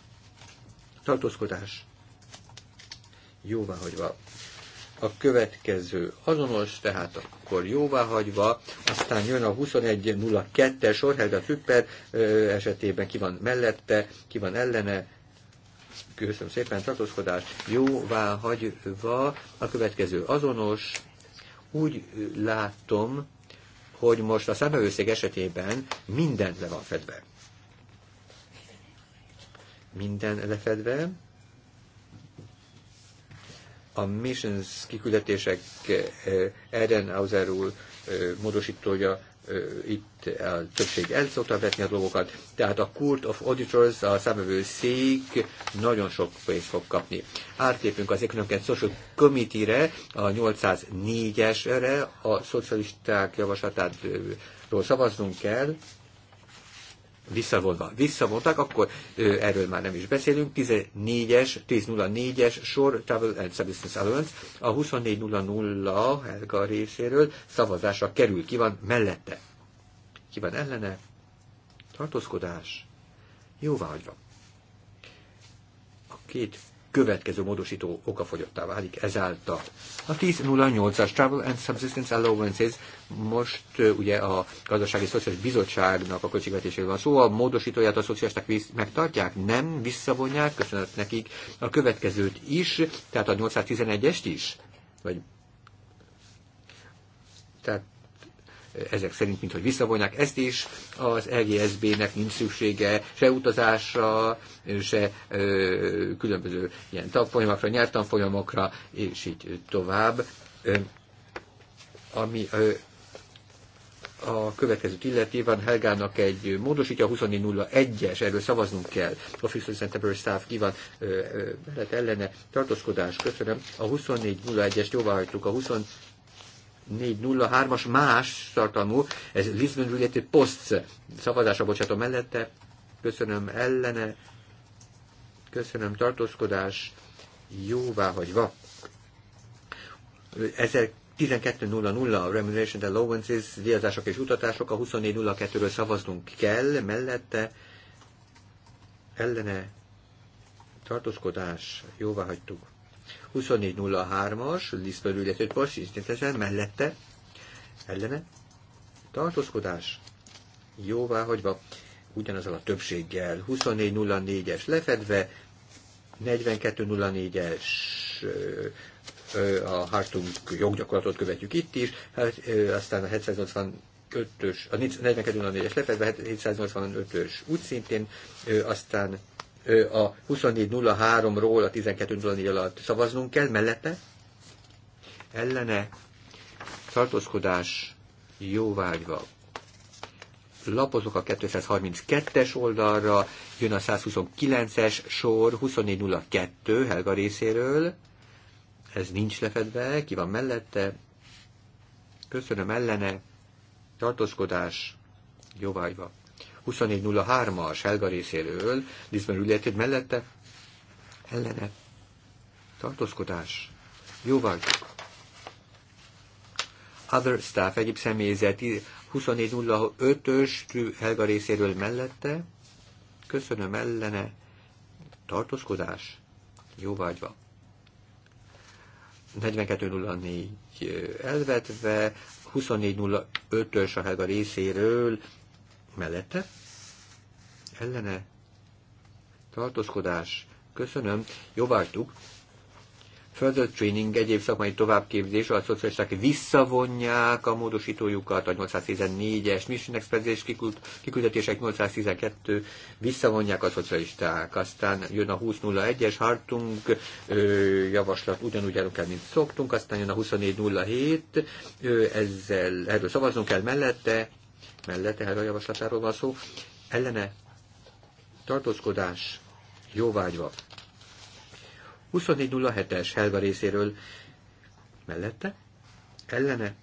tartózkodás, jóváhagyva. A következő azonos, tehát akkor jóváhagyva, aztán jön a 21.02-es a Füpper esetében ki van mellette, ki van ellene, köszönöm szépen, tartózkodás, jóváhagyva, a következő azonos, úgy látom, hogy most a számövőszék esetében minden le van fedve. Minden lefedve a missions kiküldetések Erenhauser eh, úr eh, módosítója eh, itt a többség el szokta vetni a dolgokat, tehát a Court of Auditors, a számövő szék nagyon sok pénzt fog kapni. Ártépünk az Economic Social Committee-re, a 804-esre, a szocialisták javaslatáról szavaznunk kell, visszavonva visszavonták, akkor ö, erről már nem is beszélünk. 14-es, 10.04-es sor Travel and Services Allowance a 24.00 Helga részéről szavazásra kerül. Ki van mellette? Ki van ellene? Tartózkodás. Jóváhagyva. A két következő módosító okafogyottá válik ezáltal. A 10.08-as Travel and Subsistence Allowances most ugye a Gazdasági Szociális Bizottságnak a költségvetéséről van szó, a módosítóját a szociálisták megtartják, nem visszavonják, köszönet nekik a következőt is, tehát a 811-est is, vagy tehát ezek szerint, mint hogy visszavonják, ezt is az lgsb nek nincs szüksége se utazásra, se ö, különböző ilyen tanfolyamokra, nyelvtanfolyamokra, és így tovább. Ö, ami ö, a következő illeti, Van Helgának egy módosítja, 2401-es, erről szavaznunk kell. Office of Centerbury Staff ki van mellett ellene tartózkodás, köszönöm. A 2401-est hagytuk, a 20 403-as más tartalmú, ez Lisbon Related post szavazása, bocsátom mellette, köszönöm ellene, köszönöm tartózkodás, jóvá hagyva. 12.00 Remuneration Allowances, díjazások és utatások, a 24.02-ről szavaznunk kell, mellette ellene tartózkodás, jóvá hagytuk. 2403-as, Lisztbelül vas, ismétlesen mellette, ellene, tartózkodás, jóvá hagyva, ugyanazzal a többséggel, 2404-es lefedve, 4204-es a Hartung joggyakorlatot követjük itt is, hát aztán a 780 ös a 4204-es lefedve, 785-ös hát, úgy szintén, aztán a 24.03-ról a 12.04 alatt szavaznunk kell, mellette ellene tartózkodás jóvágyva. Lapozok a 232-es oldalra, jön a 129-es sor 24.02 Helga részéről, ez nincs lefedve, ki van mellette, köszönöm ellene, tartózkodás jóvágyva. 2403-as Helga részéről, ügyletét mellette ellene tartózkodás jóval Other staff, egyéb személyzet 2405-ös Helga részéről mellette köszönöm ellene tartózkodás jóvágyva. 4204 elvetve, 2405-ös a Helga részéről mellette, ellene, tartózkodás, köszönöm, jóváltuk. Further training, egyéb szakmai továbbképzés, a szocialisták visszavonják a módosítójukat, a 814-es mission express kiküldetések 812, visszavonják a szocialisták. Aztán jön a 2001-es Hartung ö, javaslat, ugyanúgy el kell, mint szoktunk, aztán jön a 2407, ö, ezzel, erről szavaznunk kell mellette, mellett erre a javaslatáról van szó, ellene tartózkodás jóvágyva. 2407-es Helga részéről mellette ellene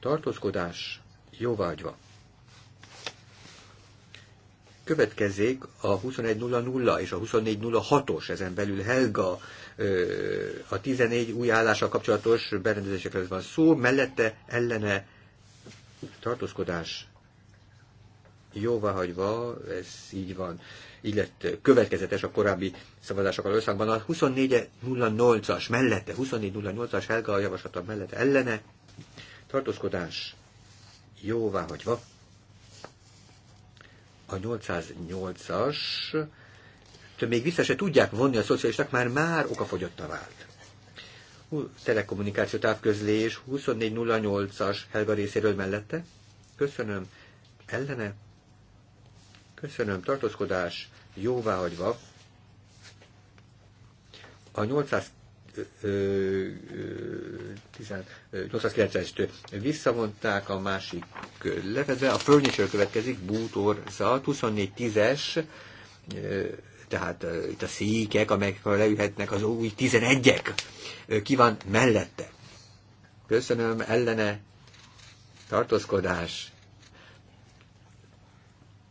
tartózkodás jóvágyva. Következzék a 21.00 és a 24.06-os, ezen belül Helga, a 14 új állása kapcsolatos berendezésekről van szó, mellette ellene tartózkodás jóváhagyva, ez így van, így lett következetes a korábbi szavazásokkal összhangban. A 24.08-as mellette, 24.08-as Helga a javaslata mellette ellene, tartózkodás jóváhagyva. A 808-as, még vissza se tudják vonni a szocialisták, már már okafogyottá vált telekommunikáció távközlés 2408-as Helga részéről mellette. Köszönöm. Ellene. Köszönöm. Tartózkodás jóváhagyva. A 800 890-est visszavonták, a másik levezve. a furniture következik, bútorzat, 24-10-es tehát itt a székek, amelyekről leülhetnek az új 11-ek. Ki van mellette? Köszönöm, ellene tartózkodás.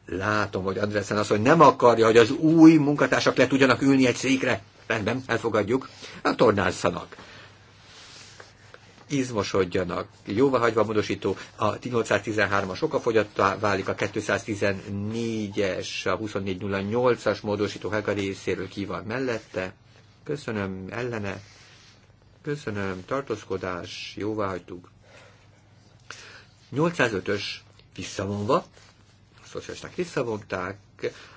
Látom, hogy Andreszen azt, hogy nem akarja, hogy az új munkatársak le tudjanak ülni egy székre. Rendben, elfogadjuk. A tornázzanak izmosodjanak. Jóvá hagyva modosító módosító, a 813-as okafogyattá válik, a 214-es, a 2408-as módosító Helga részéről ki van mellette. Köszönöm, ellene. Köszönöm, tartózkodás, jóvá hagytuk. 805-ös visszavonva, a szocialisták visszavonták,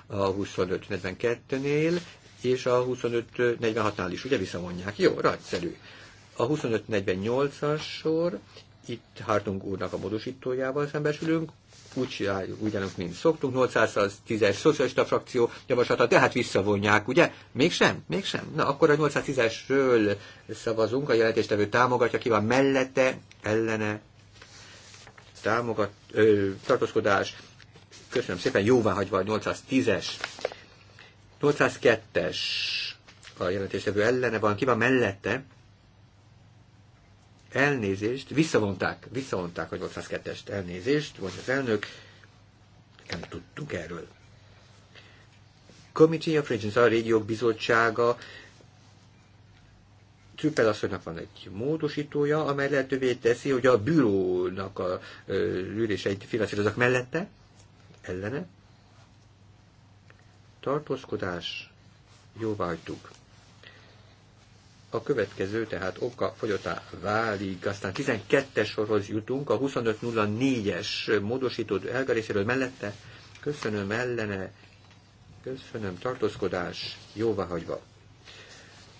a 2542-nél, és a 2546-nál is, ugye visszavonják. Jó, rajtszerű. A 2548-as sor, itt Hartung úrnak a módosítójával szembesülünk, úgy csináljuk, ugyanúgy, mint szoktunk, 810-es szocialista frakció javaslata, tehát visszavonják, ugye? Mégsem, mégsem. Na, akkor a 810-esről szavazunk, a jelentéstevő támogatja, ki van mellette, ellene, támogat, ö, tartózkodás, köszönöm szépen, jóvá hagyva a 810-es. 802-es a jelentéstevő ellene van, ki van mellette, elnézést, visszavonták, visszavonták a 802-est elnézést, vagy az elnök, nem tudtuk erről. Committee of Regions, a Régiók Bizottsága Trüppel asszonynak van egy módosítója, amely lehetővé teszi, hogy a bürónak a üléseit finanszírozak mellette, ellene. Tartózkodás, hagytuk a következő, tehát oka fogyottá válik. Aztán 12-es sorhoz jutunk, a 2504-es módosítód elgaréséről mellette. Köszönöm ellene, köszönöm tartózkodás, jóváhagyva.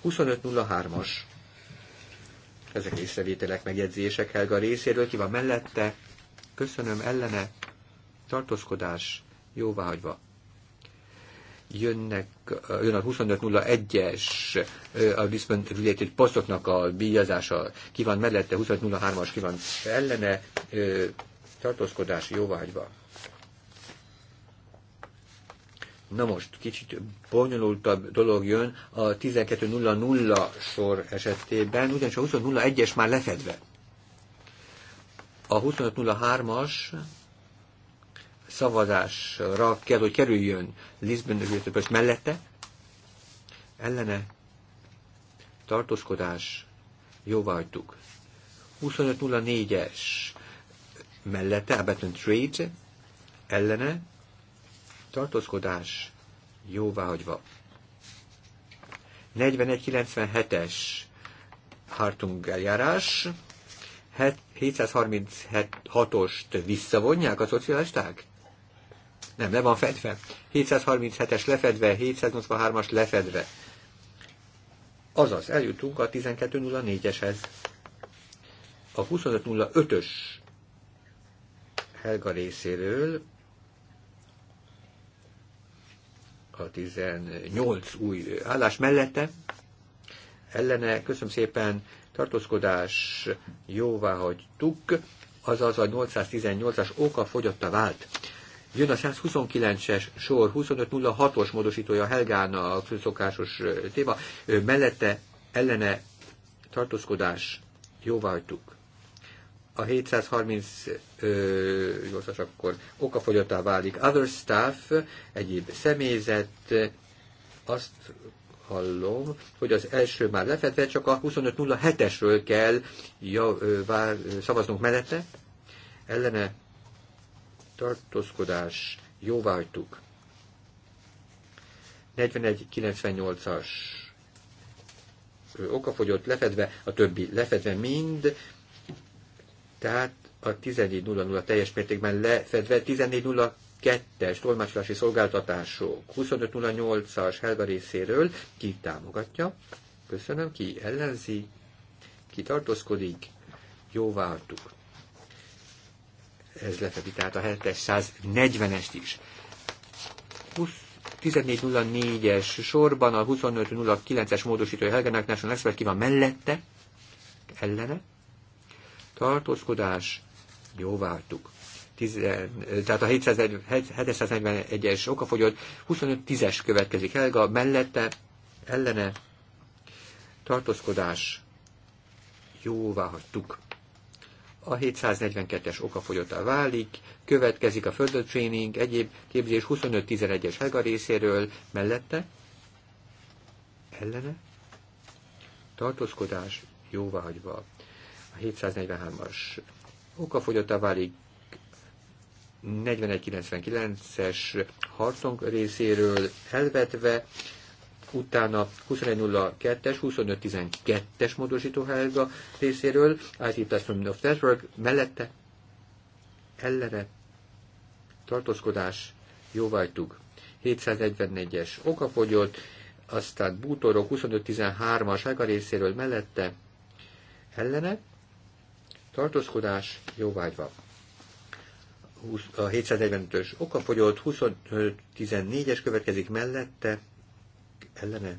2503-as, ezek észrevételek, megjegyzések Helga részéről, ki van mellette, köszönöm ellene, tartózkodás, jóváhagyva jönnek, jön a 2501-es a Lisbon Related posztoknak a díjazása, ki van mellette, 2503-as ki van ellene, tartózkodás jóvágyva. Na most, kicsit bonyolultabb dolog jön a 12.00 sor esetében, ugyanis a 20.01-es már lefedve. A 25.03-as szavazásra kell, hogy kerüljön Lisbon most mellette, ellene tartózkodás jóvá hagytuk. 2504-es mellette, Abaton Trade, ellene tartózkodás jóváhagyva. 4197-es Hartung eljárás, 736-ost visszavonják a szocialisták? nem, le van fedve. 737-es lefedve, 783-as lefedve. Azaz, eljutunk a 1204-eshez. A 2505-ös Helga részéről a 18 új állás mellette ellene, köszönöm szépen, tartózkodás jóvá hagytuk, azaz a 818-as óka fogyotta vált. Jön a 129-es sor, 2506-os módosítója Helgának szokásos téma, mellette ellene tartózkodás, jóvá hagytuk. A 738-as akkor okafogyottá válik. Other staff, egyéb személyzet, azt hallom, hogy az első már lefedve, csak a 2507-esről kell jav, vár, szavaznunk mellette, ellene tartózkodás, jóváhagytuk. 41-98-as okafogyott, lefedve, a többi lefedve mind, tehát a 14.00 teljes mértékben lefedve, 14.02-es tolmácsolási szolgáltatások 25.08-as Helga részéről, ki támogatja, köszönöm, ki ellenzi, ki tartózkodik, váltuk ez lefedi, tehát a 740-est hát is. 14.04-es sorban a 25.09-es módosítója Helgenek National Expert ki van mellette, ellene, tartózkodás, jóváltuk. Tizen, tehát a 741-es okafogyott, 25-10-es következik Helga, mellette, ellene, tartózkodás, jóvá hagytuk a 742-es okafogyottá válik, következik a further training, egyéb képzés 25-11-es Helga részéről, mellette, ellene, tartózkodás jóváhagyva. A 743-as okafogyottá válik, 4199-es harcunk részéről elvetve, utána 21.02-es, 25.12-es módosító Helga részéről, IT Platform of Network, mellette ellene tartózkodás jóvágytuk. 744-es okafogyott, aztán Bútorok 25.13-as Helga részéről mellette ellene tartózkodás jóvágyva. a 745-ös okafogyott, 25.14-es következik mellette, ellene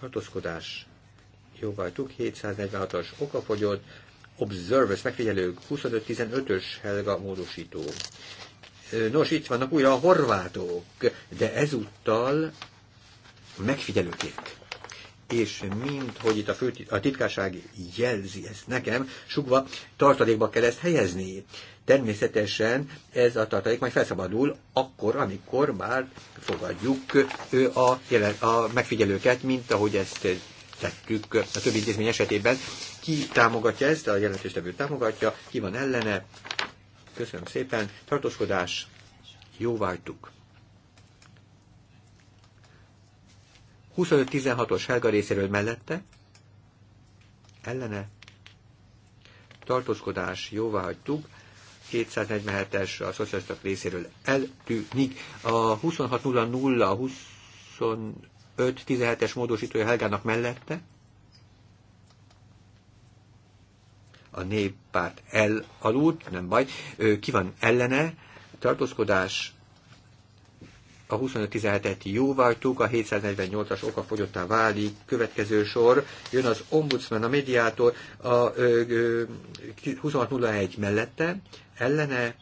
tartózkodás jóváhagytuk, 746-as okafogyott, observers, megfigyelő. 25-15-ös Helga módosító. Nos, itt vannak újra a horvátok, de ezúttal megfigyelőkék és mint hogy itt a, fő, a titkárság jelzi ezt nekem, sugva tartalékba kell ezt helyezni. Természetesen ez a tartalék majd felszabadul akkor, amikor már fogadjuk a, jelen, a megfigyelőket, mint ahogy ezt tettük a többi intézmény esetében. Ki támogatja ezt, a jelentéstevő támogatja, ki van ellene. Köszönöm szépen. Tartózkodás. Jóvágytuk. 25-16-os Helga részéről mellette, ellene, tartózkodás, jóvá hagytuk, 247-es a szocialisták részéről eltűnik. A 26.00, a 25 17 es módosítója Helgának mellette, a néppárt elaludt, nem baj, ki van ellene, tartózkodás a 25-17-et jóváltuk, a 748-as oka fogyottá válik, következő sor, jön az ombudsman, a mediátor, a 2601 mellette, ellene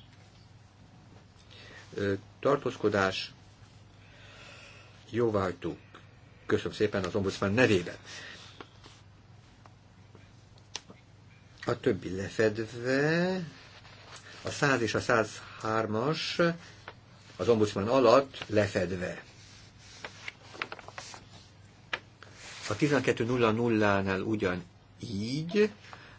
ö, tartózkodás jóváltuk. Köszönöm szépen az ombudsman nevében. A többi lefedve, a 100 és a 103-as az ombudsman alatt lefedve. A 12.00-nál ugyan így,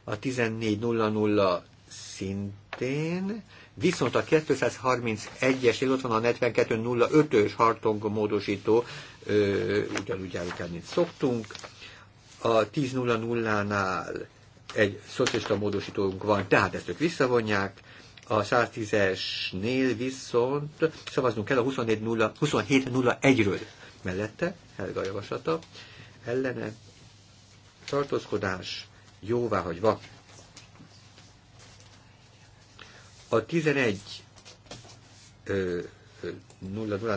a 14.00 szintén, viszont a 231-es, ott van a 42.05-ös hartong módosító, ö, ugyanúgy járunk mint szoktunk. A 10.00-nál egy szocialista módosítónk van, tehát ezt ők visszavonják, a 110-esnél viszont szavaznunk kell a 2701-ről. Mellette Helga javaslata ellene tartózkodás jóváhagyva. A 11 ö,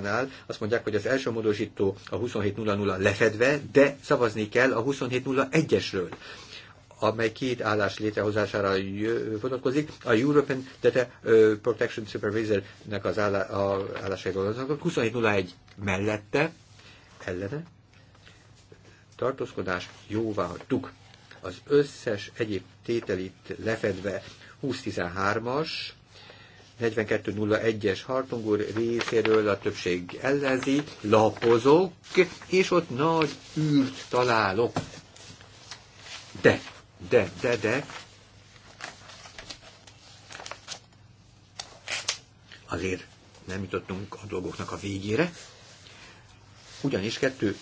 nál azt mondják, hogy az első módosító a 27.00 lefedve, de szavazni kell a 27.01-esről amely két állás létrehozására vonatkozik. A European Data Protection Supervisor-nek az állá, vonatkozik. 2701 mellette, ellene, tartózkodás, jóvá hagytuk. Az összes egyéb tételit lefedve 2013-as, 42.01-es Hartungur részéről a többség ellenzi, lapozok, és ott nagy űrt találok. De de, de, de, azért nem jutottunk a dolgoknak a végére, ugyanis kettő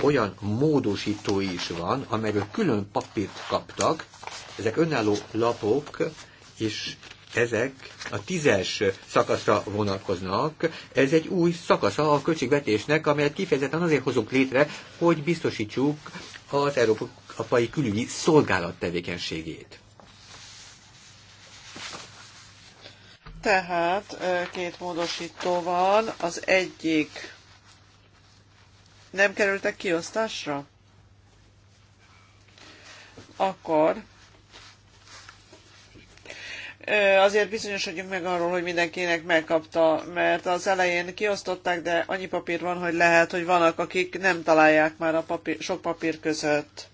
olyan módosító is van, amelyről külön papírt kaptak, ezek önálló lapok, és ezek a tízes szakaszra vonatkoznak. Ez egy új szakasza a költségvetésnek, amelyet kifejezetten azért hozunk létre, hogy biztosítsuk az Európai apai Külügyi Szolgálat tevékenységét. Tehát két módosító van, az egyik nem kerültek kiosztásra? Akkor azért bizonyosodjunk meg arról, hogy mindenkinek megkapta, mert az elején kiosztották, de annyi papír van, hogy lehet, hogy vannak, akik nem találják már a papír, sok papír között.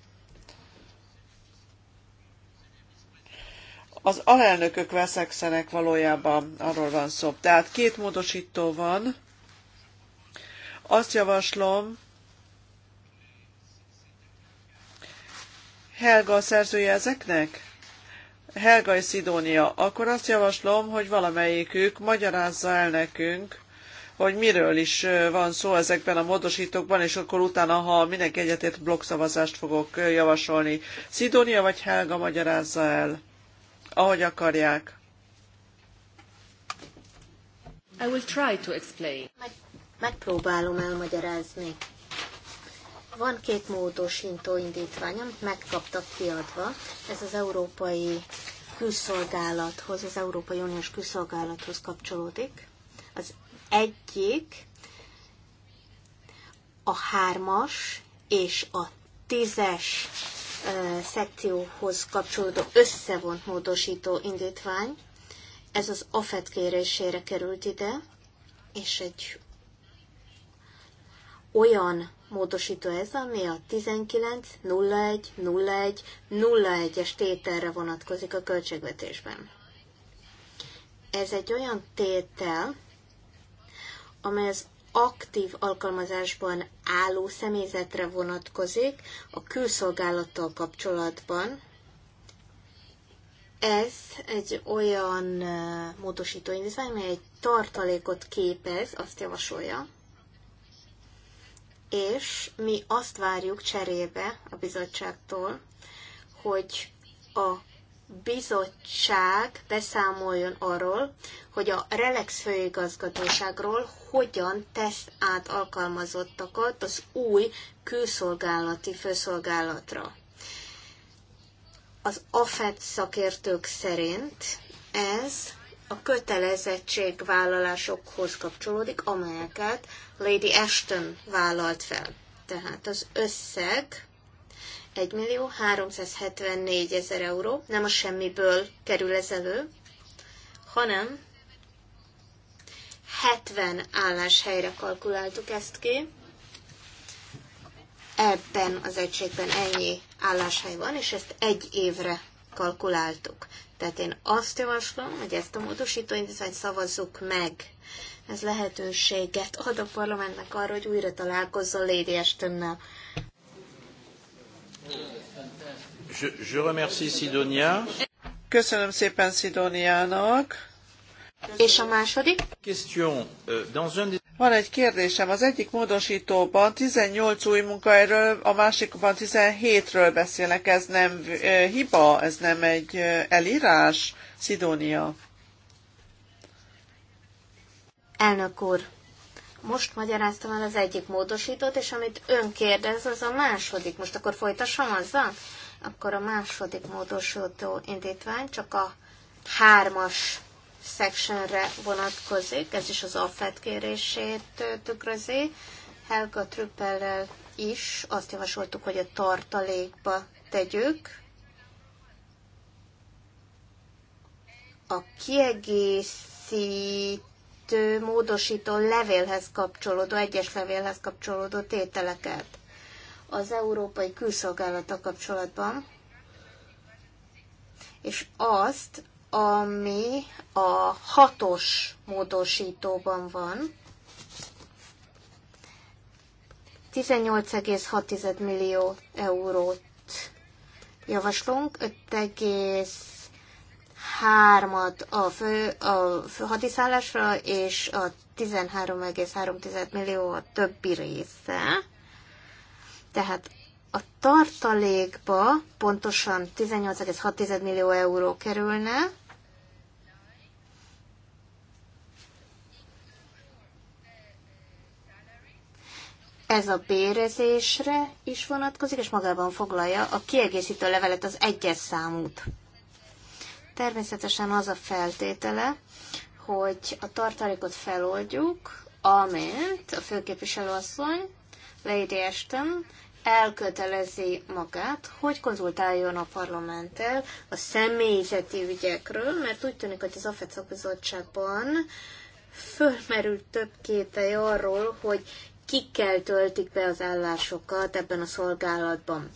Az alelnökök veszekszenek valójában, arról van szó. Tehát két módosító van. Azt javaslom, Helga a szerzője ezeknek? Helga és Szidónia. Akkor azt javaslom, hogy valamelyikük magyarázza el nekünk, hogy miről is van szó ezekben a módosítókban, és akkor utána, ha mindenki egyetért blokkszavazást fogok javasolni. Szidónia vagy Helga magyarázza el? ahogy akarják. I will try to explain. Meg, megpróbálom elmagyarázni. Van két módosító indítvány, amit megkaptak kiadva. Ez az Európai Külszolgálathoz, az Európai Uniós Külszolgálathoz kapcsolódik. Az egyik a hármas és a tízes szekcióhoz kapcsolódó összevont módosító indítvány. Ez az AFET kérésére került ide, és egy olyan módosító ez, ami a 19.01.01.01-es tételre vonatkozik a költségvetésben. Ez egy olyan tétel, amely az aktív alkalmazásban álló személyzetre vonatkozik a külszolgálattal kapcsolatban. Ez egy olyan módosító indítvány, mely egy tartalékot képez, azt javasolja, és mi azt várjuk cserébe a bizottságtól, hogy a bizottság beszámoljon arról, hogy a Relex főigazgatóságról hogyan tesz át alkalmazottakat az új külszolgálati főszolgálatra. Az AFED szakértők szerint ez a kötelezettségvállalásokhoz kapcsolódik, amelyeket Lady Ashton vállalt fel. Tehát az összeg 1 millió 374 ezer euró, nem a semmiből kerül ez elő, hanem 70 álláshelyre kalkuláltuk ezt ki. Ebben az egységben ennyi álláshely van, és ezt egy évre kalkuláltuk. Tehát én azt javaslom, hogy ezt a módosító szavazzuk meg. Ez lehetőséget ad a parlamentnek arra, hogy újra találkozzon Lady Estonnel. Je, je remercie Sidonia. Köszönöm szépen Sidoniának. És a második? Question, euh, dans un... Van egy kérdésem. Az egyik módosítóban 18 új munkahelyről, a másikban 17-ről beszélnek. Ez nem euh, hiba, ez nem egy euh, elírás, Sidonia. Elnök úr, most magyaráztam el az egyik módosítót, és amit ön kérdez, az a második. Most akkor folytassam azzal? Akkor a második módosító indítvány csak a hármas sectionre vonatkozik, ez is az AFET kérését tükrözi. Helga Trüppellel is azt javasoltuk, hogy a tartalékba tegyük. A kiegészít kettő módosító levélhez kapcsolódó, egyes levélhez kapcsolódó tételeket az Európai Külszolgálata kapcsolatban, és azt, ami a hatos módosítóban van, 18,6 millió eurót javaslunk, hármat a, fő, a fő hadiszállásra, és a 13,3 millió a többi része. Tehát a tartalékba pontosan 18,6 millió euró kerülne, Ez a bérezésre is vonatkozik, és magában foglalja a kiegészítő levelet, az egyes számút természetesen az a feltétele, hogy a tartalékot feloldjuk, amint a főképviselőasszony, Lady Ashton, elkötelezi magát, hogy konzultáljon a parlamenttel a személyzeti ügyekről, mert úgy tűnik, hogy az AFET szakbizottságban fölmerült több kétely arról, hogy kikkel töltik be az állásokat ebben a szolgálatban.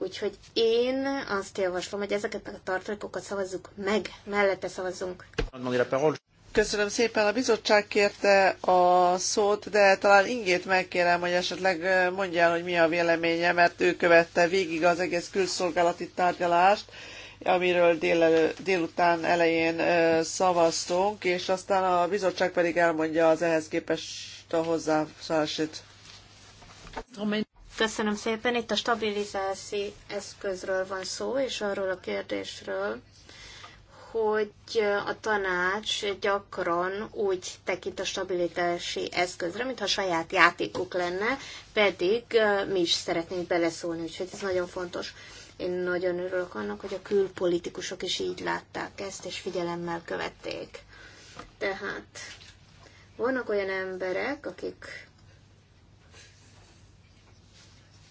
Úgyhogy én azt javaslom, hogy ezeket a tartalékokat szavazzuk meg, mellette szavazzunk. Köszönöm szépen, a bizottság kérte a szót, de talán Ingét megkérem, hogy esetleg mondja el, hogy mi a véleménye, mert ő követte végig az egész külszolgálati tárgyalást, amiről dél, délután elején szavaztunk, és aztán a bizottság pedig elmondja az ehhez képest a hozzászólását. Köszönöm szépen. Itt a stabilizási eszközről van szó, és arról a kérdésről, hogy a tanács gyakran úgy tekint a stabilitási eszközre, mintha saját játékuk lenne, pedig mi is szeretnénk beleszólni, úgyhogy ez nagyon fontos. Én nagyon örülök annak, hogy a külpolitikusok is így látták ezt, és figyelemmel követték. Tehát vannak olyan emberek, akik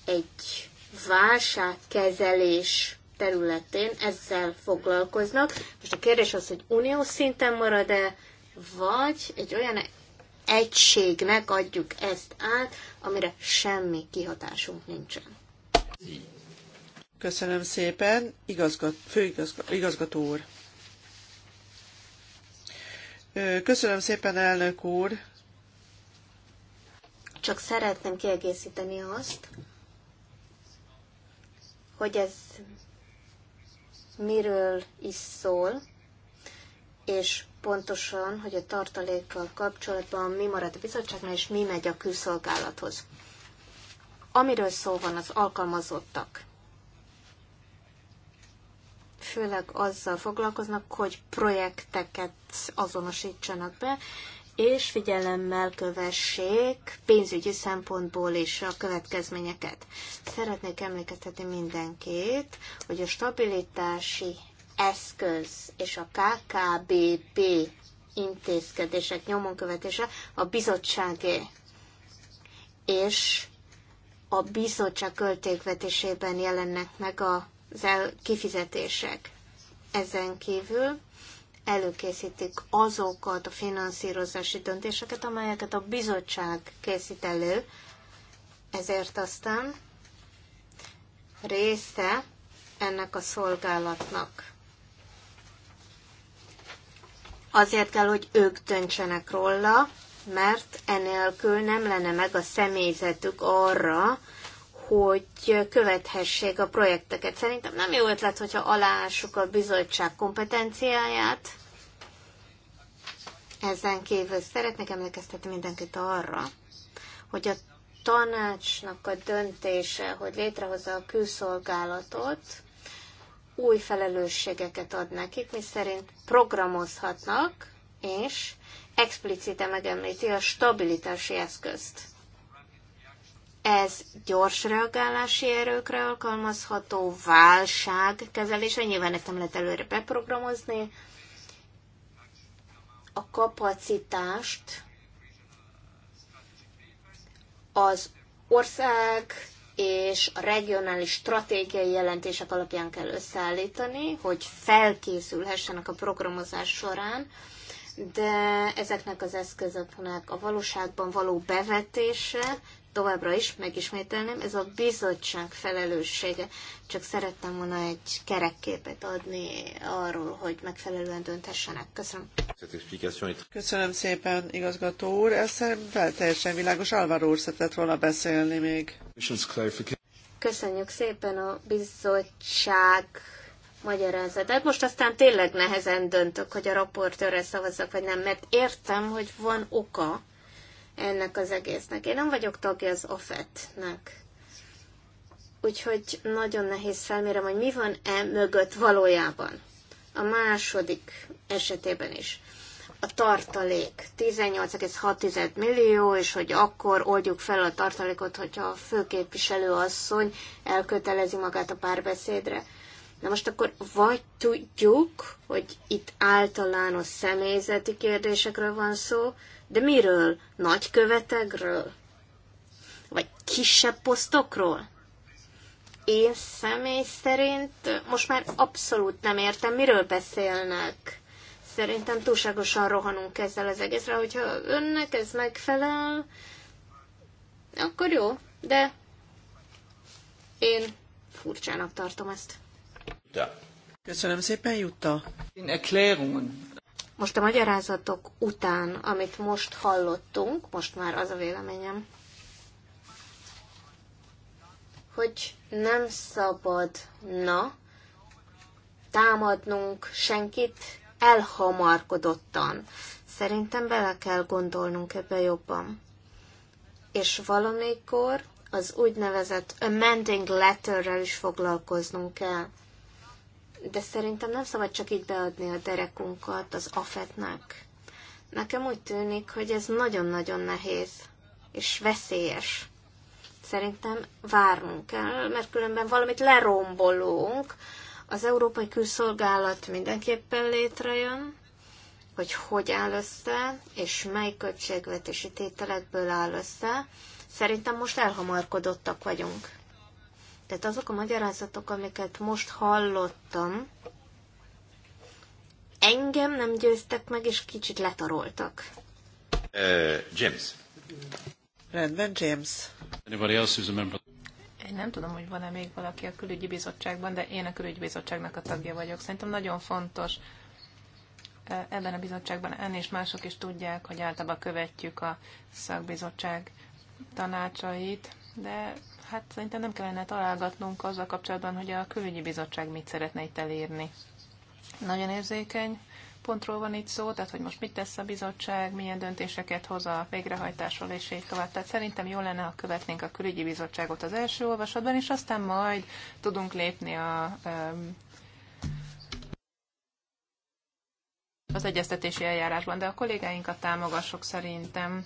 egy válságkezelés területén ezzel foglalkoznak. Most a kérdés az, hogy uniós szinten marad-e, vagy egy olyan egységnek adjuk ezt át, amire semmi kihatásunk nincsen. Köszönöm szépen, igazgat, főigazgató igazgató úr. Köszönöm szépen, elnök úr. Csak szeretném kiegészíteni azt, hogy ez miről is szól, és pontosan, hogy a tartalékkal kapcsolatban mi marad a bizottságnál, és mi megy a külszolgálathoz. Amiről szó van az alkalmazottak, főleg azzal foglalkoznak, hogy projekteket azonosítsanak be, és figyelemmel kövessék pénzügyi szempontból is a következményeket. Szeretnék emlékeztetni mindenkit, hogy a stabilitási eszköz és a KKBP intézkedések nyomon követése a bizottságé. És a bizottság költségvetésében jelennek meg a kifizetések. Ezen kívül előkészítik azokat a finanszírozási döntéseket, amelyeket a bizottság készít elő, ezért aztán része ennek a szolgálatnak. Azért kell, hogy ők döntsenek róla, mert enélkül nem lenne meg a személyzetük arra, hogy követhessék a projekteket. Szerintem nem jó ötlet, hogyha aláássuk a bizottság kompetenciáját. Ezen kívül szeretnék emlékeztetni mindenkit arra, hogy a tanácsnak a döntése, hogy létrehozza a külszolgálatot, új felelősségeket ad nekik, mi szerint programozhatnak, és explicite megemlíti a stabilitási eszközt ez gyors reagálási erőkre alkalmazható, válság kezelése, nyilván ezt nem lehet előre beprogramozni, a kapacitást az ország és a regionális stratégiai jelentések alapján kell összeállítani, hogy felkészülhessenek a programozás során, de ezeknek az eszközöknek a valóságban való bevetése továbbra is megismételném, ez a bizottság felelőssége. Csak szerettem volna egy kerekképet adni arról, hogy megfelelően döntessenek. Köszönöm. Köszönöm szépen, igazgató úr. Ez szerintem teljesen világos. Álvaro úr szeretett volna beszélni még. Köszönjük szépen a bizottság magyarázatát. Most aztán tényleg nehezen döntök, hogy a raportőre szavazzak, vagy nem, mert értem, hogy van oka, ennek az egésznek. Én nem vagyok tagja az ofet nek Úgyhogy nagyon nehéz felmérem, hogy mi van e mögött valójában. A második esetében is. A tartalék 18,6 millió, és hogy akkor oldjuk fel a tartalékot, hogyha a főképviselő asszony elkötelezi magát a párbeszédre. Na most akkor vagy tudjuk, hogy itt általános személyzeti kérdésekről van szó, de miről? követegről? Vagy kisebb posztokról? Én személy szerint most már abszolút nem értem, miről beszélnek. Szerintem túlságosan rohanunk ezzel az egészre, hogyha önnek ez megfelel, akkor jó, de én furcsának tartom ezt. Ja. Köszönöm szépen, Jutta. In Erklärungen. Most a magyarázatok után, amit most hallottunk, most már az a véleményem, hogy nem szabadna támadnunk senkit elhamarkodottan. Szerintem bele kell gondolnunk ebbe jobban. És valamikor az úgynevezett amending letterrel is foglalkoznunk kell de szerintem nem szabad csak így beadni a derekunkat az afetnek. Nekem úgy tűnik, hogy ez nagyon-nagyon nehéz és veszélyes. Szerintem várnunk kell, mert különben valamit lerombolunk. Az Európai Külszolgálat mindenképpen létrejön, hogy hogy áll össze, és mely költségvetési tételekből áll össze. Szerintem most elhamarkodottak vagyunk. Tehát azok a magyarázatok, amiket most hallottam, engem nem győztek meg, és kicsit letaroltak. Uh, James. Rendben, James. Anybody else who's a member? Én nem tudom, hogy van-e még valaki a külügyi bizottságban, de én a külügyi bizottságnak a tagja vagyok. Szerintem nagyon fontos eh, ebben a bizottságban, enni és mások is tudják, hogy általában követjük a szakbizottság tanácsait, de hát szerintem nem kellene találgatnunk azzal kapcsolatban, hogy a külügyi bizottság mit szeretne itt elérni. Nagyon érzékeny pontról van itt szó, tehát hogy most mit tesz a bizottság, milyen döntéseket hoz a végrehajtásról, és így tovább. Tehát szerintem jó lenne, ha követnénk a külügyi bizottságot az első olvasatban, és aztán majd tudunk lépni a az egyeztetési eljárásban, de a kollégáinkat támogassuk szerintem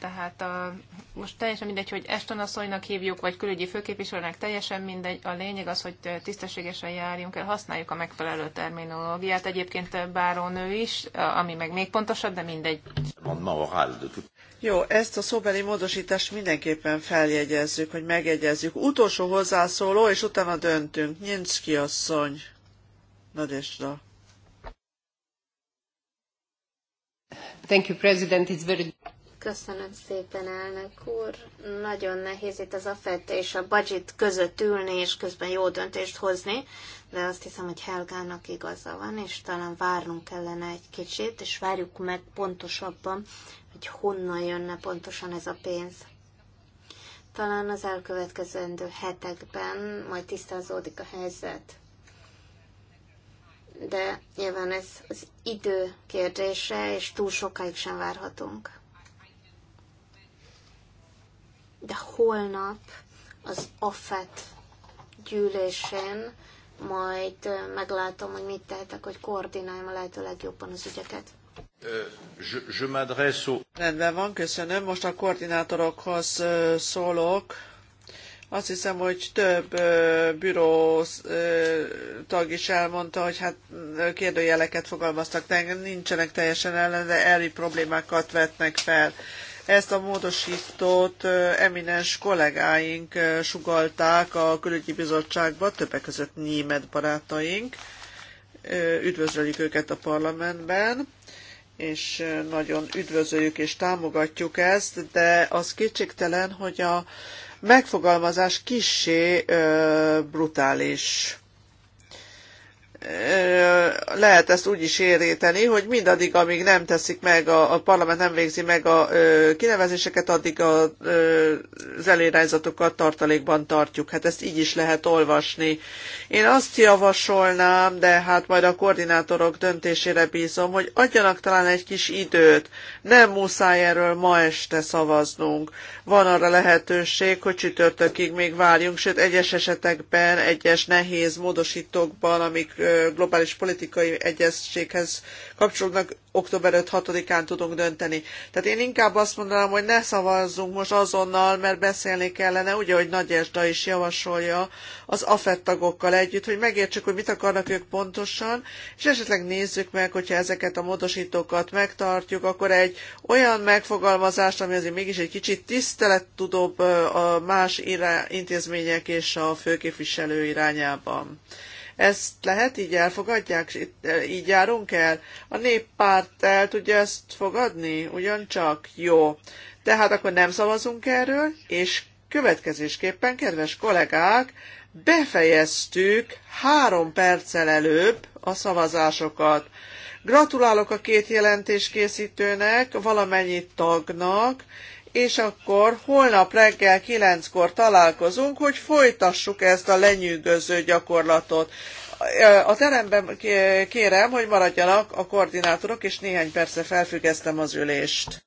tehát a, most teljesen mindegy, hogy Eston asszonynak hívjuk, vagy külügyi főképviselőnek, teljesen mindegy. A lényeg az, hogy tisztességesen járjunk el, használjuk a megfelelő terminológiát. Egyébként bárónő is, ami meg még pontosabb, de mindegy. Jó, ezt a szóbeli módosítást mindenképpen feljegyezzük, hogy megegyezzük. Utolsó hozzászóló, és utána döntünk. ki asszony. Nadesda. Thank you, President. It's very... Köszönöm szépen, elnök úr. Nagyon nehéz itt az AFET és a budget között ülni, és közben jó döntést hozni, de azt hiszem, hogy Helgának igaza van, és talán várnunk kellene egy kicsit, és várjuk meg pontosabban, hogy honnan jönne pontosan ez a pénz. Talán az elkövetkezendő hetekben majd tisztázódik a helyzet de nyilván ez az idő kérdése, és túl sokáig sem várhatunk de holnap az AFET gyűlésén majd meglátom, hogy mit tehetek, hogy koordináljam a lehető legjobban az ügyeket. Je, je Rendben van, köszönöm. Most a koordinátorokhoz szólok. Azt hiszem, hogy több büró tag is elmondta, hogy hát kérdőjeleket fogalmaztak, nincsenek teljesen ellen, de elvi problémákat vetnek fel. Ezt a módosítót eminens kollégáink sugalták a külügyi bizottságba, többek között német barátaink. Üdvözöljük őket a parlamentben és nagyon üdvözöljük és támogatjuk ezt, de az kétségtelen, hogy a megfogalmazás kissé brutális lehet ezt úgy is éréteni, hogy mindaddig, amíg nem teszik meg, a, a parlament nem végzi meg a ö, kinevezéseket, addig a, ö, az elirányzatokat tartalékban tartjuk. Hát ezt így is lehet olvasni. Én azt javasolnám, de hát majd a koordinátorok döntésére bízom, hogy adjanak talán egy kis időt. Nem muszáj erről ma este szavaznunk. Van arra lehetőség, hogy csütörtökig még várjunk, sőt egyes esetekben, egyes nehéz módosítókban, amik globális politikai egyezséghez kapcsolódnak, október 5-6-án tudunk dönteni. Tehát én inkább azt mondanám, hogy ne szavazzunk most azonnal, mert beszélni kellene, ugye, hogy Nagy Esda is javasolja az AFET tagokkal együtt, hogy megértsük, hogy mit akarnak ők pontosan, és esetleg nézzük meg, hogyha ezeket a módosítókat megtartjuk, akkor egy olyan megfogalmazást, ami azért mégis egy kicsit tisztelettudóbb a más intézmények és a főképviselő irányában. Ezt lehet, így elfogadják, eh, így járunk el? A néppárt el tudja ezt fogadni? Ugyancsak? Jó. Tehát akkor nem szavazunk erről, és következésképpen, kedves kollégák, befejeztük három perccel előbb a szavazásokat. Gratulálok a két jelentéskészítőnek, valamennyi tagnak, és akkor holnap reggel kilenckor találkozunk, hogy folytassuk ezt a lenyűgöző gyakorlatot. A teremben kérem, hogy maradjanak a koordinátorok, és néhány perce felfüggesztem az ülést.